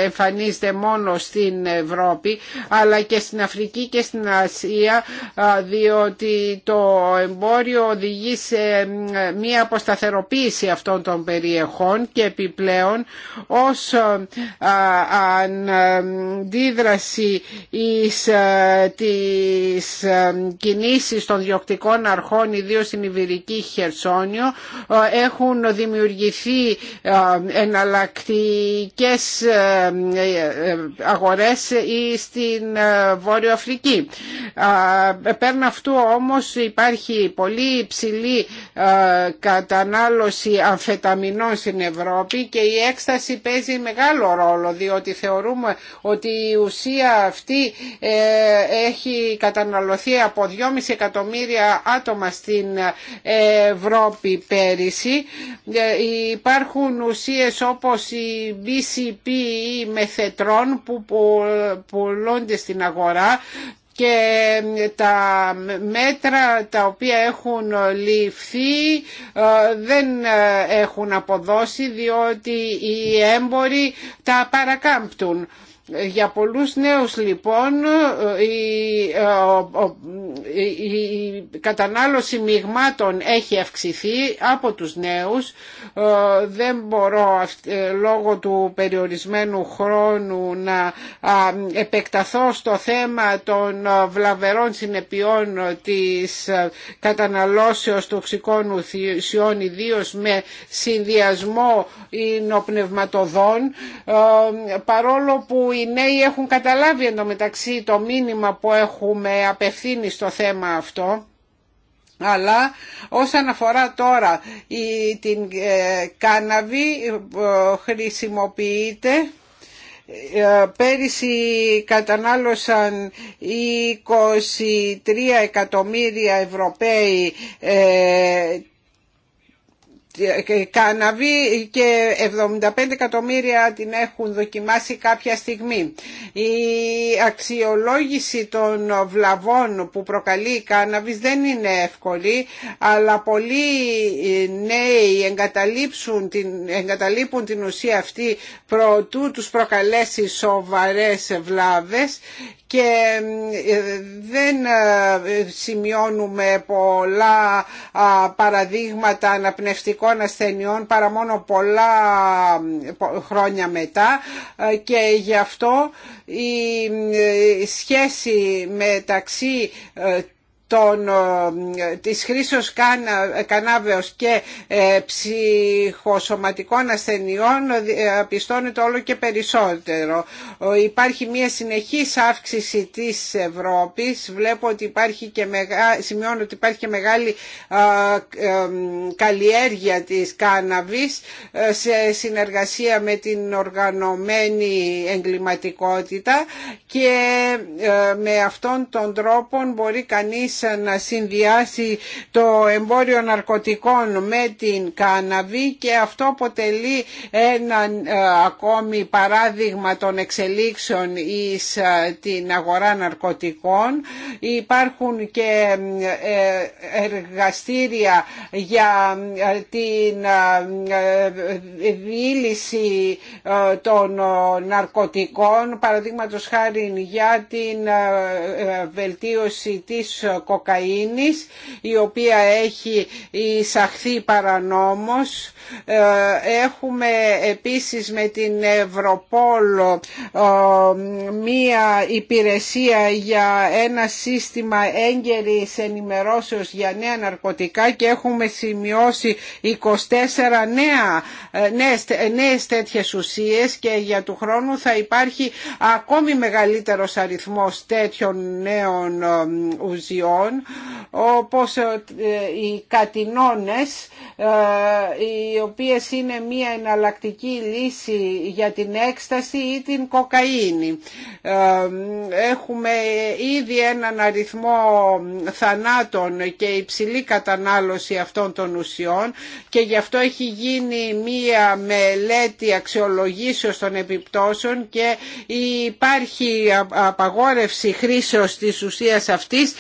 εμφανίζεται μόνο στην Ευρώπη αλλά και στην Αφρική και στην Ασία ε, διότι το εμπόριο οδηγεί σε μία αποσταθεροποίηση αυτών των περιεχών και επιπλέον ως αντίδραση εις τις κινήσεις των διοκτικών αρχών ιδίως στην Ιβηρική Χερσόνιο ε, έχουν δημιουργηθεί εναλλακτικές ε, ε, αγορές ή στην Βόρειο Αφρική. Πέραν αυτού όμως υπάρχει πολύ υψηλή κατανάλωση αμφεταμινών στην Ευρώπη και η έκσταση παίζει μεγάλο ρόλο διότι θεωρούμε ότι η ουσία αυτή έχει καταναλωθεί από 2,5 εκατομμύρια άτομα στην Ευρώπη πέρυσι. Ε, υπάρχουν ουσίες όπως η BCP ή η μεθετρων που πουλούνται στην αγορά και τα μέτρα τα οποία έχουν ληφθεί ε, δεν έχουν αποδώσει διότι οι έμποροι τα παρακάμπτουν. Για πολλούς νέους λοιπόν η, κατανάλωση μειγμάτων έχει αυξηθεί από τους νέους. Ε, δεν μπορώ ε, λόγω του περιορισμένου χρόνου να επεκταθώ στο θέμα των βλαβερών συνεπειών της ε, καταναλώσεως τοξικών ουσιών ιδίως με συνδυασμό νοπνευματοδών παρόλο που οι νέοι έχουν καταλάβει εντωμεταξύ το μήνυμα που έχουμε απευθύνει στο θέμα αυτό. Αλλά όσον αφορά τώρα η, την ε, κάναβη ε, χρησιμοποιείται ε, πέρυσι κατανάλωσαν 23 εκατομμύρια Ευρωπαίοι ε, καναβή και 75 εκατομμύρια την έχουν δοκιμάσει κάποια στιγμή. Η αξιολόγηση των βλαβών που προκαλεί η κάναβης δεν είναι εύκολη, αλλά πολλοί νέοι την, εγκαταλείπουν την ουσία αυτή προτού τους προκαλέσει σοβαρές βλάβες και ε, δεν ε, σημειώνουμε πολλά παραδείγματα αναπνευστικών ασθενειών παρά μόνο πολλά χρόνια μετά ε, και γι' αυτό η σχέση μεταξύ των, της χρήσεως ε, κανάβεως και ε, ψυχοσωματικών ασθενειών ε, πιστώνεται όλο και περισσότερο. Υπάρχει μια συνεχής αύξηση της Ευρώπης. Βλέπω ότι υπάρχει και μεγά, σημειώνω ότι υπάρχει και μεγάλη καλλιέργεια της κάναβης σε συνεργασία με την οργανωμένη εγκληματικότητα και με αυτόν τον τρόπο μπορεί κανείς να συνδυάσει το εμπόριο ναρκωτικών με την κάναβη και αυτό αποτελεί ένα ε, ακόμη παράδειγμα των εξελίξεων εις ε, την αγορά ναρκωτικών. Υπάρχουν και ε, εργαστήρια για την διήλυση των ναρκωτικών, παραδείγματος χάρη για την βελτίωση της κοκαίνης η οποία έχει εισαχθεί παρανόμως. Ε, έχουμε επίσης με την Ευρωπόλο ε, μία υπηρεσία για ένα σύστημα έγκαιρης ενημερώσεως για νέα ναρκωτικά και έχουμε σημειώσει 24 νέα, ε, νέες, νέες τέτοιες ουσίες και για του χρόνου θα υπάρχει ακόμη μεγαλύτερος αριθμός τέτοιων νέων ουσιών Λοιπόν, όπως ε, οι κατινόνες ε, οι οποίες είναι μια εναλλακτική λύση για την έκσταση ή την κοκαίνη. Ε, έχουμε ήδη έναν αριθμό θανάτων και υψηλή κατανάλωση αυτών των ουσιών και γι' αυτό έχει γίνει μία μελέτη αξιολογήσεως των επιπτώσεων και υπάρχει απαγόρευση χρήσεως της ουσίας αυτής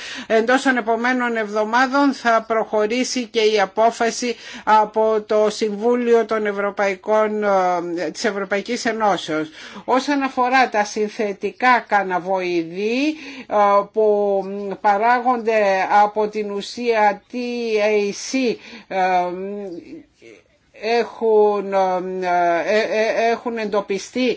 εντός των επομένων εβδομάδων θα προχωρήσει και η απόφαση από το Συμβούλιο των Ευρωπαϊκών, ε, της Ευρωπαϊκής Ενώσεως. Όσον αφορά τα συνθετικά καναβοειδή ε, που παράγονται από την ουσία TAC ε, έχουν, ε, ε, έχουν εντοπιστεί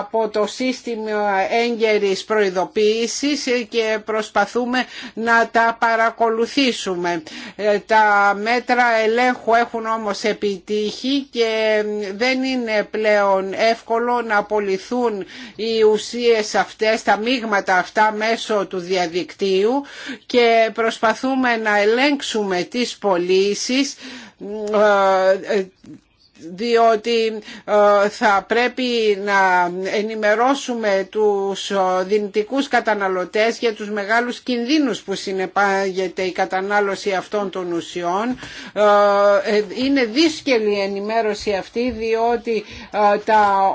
από το σύστημα έγκαιρης προειδοποίησης και προσπαθούμε να τα παρακολουθήσουμε. Ε, τα μέτρα ελέγχου έχουν όμως επιτύχει και δεν είναι πλέον εύκολο να απολυθούν οι ουσίες αυτές, τα μείγματα αυτά μέσω του διαδικτύου και προσπαθούμε να ελέγξουμε τις πωλήσει μου αρέσει διότι ε, θα πρέπει να ενημερώσουμε τους ε, δυνητικούς καταναλωτές για τους μεγάλους κινδύνους που συνεπάγεται η κατανάλωση αυτών των ουσιών. Ε, είναι δύσκολη η ενημέρωση αυτή διότι τα,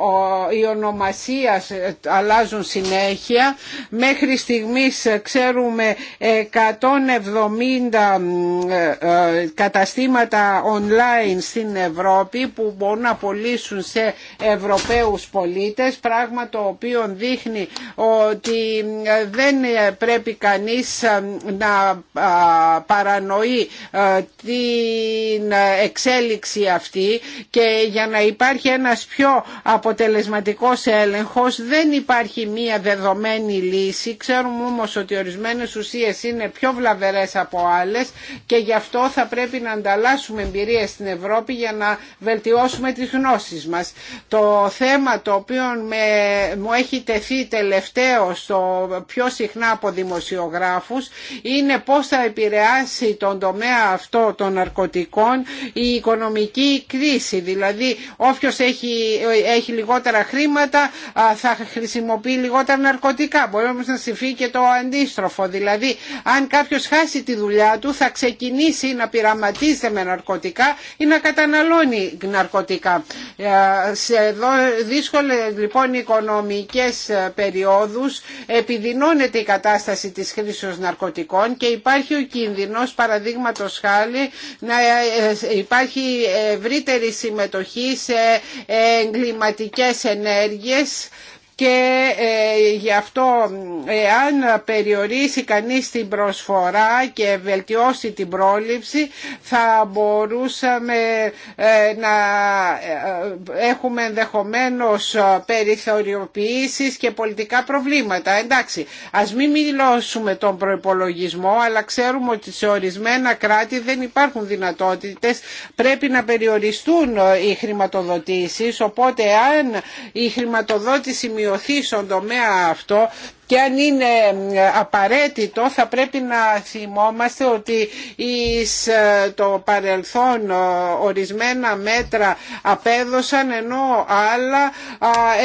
οι ονομασίες αλλάζουν συνέχεια. Μέχρι στιγμής ξέρουμε 170 καταστήματα online στην Ευρώπη που μπορούν να πωλήσουν σε Ευρωπαίους πολίτες πράγμα το οποίο δείχνει ότι δεν πρέπει κανείς να παρανοεί την εξέλιξη αυτή και για να υπάρχει ένας πιο αποτελεσματικός έλεγχος δεν υπάρχει μία δεδομένη λύση. Ξέρουμε όμως ότι ορισμένες ουσίες είναι πιο βλαβερές από άλλες και γι' αυτό θα πρέπει να ανταλλάσσουμε εμπειρίες στην Ευρώπη για να βελτιώσουμε βελτιώσουμε τις γνώσεις μας. Το θέμα το οποίο με, μου έχει τεθεί τελευταίο στο πιο συχνά από δημοσιογράφους είναι πώς θα επηρεάσει τον τομέα αυτό των ναρκωτικών η οικονομική κρίση. Δηλαδή όποιος έχει, έχει λιγότερα χρήματα θα χρησιμοποιεί λιγότερα ναρκωτικά. Μπορεί όμως να συμφεί και το αντίστροφο. Δηλαδή αν κάποιος χάσει τη δουλειά του θα ξεκινήσει να πειραματίζεται με ναρκωτικά ή να καταναλώνει ε, σε δύσκολες λοιπόν οικονομικές ε, περιόδους επιδεινώνεται η κατάσταση της χρήσης ναρκωτικών και υπάρχει ο κίνδυνος παραδείγματο χάρη να ε, υπάρχει ευρύτερη συμμετοχή σε εγκληματικές ενέργειες και ε, γι' αυτό εάν περιορίσει κανείς την προσφορά και βελτιώσει την πρόληψη θα μπορούσαμε ε, να ε, έχουμε ενδεχομένως περιθωριοποιήσεις και πολιτικά προβλήματα. Εντάξει, ας μην μιλώσουμε τον προϋπολογισμό αλλά ξέρουμε ότι σε ορισμένα κράτη δεν υπάρχουν δυνατότητες πρέπει να περιοριστούν οι χρηματοδοτήσεις οπότε αν η χρηματοδότηση μειωθεί στον τομέα αυτό και αν είναι απαραίτητο θα πρέπει να θυμόμαστε ότι εις ε, το παρελθόν ε, ορισμένα μέτρα απέδωσαν ενώ άλλα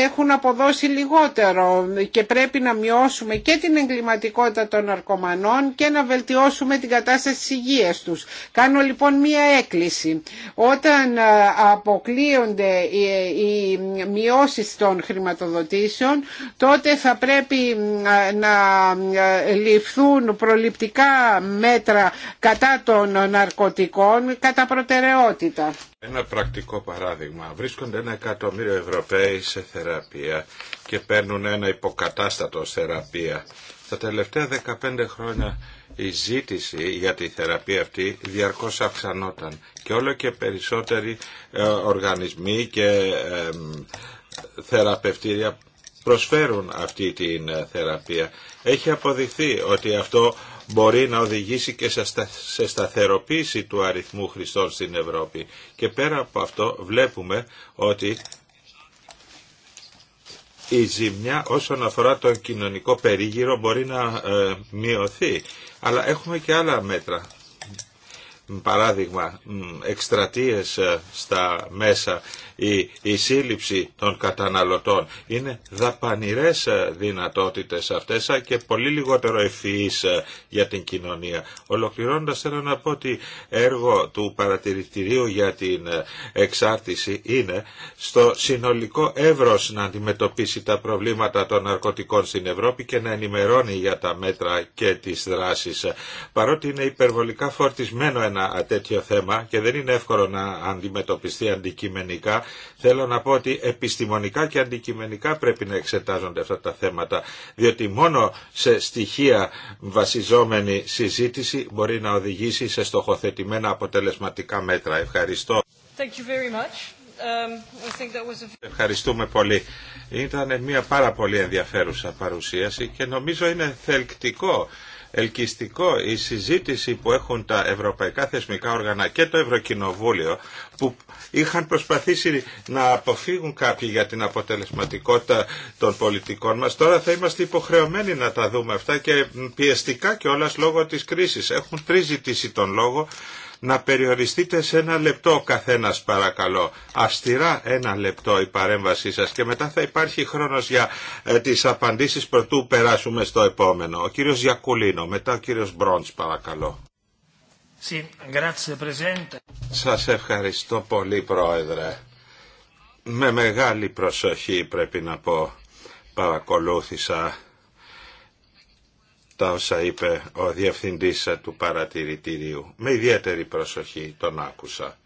έχουν αποδώσει λιγότερο και πρέπει να μειώσουμε και την εγκληματικότητα των αρκομανών και να βελτιώσουμε την κατάσταση της υγείας τους. Κάνω λοιπόν μία έκκληση. Όταν ε, αποκλείονται οι μειώσεις των χρηματοδοτήσεων τότε θα πρέπει να ληφθούν προληπτικά μέτρα κατά των ναρκωτικών κατά προτεραιότητα. Ένα πρακτικό παράδειγμα. Βρίσκονται ένα εκατομμύριο Ευρωπαίοι σε θεραπεία και παίρνουν ένα υποκατάστατο θεραπεία. Τα τελευταία 15 χρόνια η ζήτηση για τη θεραπεία αυτή διαρκώς αυξανόταν και όλο και περισσότεροι ε, οργανισμοί και ε, θεραπευτήρια προσφέρουν αυτή την ε, θεραπεία. Έχει αποδειχθεί ότι αυτό μπορεί να οδηγήσει και σε σταθεροποίηση του αριθμού χρηστών στην Ευρώπη. Και πέρα από αυτό βλέπουμε ότι η ζημιά όσον αφορά τον κοινωνικό περίγυρο μπορεί να ε, μειωθεί. Αλλά έχουμε και άλλα μέτρα παράδειγμα εκστρατείε ε, στα μέσα η, η σύλληψη των καταναλωτών είναι δαπανηρές ε, δυνατότητες αυτές και πολύ λιγότερο ευθύης ε, για την κοινωνία. Ολοκληρώνοντας θέλω να πω ότι έργο του παρατηρητηρίου για την εξάρτηση είναι στο συνολικό εύρος να αντιμετωπίσει τα προβλήματα των ναρκωτικών στην Ευρώπη και να ενημερώνει για τα μέτρα και τις δράσεις. Παρότι είναι υπερβολικά φορτισμένο ένα ένα τέτοιο θέμα και δεν είναι εύκολο να αντιμετωπιστεί αντικειμενικά. Θέλω να πω ότι επιστημονικά και αντικειμενικά πρέπει να εξετάζονται αυτά τα θέματα, διότι μόνο σε στοιχεία βασιζόμενη συζήτηση μπορεί να οδηγήσει σε στοχοθετημένα αποτελεσματικά μέτρα. Ευχαριστώ. Um, Ευχαριστούμε πολύ. Ήταν μια πάρα πολύ ενδιαφέρουσα παρουσίαση και νομίζω είναι θελκτικό ελκυστικό η συζήτηση που έχουν τα ευρωπαϊκά θεσμικά όργανα και το Ευρωκοινοβούλιο που είχαν προσπαθήσει να αποφύγουν κάποιοι για την αποτελεσματικότητα των πολιτικών μας. Τώρα θα είμαστε υποχρεωμένοι να τα δούμε αυτά και πιεστικά όλας λόγω της κρίσης. Έχουν τρει ζητήσει τον λόγο να περιοριστείτε σε ένα λεπτό καθένας παρακαλώ. Αυστηρά ένα λεπτό η παρέμβασή σας και μετά θα υπάρχει χρόνος για ε, τις απαντήσεις προτού περάσουμε στο επόμενο. Ο κύριος Γιακουλίνο, μετά ο κύριος Μπρόντς παρακαλώ. Σας ευχαριστώ πολύ Πρόεδρε. Με μεγάλη προσοχή πρέπει να πω παρακολούθησα τα όσα είπε ο Διευθυντής του Παρατηρητηρίου. Με ιδιαίτερη προσοχή τον άκουσα.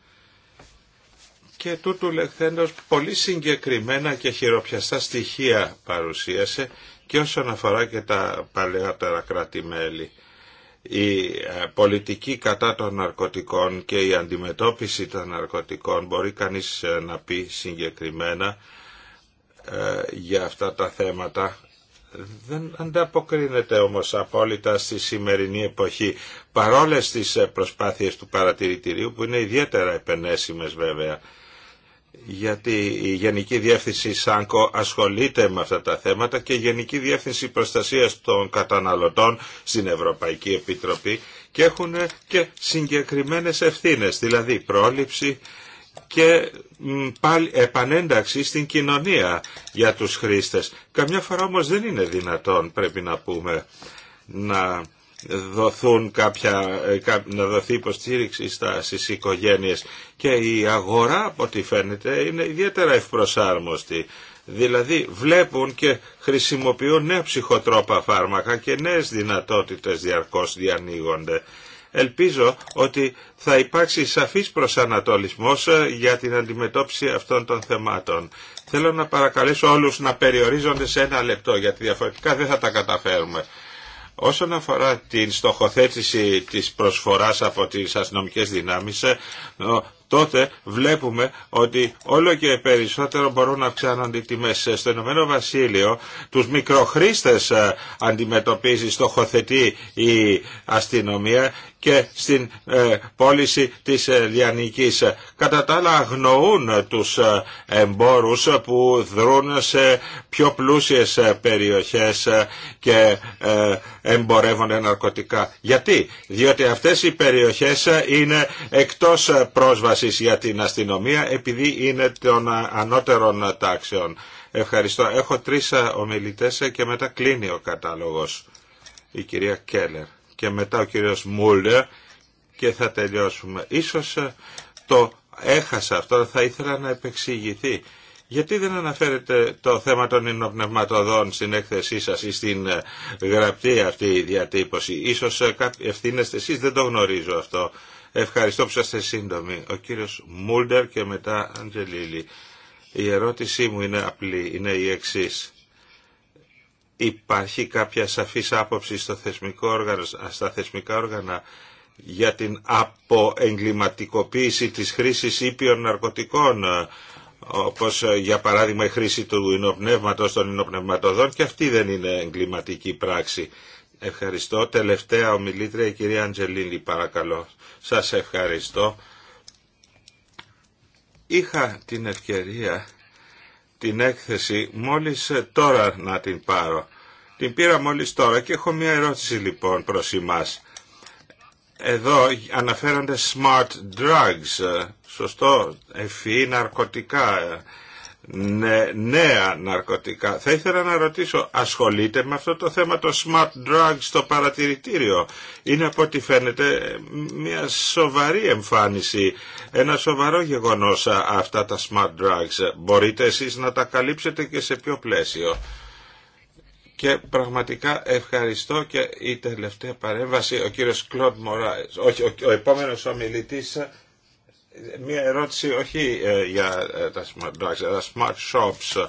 Και τούτου λεχθέντος πολύ συγκεκριμένα και χειροπιαστά στοιχεία παρουσίασε και όσον αφορά και τα παλαιότερα κράτη-μέλη. Η ε, πολιτική κατά των ναρκωτικών και η αντιμετώπιση των ναρκωτικών μπορεί κανείς ε, να πει συγκεκριμένα ε, για αυτά τα θέματα δεν ανταποκρίνεται όμως απόλυτα στη σημερινή εποχή παρόλες τις ε, προσπάθειες του παρατηρητηρίου που είναι ιδιαίτερα επενέσιμες βέβαια γιατί η Γενική Διεύθυνση ΣΑΝΚΟ ασχολείται με αυτά τα θέματα και η Γενική Διεύθυνση Προστασίας των Καταναλωτών στην Ευρωπαϊκή Επιτροπή και έχουν και συγκεκριμένες ευθύνες, δηλαδή πρόληψη, και πάλι επανένταξη στην κοινωνία για τους χρήστες. Καμιά φορά όμως δεν είναι δυνατόν πρέπει να πούμε να δοθούν κάποια, ε, να δοθεί υποστήριξη στα, στις οικογένειες και η αγορά από ό,τι φαίνεται είναι ιδιαίτερα ευπροσάρμοστη. Δηλαδή βλέπουν και χρησιμοποιούν νέα ψυχοτρόπα φάρμακα και νέες δυνατότητες διαρκώς διανοίγονται. Ελπίζω ότι θα υπάρξει σαφής προσανατολισμός ε, για την αντιμετώπιση αυτών των θεμάτων. Θέλω να παρακαλέσω όλους να περιορίζονται σε ένα λεπτό, γιατί διαφορετικά δεν θα τα καταφέρουμε. Όσον αφορά την στοχοθέτηση της προσφοράς από τις αστυνομικές δυνάμεις, ε, τότε βλέπουμε ότι όλο και περισσότερο μπορούν να αυξάνονται οι τιμές. Στο Ηνωμένο Βασίλειο τους μικροχρήστες ε, αντιμετωπίζει, στοχοθετεί η αστυνομία και στην ε, πώληση της ε, λιανικής. Κατά τα άλλα αγνοούν τους ε, εμπόρους που δρούν σε πιο πλούσιες ε, περιοχές και ε, εμπορεύονται ναρκωτικά. Γιατί? Διότι αυτές οι περιοχές είναι εκτός πρόσβασης για την αστυνομία επειδή είναι των ανώτερων τάξεων. Ευχαριστώ. Έχω τρεις ομιλητές και μετά κλείνει ο κατάλογος. Η κυρία Κέλλερ και μετά ο κύριος Μούλερ και θα τελειώσουμε. Ίσως ε, το έχασα αυτό, θα ήθελα να επεξηγηθεί. Γιατί δεν αναφέρετε το θέμα των ενοπνευματοδών στην έκθεσή σας ή στην ε, γραπτή αυτή διατύπωση. Ίσως ε, ευθύνεστε εσείς, δεν το γνωρίζω αυτό. Ευχαριστώ που είσαστε σύντομοι. Ο κύριος Μούλτερ και μετά Αντζελίλη. Η ερώτησή μου είναι απλή, είναι η εξής. Υπάρχει κάποια σαφής άποψη στο θεσμικό όργανο, στα θεσμικά όργανα για την αποεγκληματικοποίηση της χρήσης ήπιων ναρκωτικών όπως για παράδειγμα η χρήση του ινοπνεύματος των ινοπνευματοδών και αυτή δεν είναι εγκληματική πράξη. Ευχαριστώ. Τελευταία ομιλήτρια η κυρία Αντζελίνη παρακαλώ. Σας ευχαριστώ. Είχα την ευκαιρία την έκθεση μόλις τώρα να την πάρω. Την πήρα μόλις τώρα και έχω μια ερώτηση λοιπόν προς εμάς. Εδώ αναφέρονται smart drugs, σωστό, ευφυή ναρκωτικά, ναι, νέα ναρκωτικά. Θα ήθελα να ρωτήσω, ασχολείται με αυτό το θέμα το smart drugs στο παρατηρητήριο. Είναι από ό,τι φαίνεται μια σοβαρή εμφάνιση, ένα σοβαρό γεγονός αυτά τα smart drugs. Μπορείτε εσείς να τα καλύψετε και σε ποιο πλαίσιο. Και πραγματικά ευχαριστώ και η τελευταία παρέμβαση, ο κύριος Κλοντ Μωράης, όχι, ο, ο επόμενος Μία ερώτηση όχι ε, για ε, τα smart, smart shops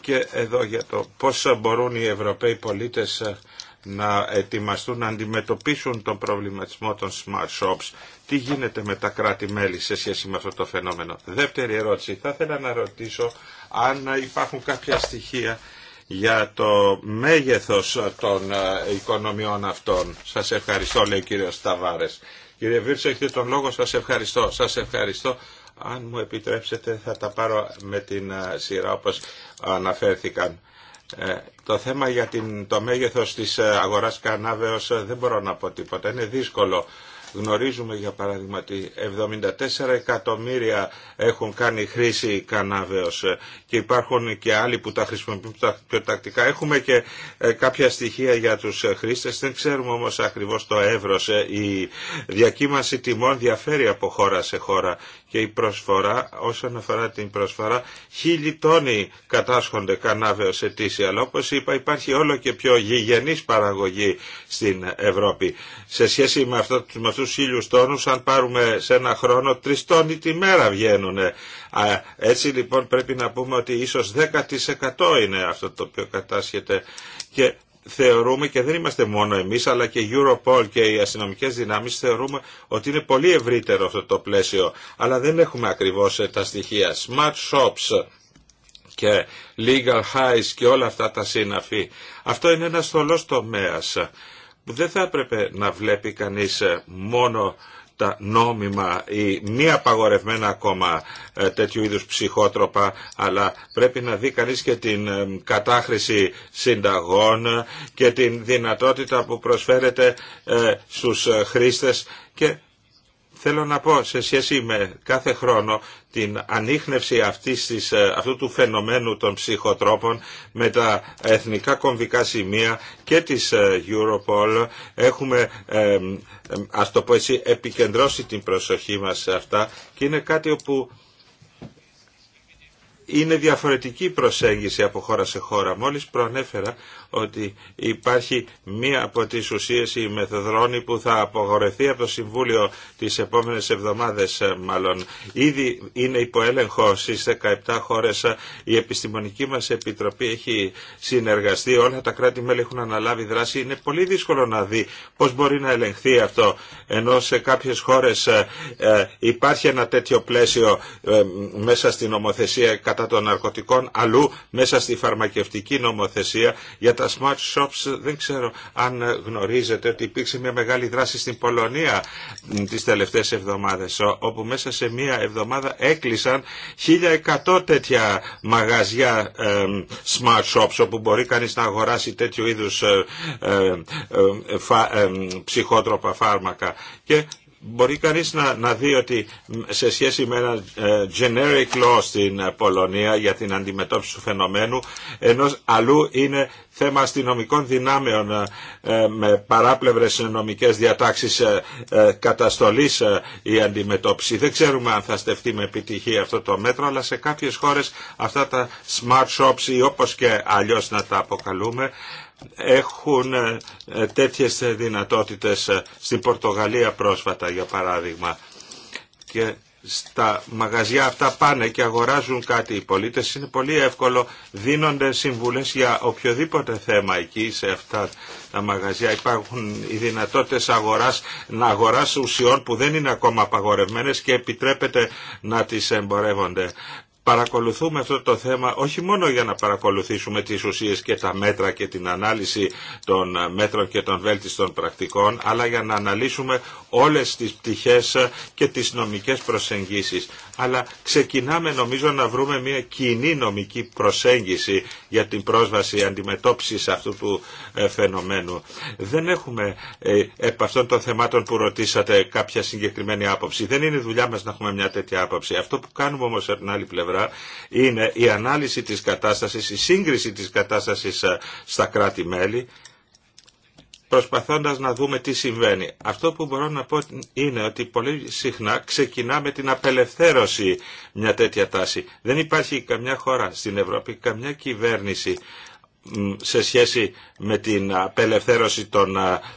και εδώ για το πώς μπορούν οι Ευρωπαίοι πολίτες ε, να ετοιμαστούν να αντιμετωπίσουν τον προβληματισμό των smart shops. Τι γίνεται με τα κράτη-μέλη σε σχέση με αυτό το φαινόμενο. Δεύτερη ερώτηση. Θα ήθελα να ρωτήσω αν υπάρχουν κάποια στοιχεία για το μέγεθος των οικονομιών αυτών. Σας ευχαριστώ λέει ο κύριος Σταβάρες. Κύριε Βίρτσο, έχετε τον λόγο. Σας ευχαριστώ. Σας ευχαριστώ. Αν μου επιτρέψετε θα τα πάρω με την σειρά όπως αναφέρθηκαν. Ε, το θέμα για την, το μέγεθος της ε, αγοράς κανάβεως ε, δεν μπορώ να πω τίποτα. Είναι δύσκολο Γνωρίζουμε για παράδειγμα ότι 74 εκατομμύρια έχουν κάνει χρήση κανάβεως και υπάρχουν και άλλοι που τα χρησιμοποιούν πιο τακτικά. Έχουμε και ε, κάποια στοιχεία για τους χρήστες. Δεν ξέρουμε όμως ακριβώς το εύρος. Ε, η διακύμαση τιμών διαφέρει από χώρα σε χώρα και η προσφορά, όσον αφορά την προσφορά, χίλιοι τόνοι κατάσχονται κανάβεως ετήσια. Αλλά όπως είπα υπάρχει όλο και πιο γηγενής παραγωγή στην Ευρώπη. Σε σχέση με, αυτό, με αυτούς τους χίλιους τόνους, αν πάρουμε σε ένα χρόνο, τρεις τόνοι τη μέρα βγαίνουν. Έτσι λοιπόν πρέπει να πούμε ότι ίσως 10% είναι αυτό το οποίο κατάσχεται και θεωρούμε και δεν είμαστε μόνο εμείς αλλά και η Europol και οι αστυνομικέ δυνάμεις θεωρούμε ότι είναι πολύ ευρύτερο αυτό το πλαίσιο αλλά δεν έχουμε ακριβώς ε, τα στοιχεία. Smart shops και legal highs και όλα αυτά τα σύναφη. Αυτό είναι ένας θολός τομέας που δεν θα έπρεπε να βλέπει κανείς ε, μόνο τα νόμιμα ή μη απαγορευμένα ακόμα ε, τέτοιου είδους ψυχότροπα αλλά πρέπει να δει κανείς και την ε, κατάχρηση συνταγών και την δυνατότητα που προσφέρεται ε, στους χρήστες και Θέλω να πω σε σχέση με κάθε χρόνο την ανείχνευση αυτής της, ε, αυτού του φαινομένου των ψυχοτρόπων με τα εθνικά κομβικά σημεία και της ε, Europol έχουμε ε, ε, ας το πω έτσι επικεντρώσει την προσοχή μας σε αυτά και είναι κάτι όπου είναι διαφορετική προσέγγιση από χώρα σε χώρα. Μόλις προανέφερα ότι υπάρχει μία από τις ουσίες η μεθοδρόνη που θα απογορευτεί από το Συμβούλιο τις επόμενες εβδομάδες ε, μάλλον. Ήδη είναι υπό έλεγχο στις 17 χώρες. Η επιστημονική μας επιτροπή έχει συνεργαστεί. Όλα τα κράτη-μέλη έχουν αναλάβει δράση. Είναι πολύ δύσκολο να δει πώς μπορεί να ελεγχθεί αυτό. Ενώ σε κάποιες χώρες ε, ε, υπάρχει ένα τέτοιο πλαίσιο μέσα στην νομοθεσία κατά των ναρκωτικών, αλλού μέσα στη φαρμακευτική νομοθεσία τα smart shops δεν ξέρω αν γνωρίζετε ότι υπήρξε μια μεγάλη δράση στην Πολωνία τις τελευταίες εβδομάδες όπου μέσα σε μια εβδομάδα έκλεισαν 1100 τέτοια μαγαζιά ε, smart shops όπου μπορεί κανείς να αγοράσει τέτοιου είδους ε, ε, ψυχότροπα φάρμακα και Μπορεί κανείς να, να δει ότι σε σχέση με ένα ε, generic law στην ε, Πολωνία για την αντιμετώπιση του φαινομένου, ενώ αλλού είναι θέμα αστυνομικών δυνάμεων ε, με παράπλευρες νομικές διατάξεις καταστολής η αντιμετώπιση. Δεν ξέρουμε αν θα στεφτεί με επιτυχία αυτό το μέτρο, αλλά σε κάποιες χώρες αυτά τα smart shops ή όπως και αλλιώς να τα αποκαλούμε, έχουν ε, ε, τέτοιες δυνατότητες ε, στην Πορτογαλία πρόσφατα για παράδειγμα και στα μαγαζιά αυτά πάνε και αγοράζουν κάτι οι πολίτες είναι πολύ εύκολο δίνονται συμβουλές για οποιοδήποτε θέμα εκεί σε αυτά τα μαγαζιά υπάρχουν οι δυνατότητες αγοράς να αγοράσουν ουσιών που δεν είναι ακόμα απαγορευμένες και επιτρέπεται να τις εμπορεύονται παρακολουθούμε αυτό το θέμα όχι μόνο για να παρακολουθήσουμε τις ουσίες και τα μέτρα και την ανάλυση των μέτρων και των βέλτιστων πρακτικών, αλλά για να αναλύσουμε όλες τις πτυχές και τις νομικές προσεγγίσεις. Αλλά ξεκινάμε νομίζω να βρούμε μια κοινή νομική προσέγγιση για την πρόσβαση αντιμετώπισης αυτού του ε, φαινομένου. Δεν έχουμε από ε, επ' αυτών των θεμάτων που ρωτήσατε κάποια συγκεκριμένη άποψη. Δεν είναι δουλειά μας να έχουμε μια τέτοια άποψη. Αυτό που κάνουμε όμως από την άλλη πλευρά είναι η ανάλυση της κατάστασης, η σύγκριση της κατάστασης ε, στα κράτη-μέλη προσπαθώντας να δούμε τι συμβαίνει. Αυτό που μπορώ να πω είναι ότι πολύ συχνά ξεκινάμε με την απελευθέρωση μια τέτοια τάση. Δεν υπάρχει καμιά χώρα στην Ευρώπη, καμιά κυβέρνηση σε σχέση με την απελευθέρωση των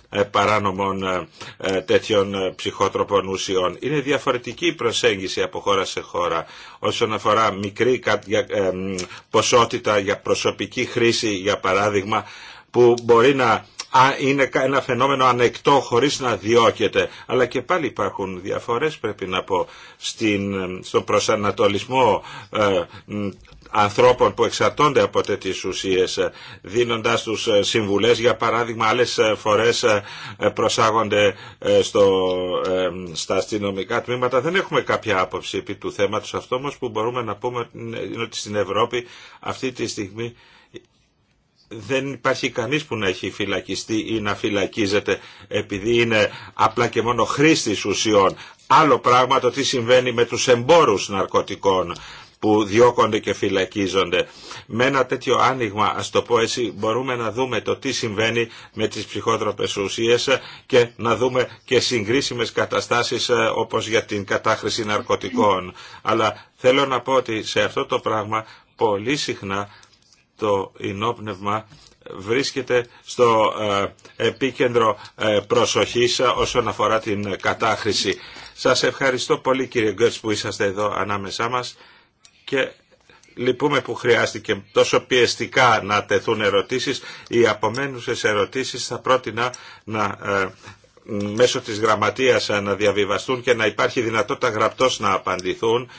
ε, παράνομων ε, ε, τέτοιων ψυχότροπων ουσιών. Είναι διαφορετική η προσέγγιση από χώρα σε χώρα όσον αφορά μικρή ποσότητα για προσωπική χρήση για παράδειγμα που μπορεί να είναι ένα φαινόμενο ανεκτό χωρίς να διώκεται. Αλλά και πάλι υπάρχουν διαφορές πρέπει να πω στον προσανατολισμό ανθρώπων που εξαρτώνται από τέτοιες ουσίες ε, δίνοντας τους ε, συμβουλές για παράδειγμα άλλες ε, φορές προσάγονται στο, στα αστυνομικά τμήματα δεν έχουμε κάποια άποψη επί του θέματος αυτό όμως που μπορούμε να πούμε είναι ότι στην Ευρώπη αυτή τη στιγμή δεν υπάρχει κανείς που να έχει φυλακιστεί ή να φυλακίζεται επειδή είναι απλά και μόνο χρήστης ουσιών. Άλλο πράγμα το τι συμβαίνει με τους εμπόρους ναρκωτικών που διώκονται και φυλακίζονται. Με ένα τέτοιο άνοιγμα, α το πω έτσι, μπορούμε να δούμε το τι συμβαίνει με τις ψυχότροπε ουσίες και να δούμε και συγκρίσιμε καταστάσει ε, όπως για την κατάχρηση ναρκωτικών. Αλλά θέλω να πω ότι σε αυτό το πράγμα πολύ συχνά το ενόπνευμα βρίσκεται στο ε, επίκεντρο ε, προσοχής όσον αφορά την κατάχρηση. Σας ευχαριστώ πολύ κύριε Γκέρτς που είσαστε εδώ ανάμεσά μας και λυπούμε που χρειάστηκε τόσο πιεστικά να τεθούν ερωτήσεις. Οι απομένουσες ερωτήσεις θα πρότεινα να ε, μέσω της γραμματείας να διαβιβαστούν και να υπάρχει δυνατότητα γραπτός να απαντηθούν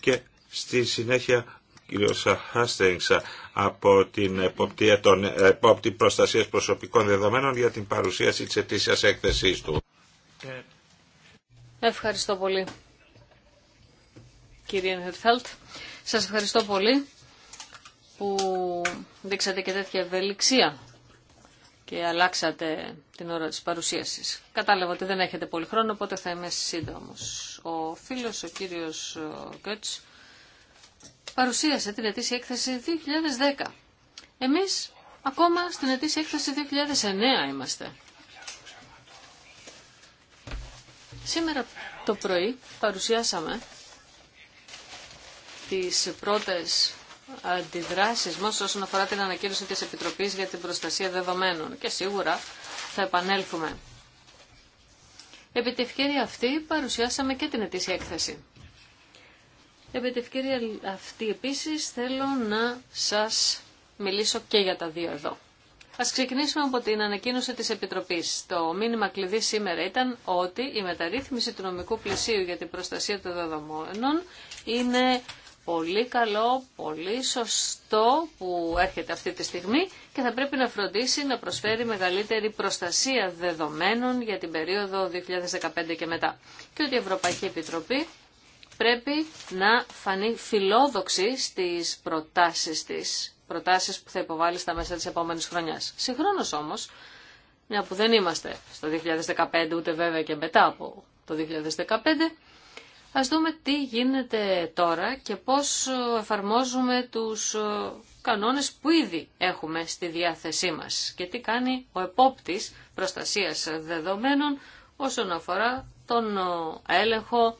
και στη συνέχεια κύριο Σαχάστεγξα από την εποπτεία των επόπτη προστασίας προσωπικών δεδομένων για την παρουσίαση της ετήσιας έκθεσής του. Ευχαριστώ πολύ. Κύριε Νερφέλτ. Σας ευχαριστώ πολύ που δείξατε και τέτοια ευελιξία και αλλάξατε την ώρα της παρουσίασης. Κατάλαβα ότι δεν έχετε πολύ χρόνο, οπότε θα είμαι σύντομος. Ο φίλος, ο κύριος Κέτς, παρουσίασε την ετήσια έκθεση 2010. Εμείς ακόμα στην ετήσια έκθεση 2009 είμαστε. Σήμερα το πρωί παρουσιάσαμε τις πρώτες αντιδράσεις μας όσον αφορά την ανακοίνωση της Επιτροπής για την Προστασία Δεδομένων και σίγουρα θα επανέλθουμε. Επί τη ευκαιρία αυτή παρουσιάσαμε και την ετήσια έκθεση. Επί τη ευκαιρία αυτή επίσης θέλω να σας μιλήσω και για τα δύο εδώ. Ας ξεκινήσουμε από την ανακοίνωση της Επιτροπής. Το μήνυμα κλειδί σήμερα ήταν ότι η μεταρρύθμιση του νομικού πλαισίου για την προστασία των δεδομένων είναι πολύ καλό, πολύ σωστό που έρχεται αυτή τη στιγμή και θα πρέπει να φροντίσει να προσφέρει μεγαλύτερη προστασία δεδομένων για την περίοδο 2015 και μετά. Και ότι η Ευρωπαϊκή Επιτροπή πρέπει να φανεί φιλόδοξη στις προτάσεις της, προτάσεις που θα υποβάλει στα μέσα της επόμενης χρονιάς. Συγχρόνως όμως, μια που δεν είμαστε στο 2015 ούτε βέβαια και μετά από το 2015, Ας δούμε τι γίνεται τώρα και πώς ε, εφαρμόζουμε τους ε, κανόνες που ήδη έχουμε στη διάθεσή μας και τι κάνει ο επόπτης προστασίας δεδομένων όσον αφορά τον ε, έλεγχο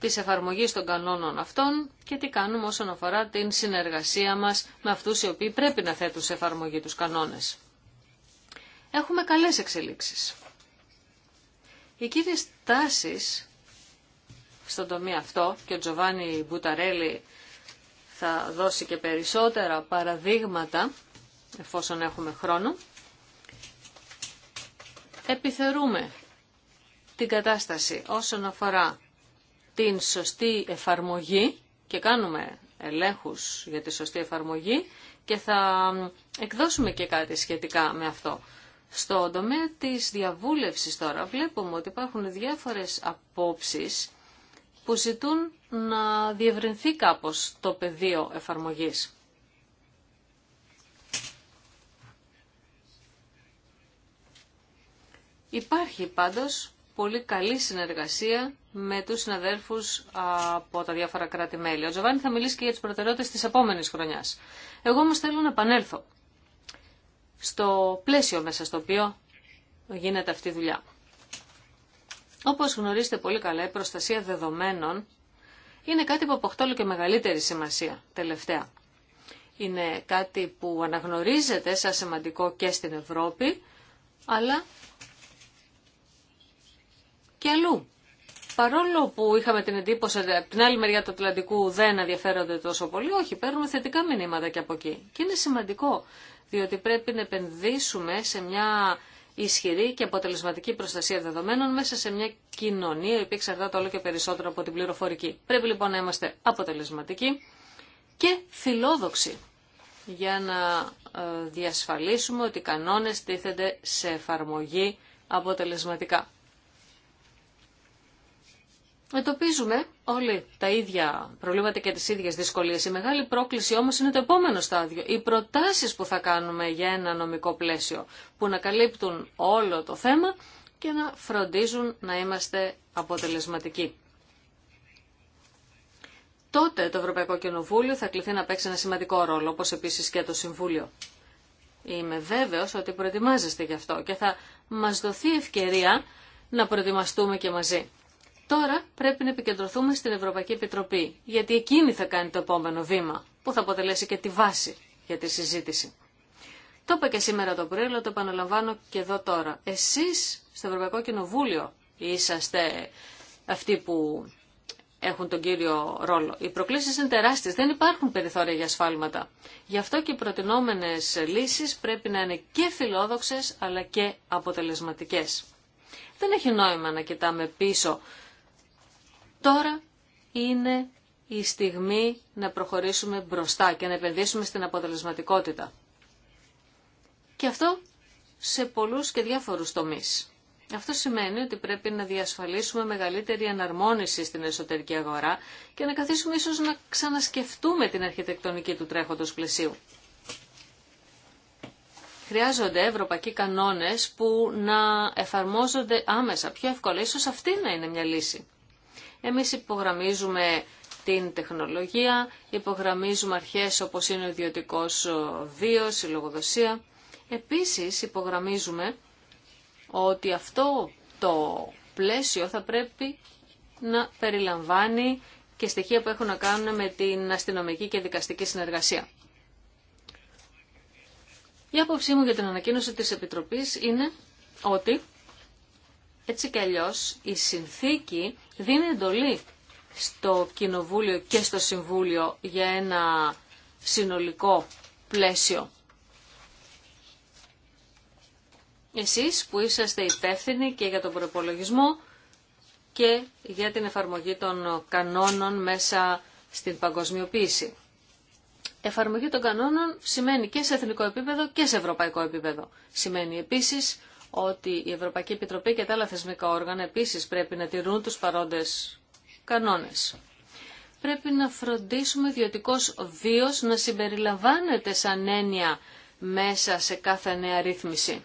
της εφαρμογής των κανόνων αυτών και τι κάνουμε όσον αφορά την συνεργασία μας με αυτούς οι οποίοι πρέπει να θέτουν σε εφαρμογή τους κανόνες. Έχουμε καλές εξελίξεις. Οι κύριες τάσεις στον τομέα αυτό και ο Τζοβάνι Μπουταρέλη θα δώσει και περισσότερα παραδείγματα εφόσον έχουμε χρόνο επιθερούμε την κατάσταση όσον αφορά την σωστή εφαρμογή και κάνουμε ελέγχους για τη σωστή εφαρμογή και θα εκδώσουμε και κάτι σχετικά με αυτό. Στον τομέα της διαβούλευσης τώρα βλέπουμε ότι υπάρχουν διάφορες απόψεις που ζητούν να διευρυνθεί κάπως το πεδίο εφαρμογής. Υπάρχει πάντως πολύ καλή συνεργασία με τους συναδέλφους από τα διάφορα κράτη-μέλη. Ο Τζοβάνι θα μιλήσει και για τις προτεραιότητες της επόμενης χρονιάς. Εγώ όμως θέλω να επανέλθω στο πλαίσιο μέσα στο οποίο γίνεται αυτή η δουλειά. Όπως γνωρίζετε πολύ καλά, η προστασία δεδομένων είναι κάτι που αποκτώλει και μεγαλύτερη σημασία τελευταία. Είναι κάτι που αναγνωρίζεται σαν σημαντικό και στην Ευρώπη, αλλά και αλλού. Παρόλο που είχαμε την εντύπωση ότι από την άλλη μεριά του Ατλαντικού δεν ενδιαφέρονται τόσο πολύ, όχι, παίρνουμε θετικά μηνύματα και από εκεί. Και είναι σημαντικό διότι πρέπει να επενδύσουμε σε μια ισχυρή και αποτελεσματική προστασία δεδομένων μέσα σε μια κοινωνία η οποία εξαρτάται όλο και περισσότερο από την πληροφορική. Πρέπει λοιπόν να είμαστε αποτελεσματικοί και φιλόδοξοι για να ε, διασφαλίσουμε ότι οι κανόνες τίθενται σε εφαρμογή αποτελεσματικά εντοπίζουμε όλοι τα ίδια προβλήματα και τις ίδιες δυσκολίες. Η μεγάλη πρόκληση όμως είναι το επόμενο στάδιο. Οι προτάσεις που θα κάνουμε για ένα νομικό πλαίσιο που να καλύπτουν όλο το θέμα και να φροντίζουν να είμαστε αποτελεσματικοί. Τότε το Ευρωπαϊκό Κοινοβούλιο θα κληθεί να παίξει ένα σημαντικό ρόλο, όπως επίσης και το Συμβούλιο. Είμαι βέβαιος ότι προετοιμάζεστε γι' αυτό και θα μας δοθεί ευκαιρία να προετοιμαστούμε και μαζί. Τώρα πρέπει να επικεντρωθούμε στην Ευρωπαϊκή Επιτροπή, γιατί εκείνη θα κάνει το επόμενο βήμα, που θα αποτελέσει και τη βάση για τη συζήτηση. Το είπα και σήμερα το πρωί, αλλά το επαναλαμβάνω και εδώ τώρα. Εσείς στο Ευρωπαϊκό Κοινοβούλιο είσαστε αυτοί που έχουν τον κύριο ρόλο. Οι προκλήσει είναι τεράστιε. Δεν υπάρχουν περιθώρια για ασφάλματα. Γι' αυτό και οι προτινόμενε λύσει πρέπει να είναι και φιλόδοξε αλλά και αποτελεσματικέ. Δεν έχει νόημα να κοιτάμε πίσω Τώρα είναι η στιγμή να προχωρήσουμε μπροστά και να επενδύσουμε στην αποτελεσματικότητα. Και αυτό σε πολλούς και διάφορους τομείς. Αυτό σημαίνει ότι πρέπει να διασφαλίσουμε μεγαλύτερη αναρμόνιση στην εσωτερική αγορά και να καθίσουμε ίσως να ξανασκεφτούμε την αρχιτεκτονική του τρέχοντος πλαισίου. Χρειάζονται ευρωπαϊκοί κανόνες που να εφαρμόζονται άμεσα, πιο εύκολα. Ίσως αυτή να είναι μια λύση. Εμείς υπογραμμίζουμε την τεχνολογία, υπογραμμίζουμε αρχές όπως είναι ο ιδιωτικό βίος, η λογοδοσία. Επίσης υπογραμμίζουμε ότι αυτό το πλαίσιο θα πρέπει να περιλαμβάνει και στοιχεία που έχουν να κάνουν με την αστυνομική και δικαστική συνεργασία. Η άποψή μου για την ανακοίνωση της Επιτροπής είναι ότι έτσι κι η συνθήκη δίνει εντολή στο Κοινοβούλιο και στο Συμβούλιο για ένα συνολικό πλαίσιο. Εσείς που είσαστε υπεύθυνοι και για τον προπολογισμό και για την εφαρμογή των κανόνων μέσα στην παγκοσμιοποίηση. Εφαρμογή των κανόνων σημαίνει και σε εθνικό επίπεδο και σε ευρωπαϊκό επίπεδο. Σημαίνει επίσης ότι η Ευρωπαϊκή Επιτροπή και τα άλλα θεσμικά όργανα επίσης πρέπει να τηρούν τους παρόντες κανόνες. Πρέπει να φροντίσουμε ιδιωτικό βίο να συμπεριλαμβάνεται σαν έννοια μέσα σε κάθε νέα ρύθμιση.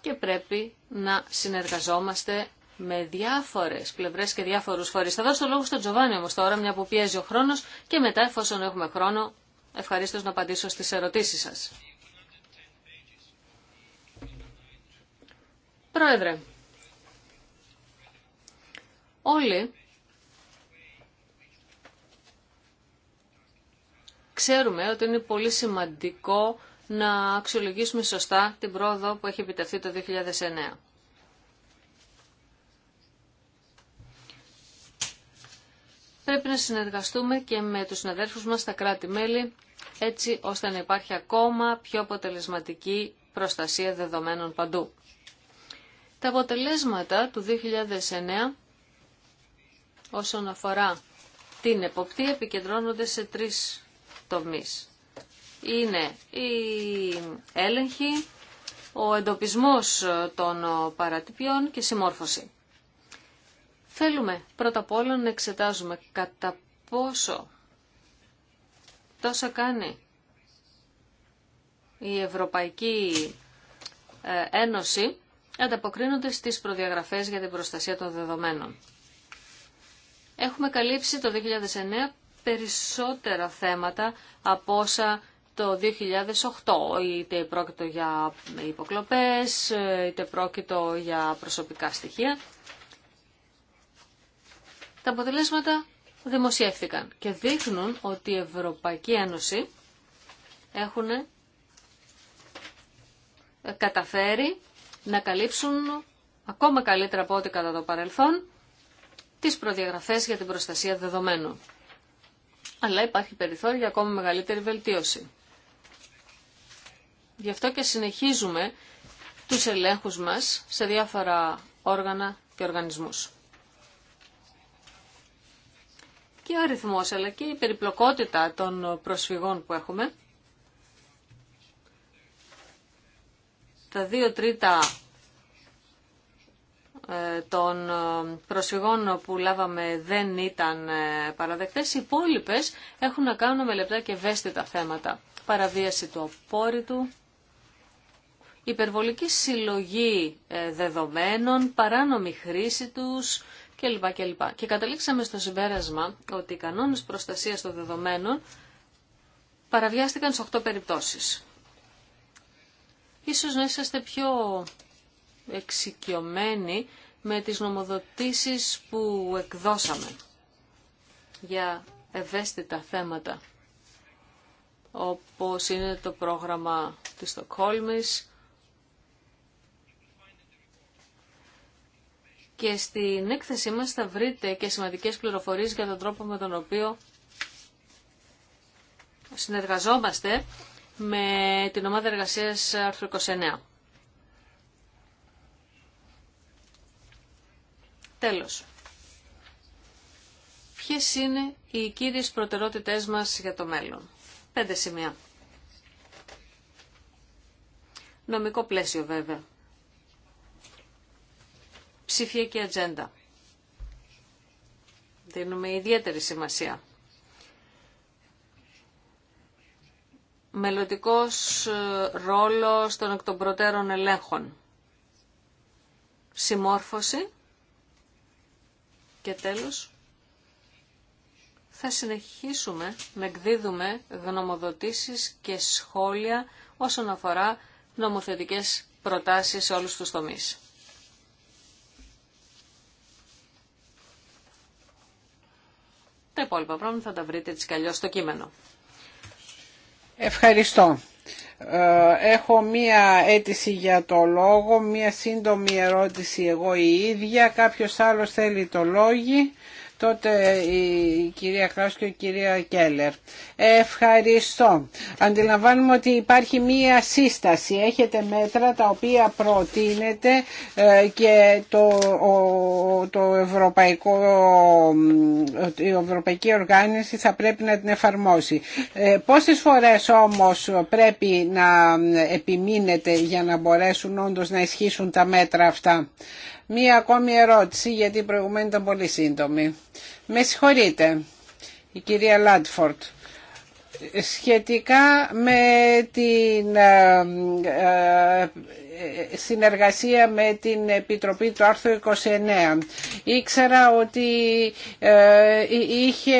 Και πρέπει να συνεργαζόμαστε με διάφορε πλευρέ και διάφορου φορεί. Θα δώσω το λόγο στον Τζοβάνι όμω τώρα, μια που πιέζει ο χρόνο, και μετά, εφόσον έχουμε χρόνο, ευχαρίστω να απαντήσω στι ερωτήσει σα. Πρόεδρε, όλοι ξέρουμε ότι είναι πολύ σημαντικό να αξιολογήσουμε σωστά την πρόοδο που έχει επιτευχθεί το 2009. Πρέπει να συνεργαστούμε και με τους συναδέλφους μας στα κράτη-μέλη, έτσι ώστε να υπάρχει ακόμα πιο αποτελεσματική προστασία δεδομένων παντού. Τα αποτελέσματα του 2009 όσον αφορά την εποπτεία επικεντρώνονται σε τρεις τομείς. Είναι η έλεγχη, ο εντοπισμός των παρατυπιών και η συμμόρφωση. Θέλουμε πρώτα απ' όλα να εξετάζουμε κατά πόσο τόσα κάνει η Ευρωπαϊκή ε, Ένωση ανταποκρίνονται στις προδιαγραφές για την προστασία των δεδομένων. Έχουμε καλύψει το 2009 περισσότερα θέματα από όσα το 2008, είτε πρόκειτο για υποκλοπές, είτε πρόκειτο για προσωπικά στοιχεία. Τα αποτελέσματα δημοσιεύθηκαν και δείχνουν ότι η Ευρωπαϊκή Ένωση έχουν καταφέρει να καλύψουν ακόμα καλύτερα από ό,τι κατά το παρελθόν τις προδιαγραφές για την προστασία δεδομένων. Αλλά υπάρχει περιθώριο για ακόμα μεγαλύτερη βελτίωση. Γι' αυτό και συνεχίζουμε τους ελέγχους μας σε διάφορα όργανα και οργανισμούς. Και ο αριθμός αλλά και η περιπλοκότητα των προσφυγών που έχουμε Τα δύο τρίτα ε, των ε, προσφυγών που λάβαμε δεν ήταν ε, παραδεκτές. Οι υπόλοιπε έχουν να κάνουν με λεπτά και ευαίσθητα θέματα. Παραβίαση του απόρριτου, υπερβολική συλλογή δεδομένων, παράνομη χρήση τους κλπ. Και καταλήξαμε στο συμπέρασμα ότι οι κανόνες προστασίας των δεδομένων παραβιάστηκαν σε 8 περιπτώσεις. Ίσως να είσαστε πιο εξοικειωμένοι με τις νομοδοτήσεις που εκδώσαμε για ευαίσθητα θέματα όπως είναι το πρόγραμμα της Στοκχόλμης και στην έκθεσή μας θα βρείτε και σημαντικές πληροφορίες για τον τρόπο με τον οποίο συνεργαζόμαστε με την ομάδα εργασίας άρθρο 29. Τέλος. Ποιες είναι οι κύριες προτερότητές μας για το μέλλον. Πέντε σημεία. Νομικό πλαίσιο βέβαια. Ψηφιακή ατζέντα. Δίνουμε ιδιαίτερη σημασία μελλοντικός ε, ρόλος των εκ των προτέρων ελέγχων. Συμμόρφωση και τέλος θα συνεχίσουμε να εκδίδουμε γνωμοδοτήσεις και σχόλια όσον αφορά νομοθετικές προτάσεις σε όλους τους τομείς. Τα υπόλοιπα πράγματα θα τα βρείτε έτσι καλλιώς στο κείμενο. Ευχαριστώ. Ε, έχω μία αίτηση για το λόγο, μία σύντομη ερώτηση εγώ η ίδια. Κάποιος άλλος θέλει το λόγο τότε η κυρία Κλάσου και η κυρία Κέλλερ. Ευχαριστώ. Αντιλαμβάνουμε ότι υπάρχει μία σύσταση. Έχετε μέτρα τα οποία προτείνετε ε, και το, το ευρωπαϊκό, ε, η Ευρωπαϊκή Οργάνωση θα πρέπει να την εφαρμόσει. Ε, πόσες φορές όμως πρέπει να επιμείνετε για να μπορέσουν όντως να ισχύσουν τα μέτρα αυτά. Μία ακόμη ερώτηση γιατί η προηγουμένη ήταν πολύ σύντομη. Με συγχωρείτε, η κυρία Λάντφορτ σχετικά με την ε, ε, συνεργασία με την Επιτροπή του άρθρου 29. Ήξερα ότι ε, είχε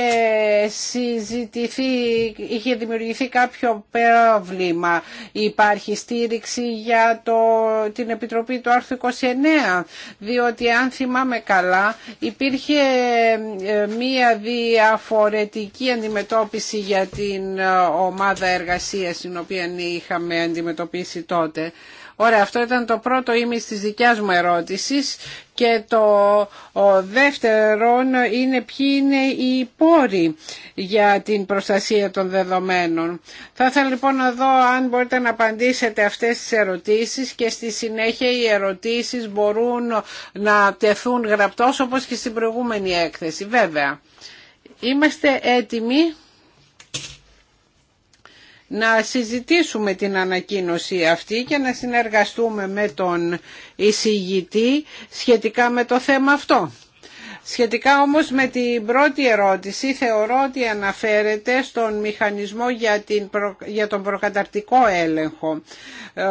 συζητηθεί, είχε δημιουργηθεί κάποιο πρόβλημα. Υπάρχει στήριξη για το, την Επιτροπή του άρθρου 29, διότι αν θυμάμαι καλά υπήρχε ε, μία διαφορετική αντιμετώπιση για την ε, ομάδα εργασίας την οποία είχαμε αντιμετωπίσει τότε. Ωραία, αυτό ήταν το πρώτο ήμις της δικιάς μου ερώτηση και το δεύτερο είναι ποιοι είναι οι πόροι για την προστασία των δεδομένων. Θα ήθελα λοιπόν να δω αν μπορείτε να απαντήσετε αυτές τις ερωτήσεις και στη συνέχεια οι ερωτήσεις μπορούν να τεθούν γραπτός όπως και στην προηγούμενη έκθεση. Βέβαια, είμαστε έτοιμοι να συζητήσουμε την ανακοίνωση αυτή και να συνεργαστούμε με τον εισηγητή σχετικά με το θέμα αυτό. Σχετικά όμως με την πρώτη ερώτηση θεωρώ ότι αναφέρεται στον μηχανισμό για, την για τον προκαταρτικό έλεγχο. Ε,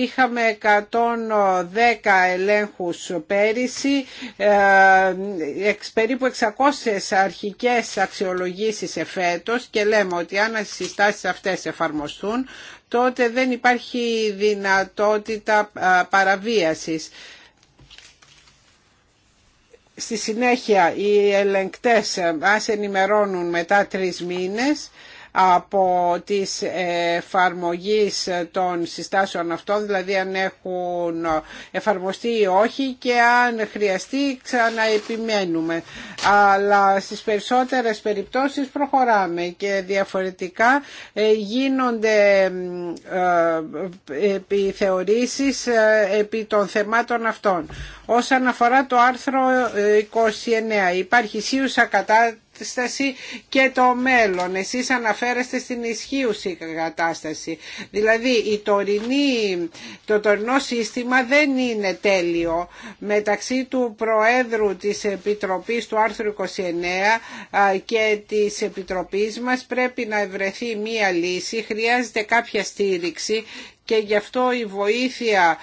είχαμε 110 ελέγχους πέρυσι, ε, περίπου 600 αρχικές αξιολογήσεις εφέτος και λέμε ότι αν οι συστάσεις αυτές εφαρμοστούν τότε δεν υπάρχει δυνατότητα παραβίασης. Στη συνέχεια οι ελεγκτές μας ε, ενημερώνουν μετά τρεις μήνες από τις εφαρμογή των συστάσεων αυτών, δηλαδή αν έχουν εφαρμοστεί ή όχι και αν χρειαστεί ξαναεπιμένουμε. Αλλά στις περισσότερες περιπτώσεις προχωράμε και διαφορετικά ε, γίνονται ε, επιθεωρήσεις ε, επί των θεμάτων αυτών. Όσον αφορά το άρθρο 29 υπάρχει σίουσα κατά κατάσταση και το μέλλον. Εσείς αναφέρεστε στην ισχύουση κατάσταση. Δηλαδή η τωρινή, το τωρινό σύστημα δεν είναι τέλειο. Μεταξύ του Προέδρου της Επιτροπής του άρθρου 29 και της Επιτροπής μας πρέπει να βρεθεί μία λύση. Χρειάζεται κάποια στήριξη και γι' αυτό η βοήθεια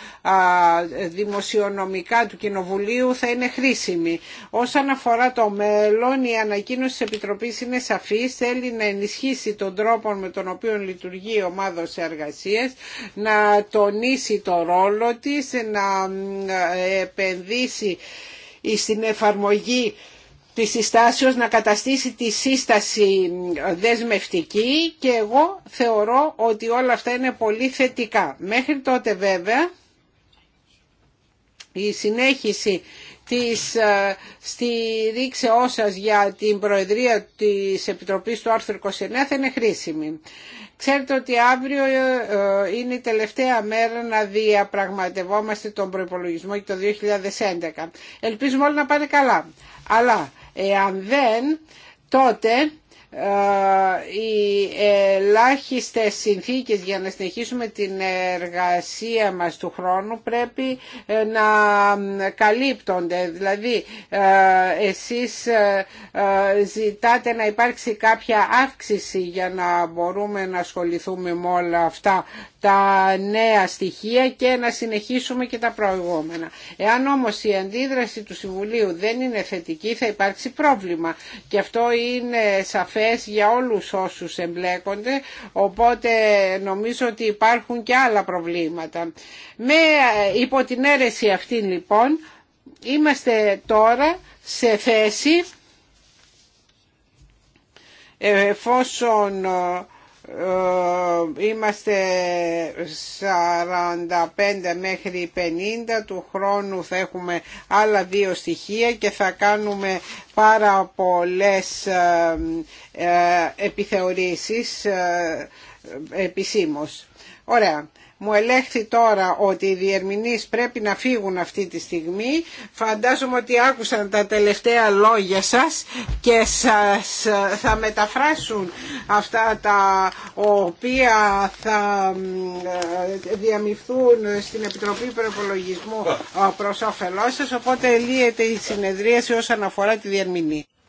δημοσιονομικά του Κοινοβουλίου θα είναι χρήσιμη. Όσον αφορά το μέλλον, η ανακοίνωση της Επιτροπής είναι σαφής, θέλει να ενισχύσει τον τρόπο με τον οποίο λειτουργεί η ομάδα σε εργασίες, να τονίσει το ρόλο της, να ε, επενδύσει στην εφαρμογή τη συστάσεως να καταστήσει τη σύσταση δεσμευτική και εγώ θεωρώ ότι όλα αυτά είναι πολύ θετικά. Μέχρι τότε βέβαια η συνέχιση της ε, στηρίξεώς σας για την Προεδρία της Επιτροπής του άρθρου 29 θα είναι χρήσιμη. Ξέρετε ότι αύριο ε, ε, είναι η τελευταία μέρα να διαπραγματευόμαστε τον προϋπολογισμό για το 2011. Ελπίζουμε όλοι να πάνε καλά. Αλλά Εάν δεν, τότε ε, οι ελάχιστες συνθήκες για να συνεχίσουμε την εργασία μας του χρόνου πρέπει ε, να καλύπτονται. Δηλαδή ε, εσείς ζητάτε να υπάρξει κάποια αύξηση για να μπορούμε να ασχοληθούμε με όλα αυτά τα νέα στοιχεία και να συνεχίσουμε και τα προηγούμενα. Εάν όμως η αντίδραση του Συμβουλίου δεν είναι θετική θα υπάρξει πρόβλημα και αυτό είναι σαφές για όλους όσους εμπλέκονται οπότε νομίζω ότι υπάρχουν και άλλα προβλήματα. Με υπό την αίρεση αυτή λοιπόν είμαστε τώρα σε θέση εφόσον ε, είμαστε 45 μέχρι 50 του χρόνου θα έχουμε άλλα δύο στοιχεία και θα κάνουμε πάρα πολλές ε, ε, επιθεωρήσεις επισήμως. Ωραία. Μου ελέγχθη τώρα ότι οι διερμηνείς πρέπει να φύγουν αυτή τη στιγμή. Φαντάζομαι ότι άκουσαν τα τελευταία λόγια σας και σας θα μεταφράσουν αυτά τα οποία θα ε, διαμειφθούν στην Επιτροπή Προπολογισμού ε, προς όφελό σας. Οπότε λύεται η συνεδρίαση όσον αφορά τη διερμηνή.